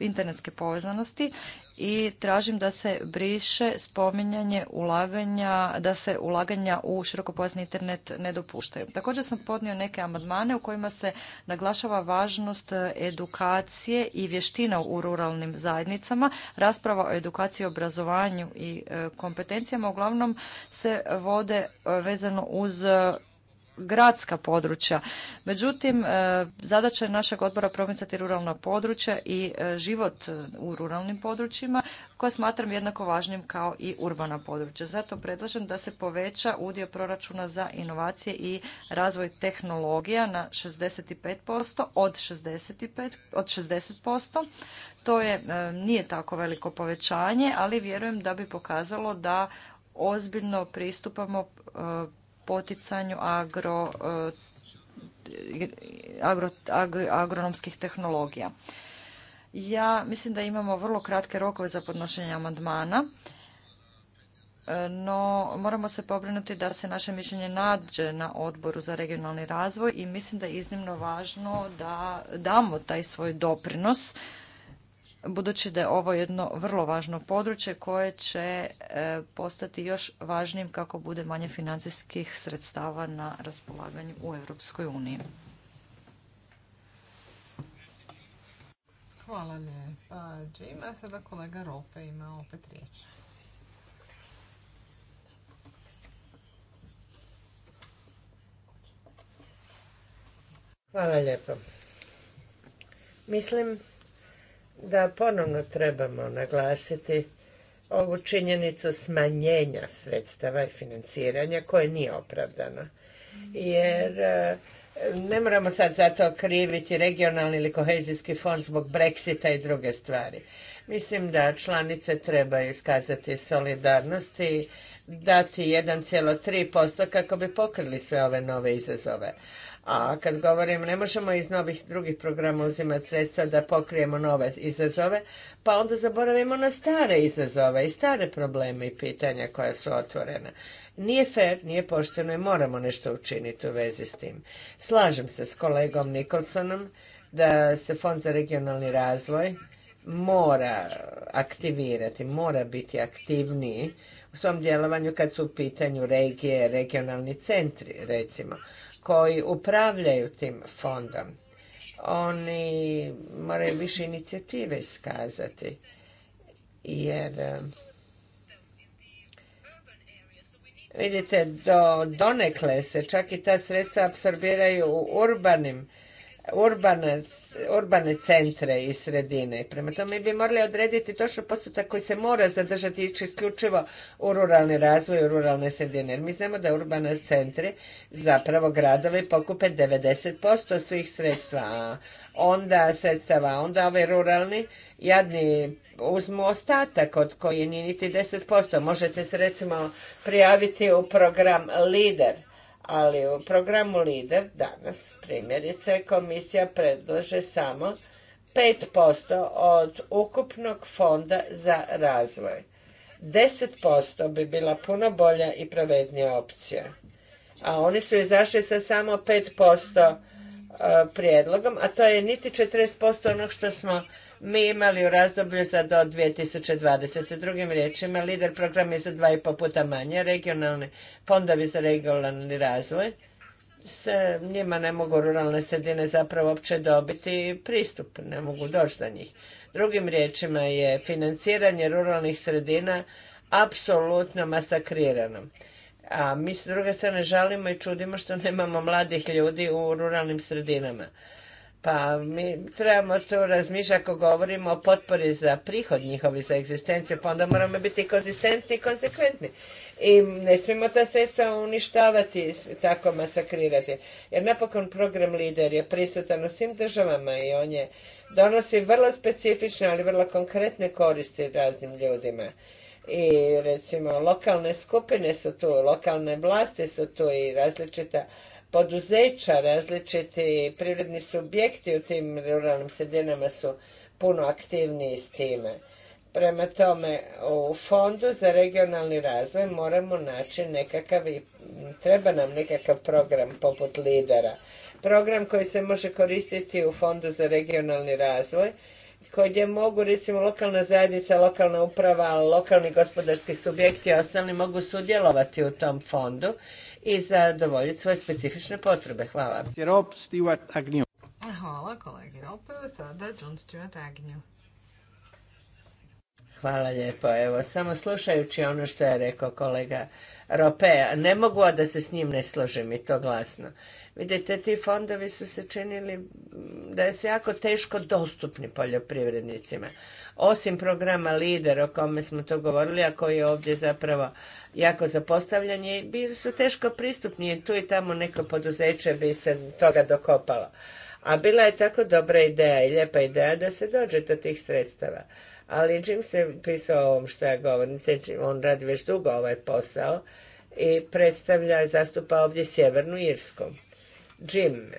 Speaker 3: internetske povezanosti i tražim da se briše spominjanje ulaganja, da se ulaganja u širokopojasni internet ne dopuštaju. Također sam podnio neke amandmane u kojima se naglašava važnost e, edukacije i vještina u ruralnim zajednicama. Rasprava o edukaciji, obrazovanju i e, kompetencijama uglavnom se vode e, vezano uz gradska područja. Međutim, e, zadaća je našeg odbora promicati ruralna područja i e, život e, u ruralnim područjima koje smatram jednako važnim kao i urbana područja. Zato predlažem da se poveća udio proračuna za inovacije i razvoj tehnologija na 65% od 65 od 60%. To je nije tako veliko povećanje, ali vjerujem da bi pokazalo da ozbiljno pristupamo poticanju agro, eh, agro, agronomskih tehnologija. Ja mislim da imamo vrlo kratke rokove za podnošenje amandmana, eh, no moramo se pobrinuti da se naše mišljenje nađe na odboru za regionalni razvoj i mislim da je iznimno važno da damo taj svoj doprinos budući da je ovo jedno vrlo važno područje koje će e, postati još važnijim kako bude manje financijskih sredstava na raspolaganju u Europskoj uniji.
Speaker 2: Hvala lijepa, Džima. kolega Rope ima opet riječ.
Speaker 1: Hvala lijepo. Mislim da ponovno trebamo naglasiti ovu činjenicu smanjenja sredstava i financiranja koje nije opravdano. Jer e, ne moramo sad zato kriviti regionalni ili kohezijski fond zbog Brexita i druge stvari. Mislim da članice trebaju iskazati solidarnost i dati 1,3% kako bi pokrili sve ove nove izazove. A kad govorim, ne možemo iz novih drugih programa uzimati sredstva da pokrijemo nove izazove, pa onda zaboravimo na stare izazove i stare probleme i pitanja koja su otvorena. Nije fer, nije pošteno i moramo nešto učiniti u vezi s tim. Slažem se s kolegom Nikolsonom da se Fond za regionalni razvoj mora aktivirati, mora biti aktivniji u svom djelovanju kad su u pitanju regije, regionalni centri recimo koji upravljaju tim fondom. Oni moraju više inicijative iskazati jer eh, vidite do donekle se čak i ta sredstva apsorbiraju u urbanim urbane urbane centre i sredine. Prema tome, mi bi morali odrediti točno postotak koji se mora zadržati isključivo u ruralni razvoj u ruralne sredine. Jer mi znamo da urbane centri zapravo gradovi pokupe 90% svih sredstva, a onda sredstava, onda ovi ruralni jadni uzmu ostatak od koji nije niti 10%. Možete se recimo prijaviti u program LIDER ali u programu LIDER danas, primjerice, komisija predlaže samo 5% od ukupnog fonda za razvoj. 10% bi bila puno bolja i pravednija opcija. A oni su izašli sa samo 5% e, prijedlogom, a to je niti 40% onog što smo mi imali u razdoblju za do 2020. Drugim riječima, lider program je za dva i po puta manje, regionalni fondovi za regionalni razvoj, s njima ne mogu ruralne sredine zapravo uopće dobiti pristup, ne mogu doći do njih. Drugim riječima je financiranje ruralnih sredina apsolutno masakrirano. A mi s druge strane žalimo i čudimo što nemamo mladih ljudi u ruralnim sredinama. Pa mi trebamo tu razmišljati ako govorimo o potpori za prihod njihovi, za egzistenciju, pa onda moramo biti konzistentni i konsekventni. I ne smijemo ta sredstva uništavati, tako masakrirati. Jer napokon program lider je prisutan u svim državama i on je donosi vrlo specifične, ali vrlo konkretne koristi raznim ljudima. I recimo lokalne skupine su tu, lokalne vlasti su tu i različita poduzeća, različiti privredni subjekti u tim ruralnim sredinama su puno aktivniji s time. Prema tome, u Fondu za regionalni razvoj moramo naći nekakav treba nam nekakav program poput lidera. Program koji se može koristiti u Fondu za regionalni razvoj, gdje mogu recimo lokalna zajednica, lokalna uprava, lokalni gospodarski subjekti i ostali mogu sudjelovati u tom fondu i zadovoljiti svoje specifične potrebe. Hvala.
Speaker 2: Hvala kolegi Rope, sada John Agnew.
Speaker 1: Hvala lijepo. Evo, samo slušajući ono što je rekao kolega Rope, ne mogu da se s njim ne složim i to glasno. Vidite, ti fondovi su se činili da su jako teško dostupni poljoprivrednicima osim programa LIDER o kome smo to govorili, a koji je ovdje zapravo jako zapostavljanje, bili su teško pristupni tu i tamo neko poduzeće bi se toga dokopalo. A bila je tako dobra ideja i lijepa ideja da se dođe do tih sredstava. Ali Jim se pisao o ovom što ja govorim, on radi već dugo ovaj posao i predstavlja i zastupa ovdje Sjevernu Irsku. Jim,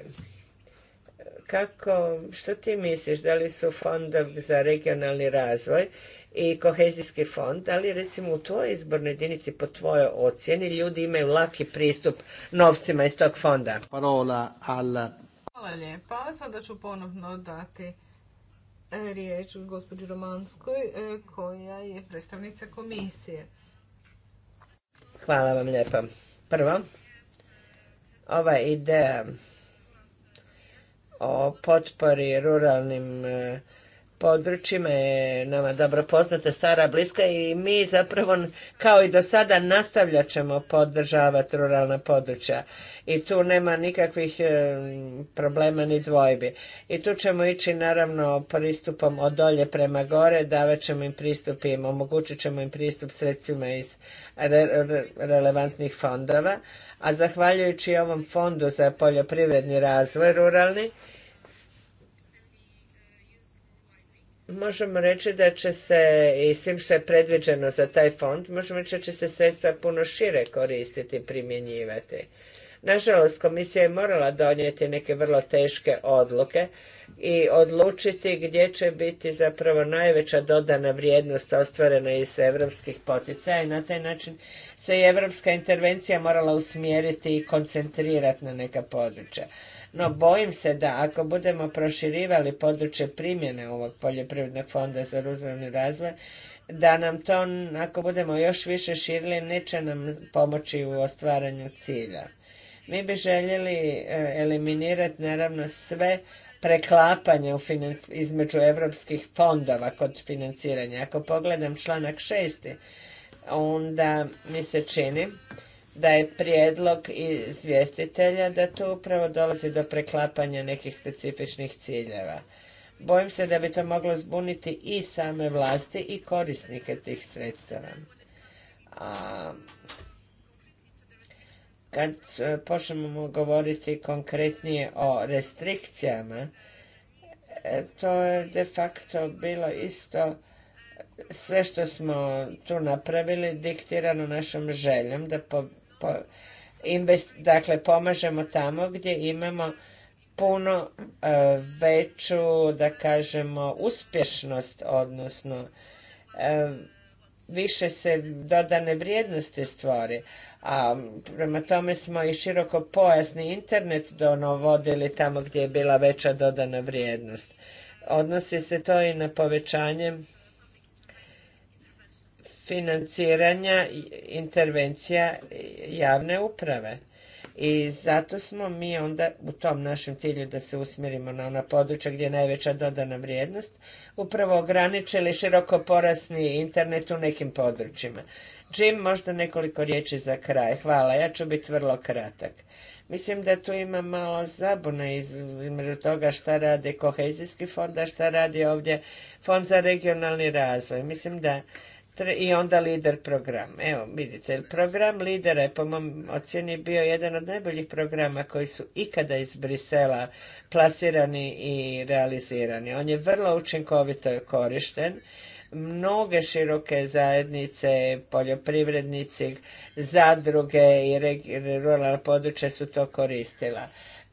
Speaker 1: kako, što ti misliš, da li su fondovi za regionalni razvoj i kohezijski fond, da li recimo u tvojoj izbornoj jedinici po tvojoj ocjeni ljudi imaju laki pristup novcima iz tog fonda? Parola alla...
Speaker 2: Hvala lijepa. Sada ću ponovno dati e, riječ gospođi Romanskoj e, koja je predstavnica komisije.
Speaker 1: Hvala vam lijepa. Prvo, ova ideja o potpori ruralnim e, područjima je nama dobro poznata, stara, bliska i mi zapravo kao i do sada nastavljat ćemo podržavati ruralna područja i tu nema nikakvih e, problema ni dvojbi. I tu ćemo ići naravno pristupom od dolje prema gore, davat ćemo im pristup i omogućit ćemo im pristup sredstvima iz relevantnih fondova, a zahvaljujući ovom fondu za poljoprivredni razvoj ruralni, možemo reći da će se i svim što je predviđeno za taj fond, možemo reći da će se sredstva puno šire koristiti, i primjenjivati. Nažalost, komisija je morala donijeti neke vrlo teške odluke i odlučiti gdje će biti zapravo najveća dodana vrijednost ostvarena iz europskih poticaja i na taj način se i evropska intervencija morala usmjeriti i koncentrirati na neka područja. No bojim se da ako budemo proširivali područje primjene ovog poljoprivrednog fonda za ruralni razvoj, da nam to, ako budemo još više širili, neće nam pomoći u ostvaranju cilja. Mi bi željeli e, eliminirati naravno sve preklapanje između europskih fondova kod financiranja. Ako pogledam članak šesti, onda mi se čini da je prijedlog izvjestitelja da tu upravo dolazi do preklapanja nekih specifičnih ciljeva. Bojim se da bi to moglo zbuniti i same vlasti i korisnike tih sredstava. A kad e, počnemo govoriti konkretnije o restrikcijama, e, to je de facto bilo isto sve što smo tu napravili diktirano našom željom da po, dakle pomažemo tamo gdje imamo puno e, veću, da kažemo, uspješnost, odnosno e, više se dodane vrijednosti stvori. A prema tome smo i široko pojasni internet donovodili tamo gdje je bila veća dodana vrijednost. Odnosi se to i na povećanje financiranja intervencija javne uprave. I zato smo mi onda u tom našem cilju da se usmjerimo na ona područja gdje je najveća dodana vrijednost, upravo ograničili širokoporasni internet u nekim područjima. Jim, možda nekoliko riječi za kraj. Hvala, ja ću biti vrlo kratak. Mislim da tu ima malo zabune između toga šta radi kohezijski fond, a šta radi ovdje fond za regionalni razvoj. Mislim da i onda lider program. Evo, vidite, program lidera je po mom ocjeni bio jedan od najboljih programa koji su ikada iz Brisela plasirani i realizirani. On je vrlo učinkovito korišten. Mnoge široke zajednice, poljoprivrednici, zadruge i ruralna područja su to koristila.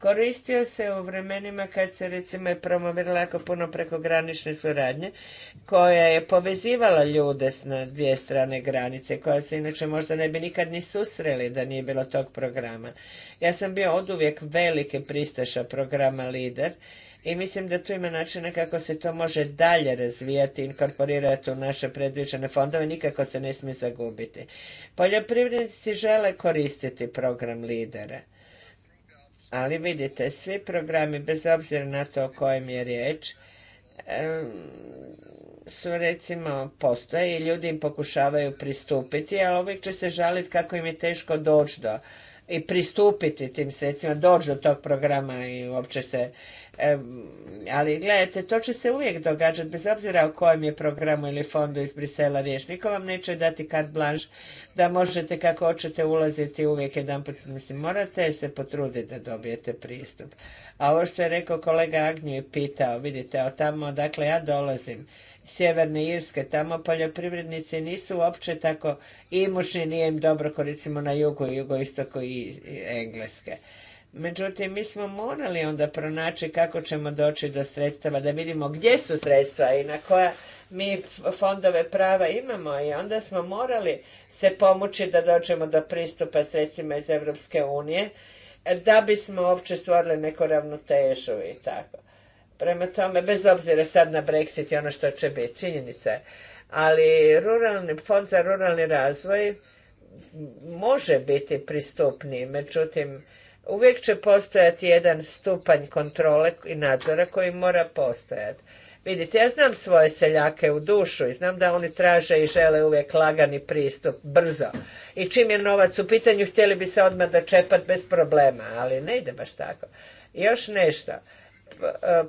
Speaker 1: Koristio se u vremenima kad se recimo je promovirala jako puno prekogranične suradnje koja je povezivala ljude na dvije strane granice koja se inače možda ne bi nikad ni susreli da nije bilo tog programa. Ja sam bio uvijek velike pristaša programa LIDER i mislim da tu ima načina kako se to može dalje razvijati i inkorporirati u naše predviđene fondove, nikako se ne smije zagubiti. Poljoprivrednici žele koristiti program lidera ali vidite, svi programi, bez obzira na to o kojem je riječ, su recimo postoje i ljudi im pokušavaju pristupiti, a uvijek će se žaliti kako im je teško doći do i pristupiti tim sredstvima, dođu do tog programa i uopće se... ali gledajte, to će se uvijek događati, bez obzira o kojem je programu ili fondu iz Brisela riječ. Niko vam neće dati kad blanš da možete kako hoćete ulaziti uvijek jedan put. Mislim, morate se potruditi da dobijete pristup. A ovo što je rekao kolega Agnju i pitao, vidite, od tamo dakle ja dolazim, Sjeverne Irske. Tamo poljoprivrednici nisu uopće tako imućni, nije im dobro ko recimo na jugu, jugoistoku i Engleske. Međutim, mi smo morali onda pronaći kako ćemo doći do sredstava, da vidimo gdje su sredstva i na koja mi fondove prava imamo i onda smo morali se pomoći da dođemo do pristupa sredstvima iz Europske unije da bismo uopće stvorili neku ravnotežu i tako. Prema tome, bez obzira sad na Brexit i ono što će biti, činjenica Ali ruralni, fond za ruralni razvoj može biti pristupniji, međutim, uvijek će postojati jedan stupanj kontrole i nadzora koji mora postojati. Vidite, ja znam svoje seljake u dušu i znam da oni traže i žele uvijek lagani pristup, brzo. I čim je novac u pitanju, htjeli bi se odmah čepat bez problema, ali ne ide baš tako. još nešto,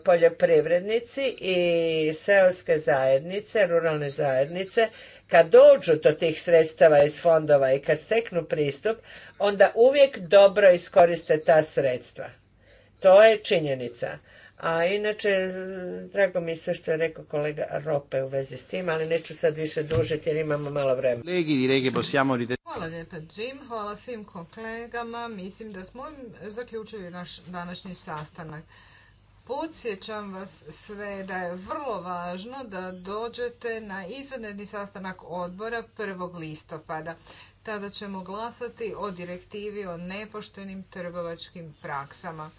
Speaker 1: poljoprivrednici i seoske zajednice, ruralne zajednice, kad dođu do tih sredstava iz fondova i kad steknu pristup, onda uvijek dobro iskoriste ta sredstva. To je činjenica. A inače, drago mi se što je rekao kolega Rope u vezi s tim, ali neću sad više dužiti jer imamo malo vremena.
Speaker 2: Hvala lijepa Jim, hvala svim kolegama. Mislim da smo zaključili naš današnji sastanak. Podsjećam vas sve da je vrlo važno da dođete na izvanredni sastanak odbora 1. listopada. Tada ćemo glasati o direktivi o nepoštenim trgovačkim praksama.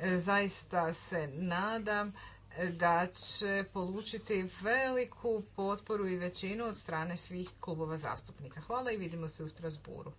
Speaker 2: E, zaista se nadam e, da će polučiti veliku potporu i većinu od strane svih klubova zastupnika. Hvala i vidimo se u Strasburu.